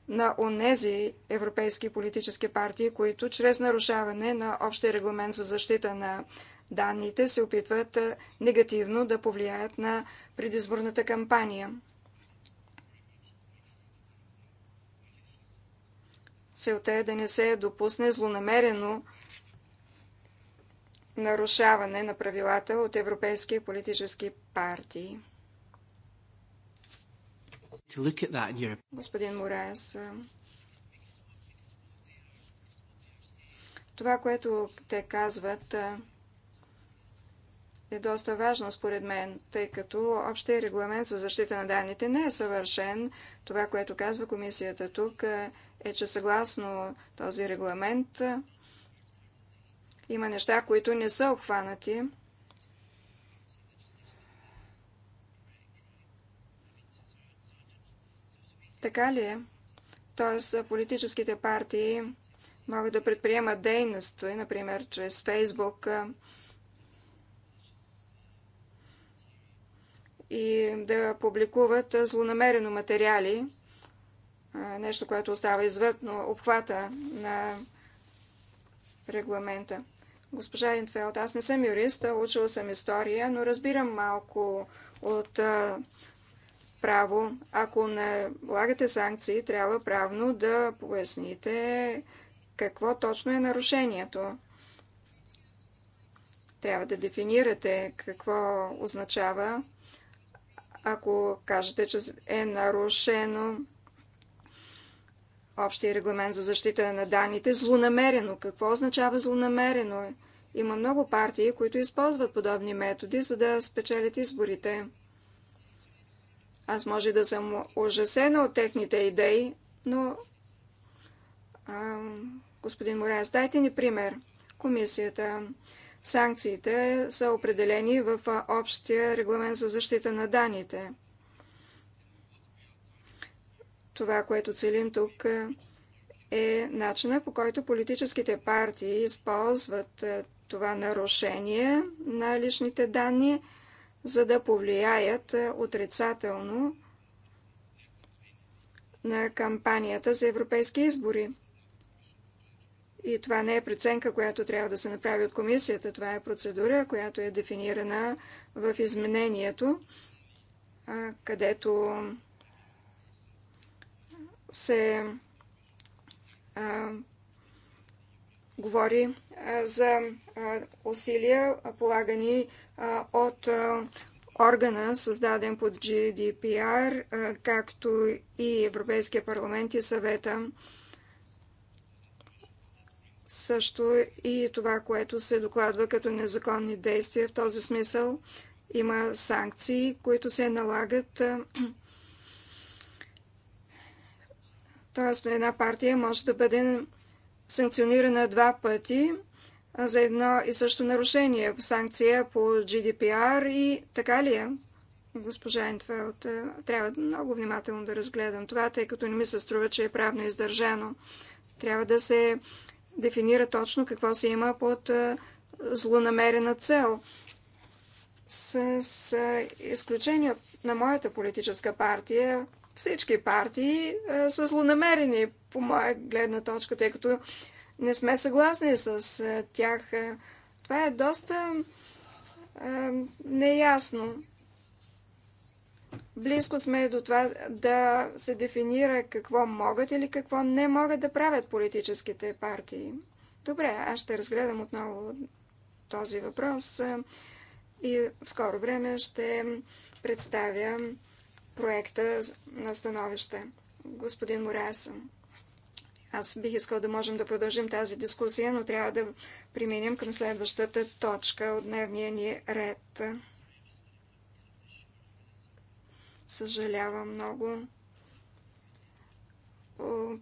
на онези европейски политически партии, които чрез нарушаване на общия регламент за защита на данните се опитват негативно да повлияят на предизборната кампания. Целта е да не се допусне злонамерено нарушаване на правилата от европейски политически партии. Господин Мораес, това, което те казват, е доста важно според мен, тъй като общия регламент за защита на данните не е съвършен. Това, което казва комисията тук е, че съгласно този регламент е, има неща, които не са обхванати. Така ли е? Тоест, политическите партии могат да предприемат дейности, например, чрез Фейсбук, е, и да публикуват злонамерено материали, нещо, което остава извън обхвата на регламента. Госпожа Интфелд, аз не съм юрист, учила съм история, но разбирам малко от право. Ако не налагате санкции, трябва правно да поясните какво точно е нарушението. Трябва да дефинирате какво означава ако кажете, че е нарушено общия регламент за защита на данните, злонамерено. Какво означава злонамерено? Има много партии, които използват подобни методи, за да спечелят изборите. Аз може да съм ужасена от техните идеи, но... А, господин Морес, дайте ни пример. Комисията Санкциите са определени в общия регламент за защита на данните. Това, което целим тук е начина по който политическите партии използват това нарушение на личните данни, за да повлияят отрицателно на кампанията за европейски избори. И това не е преценка, която трябва да се направи от комисията. Това е процедура, която е дефинирана в изменението, където се а, говори а, за а, усилия, полагани а, от а, органа, създаден под GDPR, а, както и Европейския парламент и съвета. А, също и това, което се докладва като незаконни действия. В този смисъл има санкции, които се налагат. Тоест, една партия може да бъде санкционирана два пъти за едно и също нарушение. Санкция по GDPR и така ли е? Госпожа Ентфелд, е, трябва много внимателно да разгледам това, тъй като не ми се струва, че е правно издържано. Трябва да се дефинира точно какво се има под злонамерена цел. С, с изключение на моята политическа партия, всички партии са злонамерени по моя гледна точка, тъй като не сме съгласни с тях. Това е доста неясно. Близко сме до това да се дефинира какво могат или какво не могат да правят политическите партии. Добре, аз ще разгледам отново този въпрос и в скоро време ще представя проекта на становище. Господин Мораса, аз бих искал да можем да продължим тази дискусия, но трябва да преминем към следващата точка от дневния ни ред. Съжалявам много.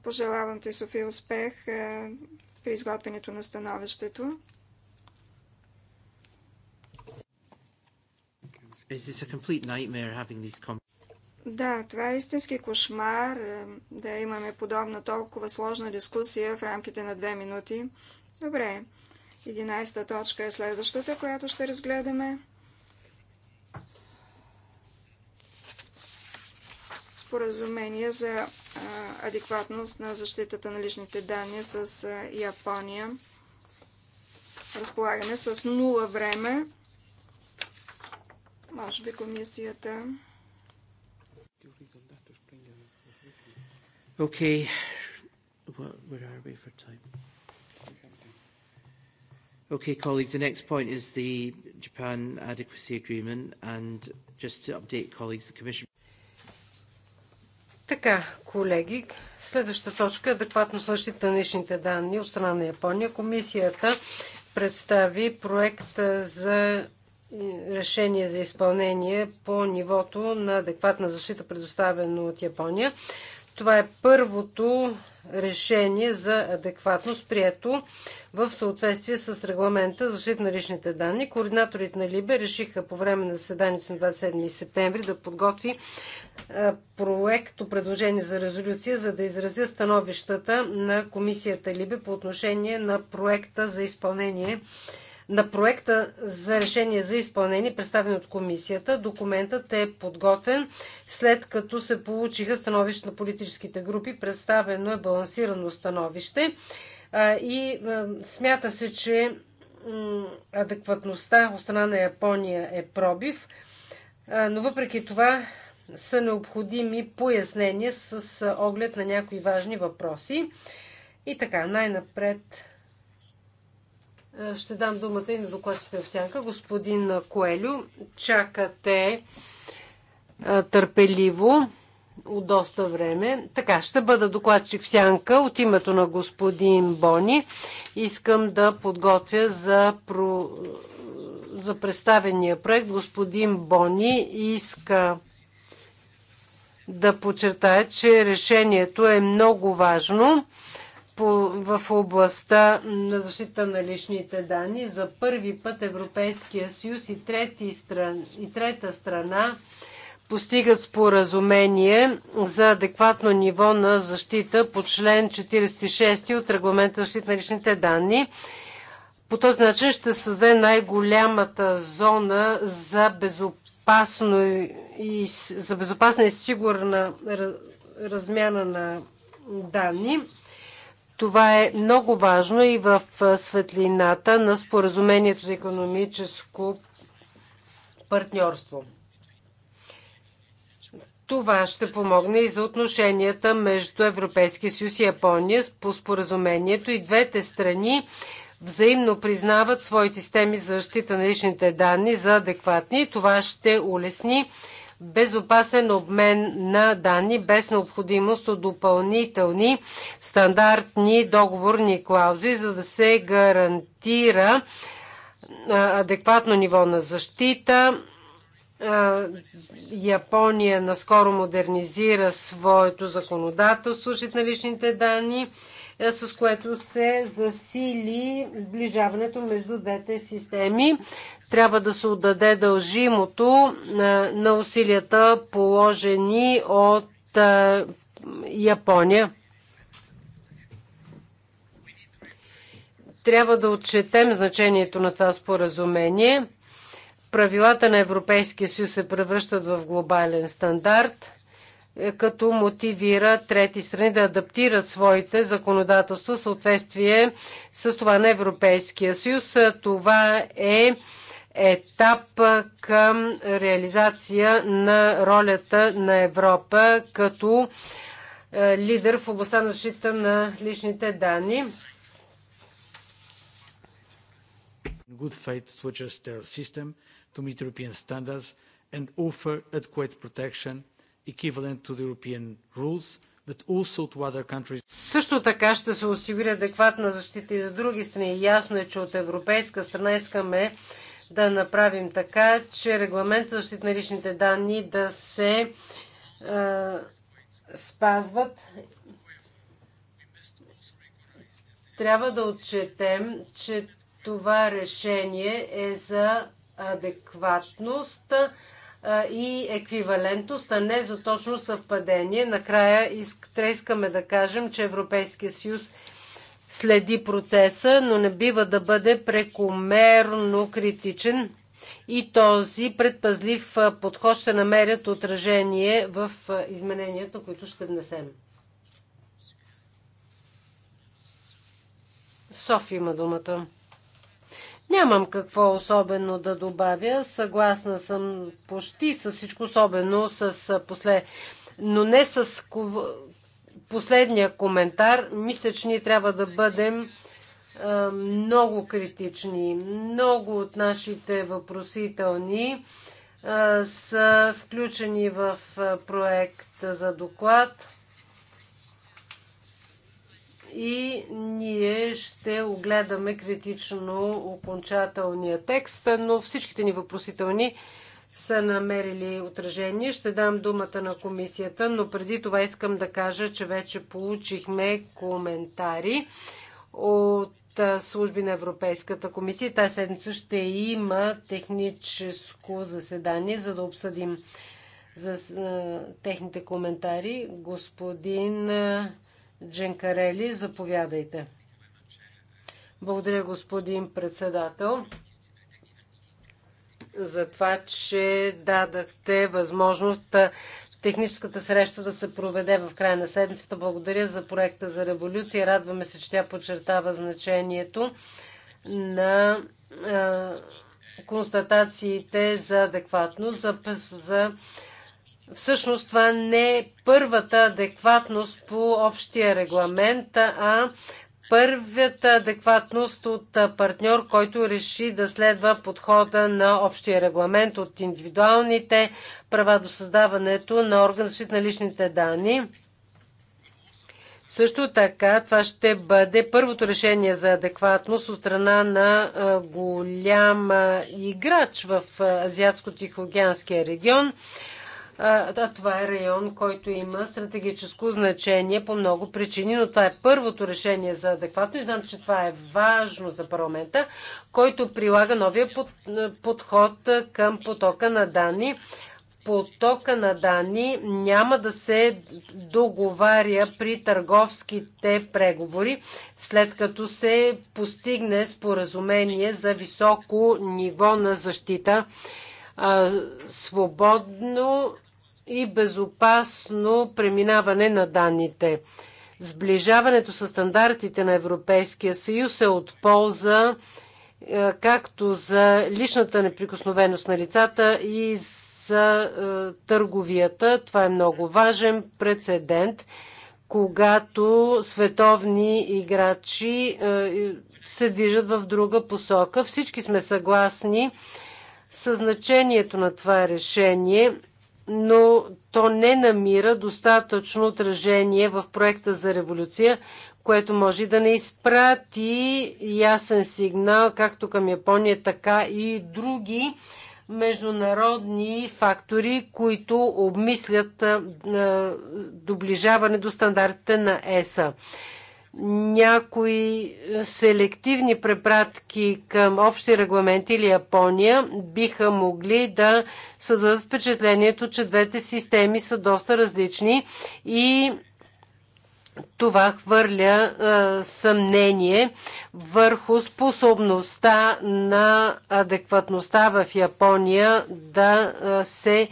Пожелавам ти, София, успех е, при изготвянето на становището. Да, това е истински кошмар е, да имаме подобна толкова сложна дискусия в рамките на две минути. Добре, 11 точка е следващата, която ще разгледаме. споразумение за адекватност на защитата на личните данни с Япония. Разполагаме с нула време. Може би комисията. Okay, where are we for time? Okay, colleagues, the next point is the Japan Adequacy Agreement, and just to update colleagues, the Commission. Така, колеги, следващата точка е адекватно защита на данни от страна на Япония. Комисията представи проект за решение за изпълнение по нивото на адекватна защита, предоставено от Япония. Това е първото решение за адекватност, прието в съответствие с регламента за защита на личните данни. Координаторите на Либе решиха по време на заседанието на 27 септември да подготви проекто предложение за резолюция, за да изразя становищата на комисията Либе по отношение на проекта за изпълнение на проекта за решение за изпълнение, представен от комисията. Документът е подготвен след като се получиха становища на политическите групи. Представено е балансирано становище и смята се, че адекватността от страна на Япония е пробив, но въпреки това са необходими пояснения с оглед на някои важни въпроси. И така, най-напред е, ще дам думата и на докладчите в сянка. Господин Коелю, чакате е, търпеливо от доста време. Така, ще бъда докладчик в сянка от името на господин Бони. Искам да подготвя за, про... за представения проект. Господин Бони иска да подчертая, че решението е много важно по, в областта на защита на личните данни. За първи път Европейския съюз и, трети стран, и трета страна постигат споразумение за адекватно ниво на защита по член 46 от регламента за защита на личните данни. По този начин ще създаде най-голямата зона за безопасно и, за безопасна и сигурна размяна на данни. Това е много важно и в светлината на споразумението за економическо партньорство. Това ще помогне и за отношенията между Европейския съюз и Япония по споразумението и двете страни взаимно признават своите системи за защита на личните данни за адекватни. Това ще улесни безопасен обмен на данни без необходимост от допълнителни стандартни договорни клаузи, за да се гарантира адекватно ниво на защита. Япония наскоро модернизира своето законодателство на личните данни е, с което се засили сближаването между двете системи. Трябва да се отдаде дължимото е, на усилията положени от е, Япония. Трябва да отчетем значението на това споразумение. Правилата на Европейския съюз се превръщат в глобален стандарт – е, като мотивира трети страни да адаптират своите законодателства в съответствие с това на Европейския съюз. Това е етап към реализация на ролята на Европа като е, лидер в областта на защита на личните данни. good faith switches their system to meet European standards and offer adequate protection equivalent to the European rules, but also to other countries. Също така ще се осигури адекватна защита и за други страни. Ясно е, че от европейска страна искаме да направим така, че регламент за защита на личните данни да се е, спазват. Трябва да отчетем, че това решение е за адекватност и еквивалентност, а не за точно съвпадение. Накрая искаме да кажем, че Европейския съюз следи процеса, но не бива да бъде прекомерно критичен и този предпазлив подход ще намерят отражение в измененията, които ще внесем. Софи има думата. Нямам какво особено да добавя. Съгласна съм почти с всичко, особено с после... но не с последния коментар. Мисля, че ние трябва да бъдем много критични. Много от нашите въпросителни са включени в проект за доклад и ние ще огледаме критично окончателния текст, но всичките ни въпросителни са намерили отражение. Ще дам думата на комисията, но преди това искам да кажа, че вече получихме коментари от служби на Европейската комисия. Тази седмица ще има техническо заседание, за да обсъдим за техните коментари. Господин Дженкарели, заповядайте. Благодаря, господин председател, за това, че дадахте възможност техническата среща да се проведе в края на седмицата. Благодаря за проекта за революция. Радваме се, че тя подчертава значението на констатациите за адекватност, за, за Всъщност това не е първата адекватност по общия регламент, а първата адекватност от партньор, който реши да следва подхода на общия регламент от индивидуалните права до създаването на орган защита на личните данни. Също така, това ще бъде първото решение за адекватност от страна на голям играч в Азиатско-Тихоокеанския регион. А, това е район, който има стратегическо значение по много причини, но това е първото решение за адекватно и знам, че това е важно за парламента, който прилага новия подход към потока на данни потока на данни няма да се договаря при търговските преговори, след като се постигне споразумение за високо ниво на защита. Свободно и безопасно преминаване на данните. Сближаването с стандартите на Европейския съюз е от полза е, както за личната неприкосновеност на лицата и за е, търговията. Това е много важен прецедент, когато световни играчи е, се движат в друга посока. Всички сме съгласни със значението на това решение но то не намира достатъчно отражение в проекта за революция, което може да не изпрати ясен сигнал както към Япония, така и други международни фактори, които обмислят доближаване до стандартите на ЕСА някои селективни препратки към общи регламенти или Япония биха могли да създадат впечатлението, че двете системи са доста различни и това хвърля съмнение върху способността на адекватността в Япония да се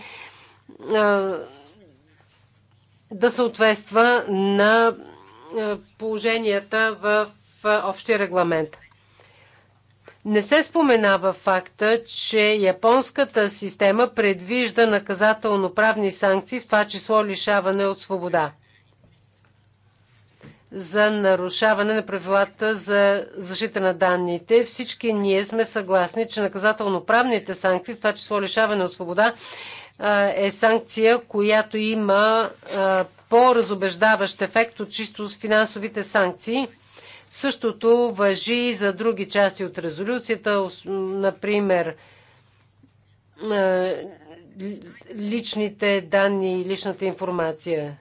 да съответства на е, положенията в е, общия регламент. Не се споменава факта, че японската система предвижда наказателно-правни санкции, в това число лишаване от свобода за нарушаване на правилата за защита на данните. Всички ние сме съгласни, че наказателно-правните санкции, в това число лишаване от свобода, е санкция, която има по-разобеждаващ ефект от чисто с финансовите санкции. Същото въжи и за други части от резолюцията, например личните данни и личната информация.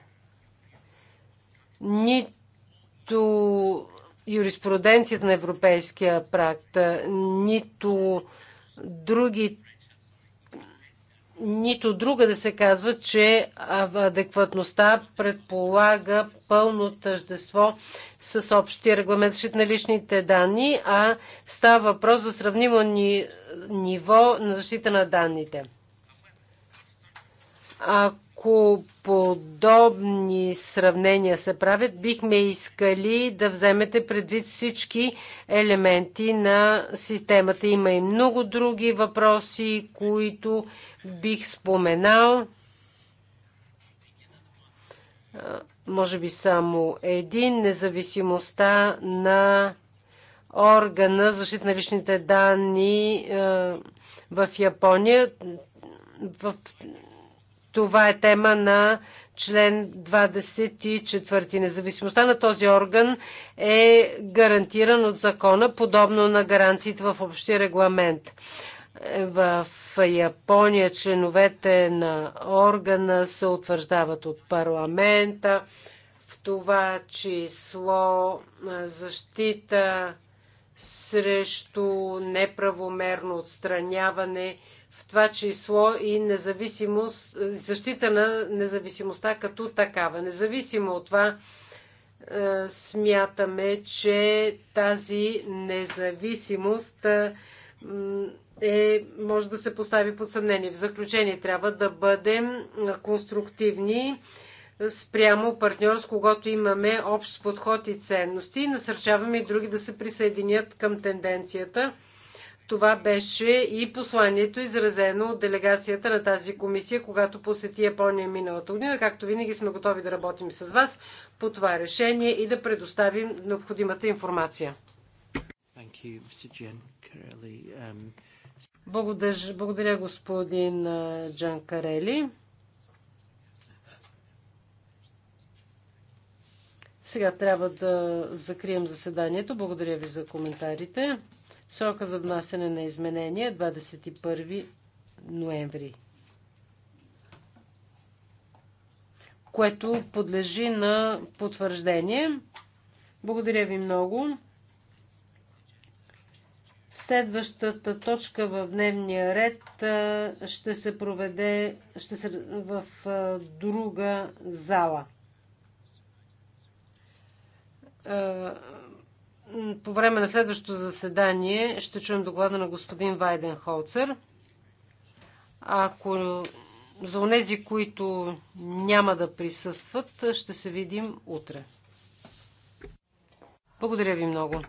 Нито юриспруденцията на европейския практ, нито други нито друга да се казва, че адекватността предполага пълно тъждество с общия регламент защита на личните данни, а става въпрос за сравнимо ни, ниво на защита на данните. Ако ако подобни сравнения се правят, бихме искали да вземете предвид всички елементи на системата. Има и много други въпроси, които бих споменал. Може би само един. Независимостта на органа защита на личните данни в Япония. В това е тема на член 24. Независимостта на този орган е гарантиран от закона, подобно на гаранциите в общия регламент. В Япония членовете на органа се утвърждават от парламента, в това число защита срещу неправомерно отстраняване – в това число и независимост, защита на независимостта като такава. Независимо от това, е, смятаме, че тази независимост е, е, може да се постави под съмнение. В заключение трябва да бъдем е, конструктивни спрямо партньор, с когото имаме общ подход и ценности. Насърчаваме и други да се присъединят към тенденцията. Това беше и посланието, изразено от делегацията на тази комисия, когато посети Япония миналата година. Както винаги сме готови да работим с вас по това решение и да предоставим необходимата информация. Um, благодаря, господин Джан Карели. Сега трябва да закрием заседанието. Благодаря ви за коментарите. Срока за внасяне на изменения 21 е ноември. Което подлежи на потвърждение. Благодаря ви много. Следващата точка в дневния ред ще се проведе ще се, в друга зала по време на следващото заседание ще чуем доклада на господин Вайден Холцер. Ако за онези, които няма да присъстват, ще се видим утре. Благодаря ви много.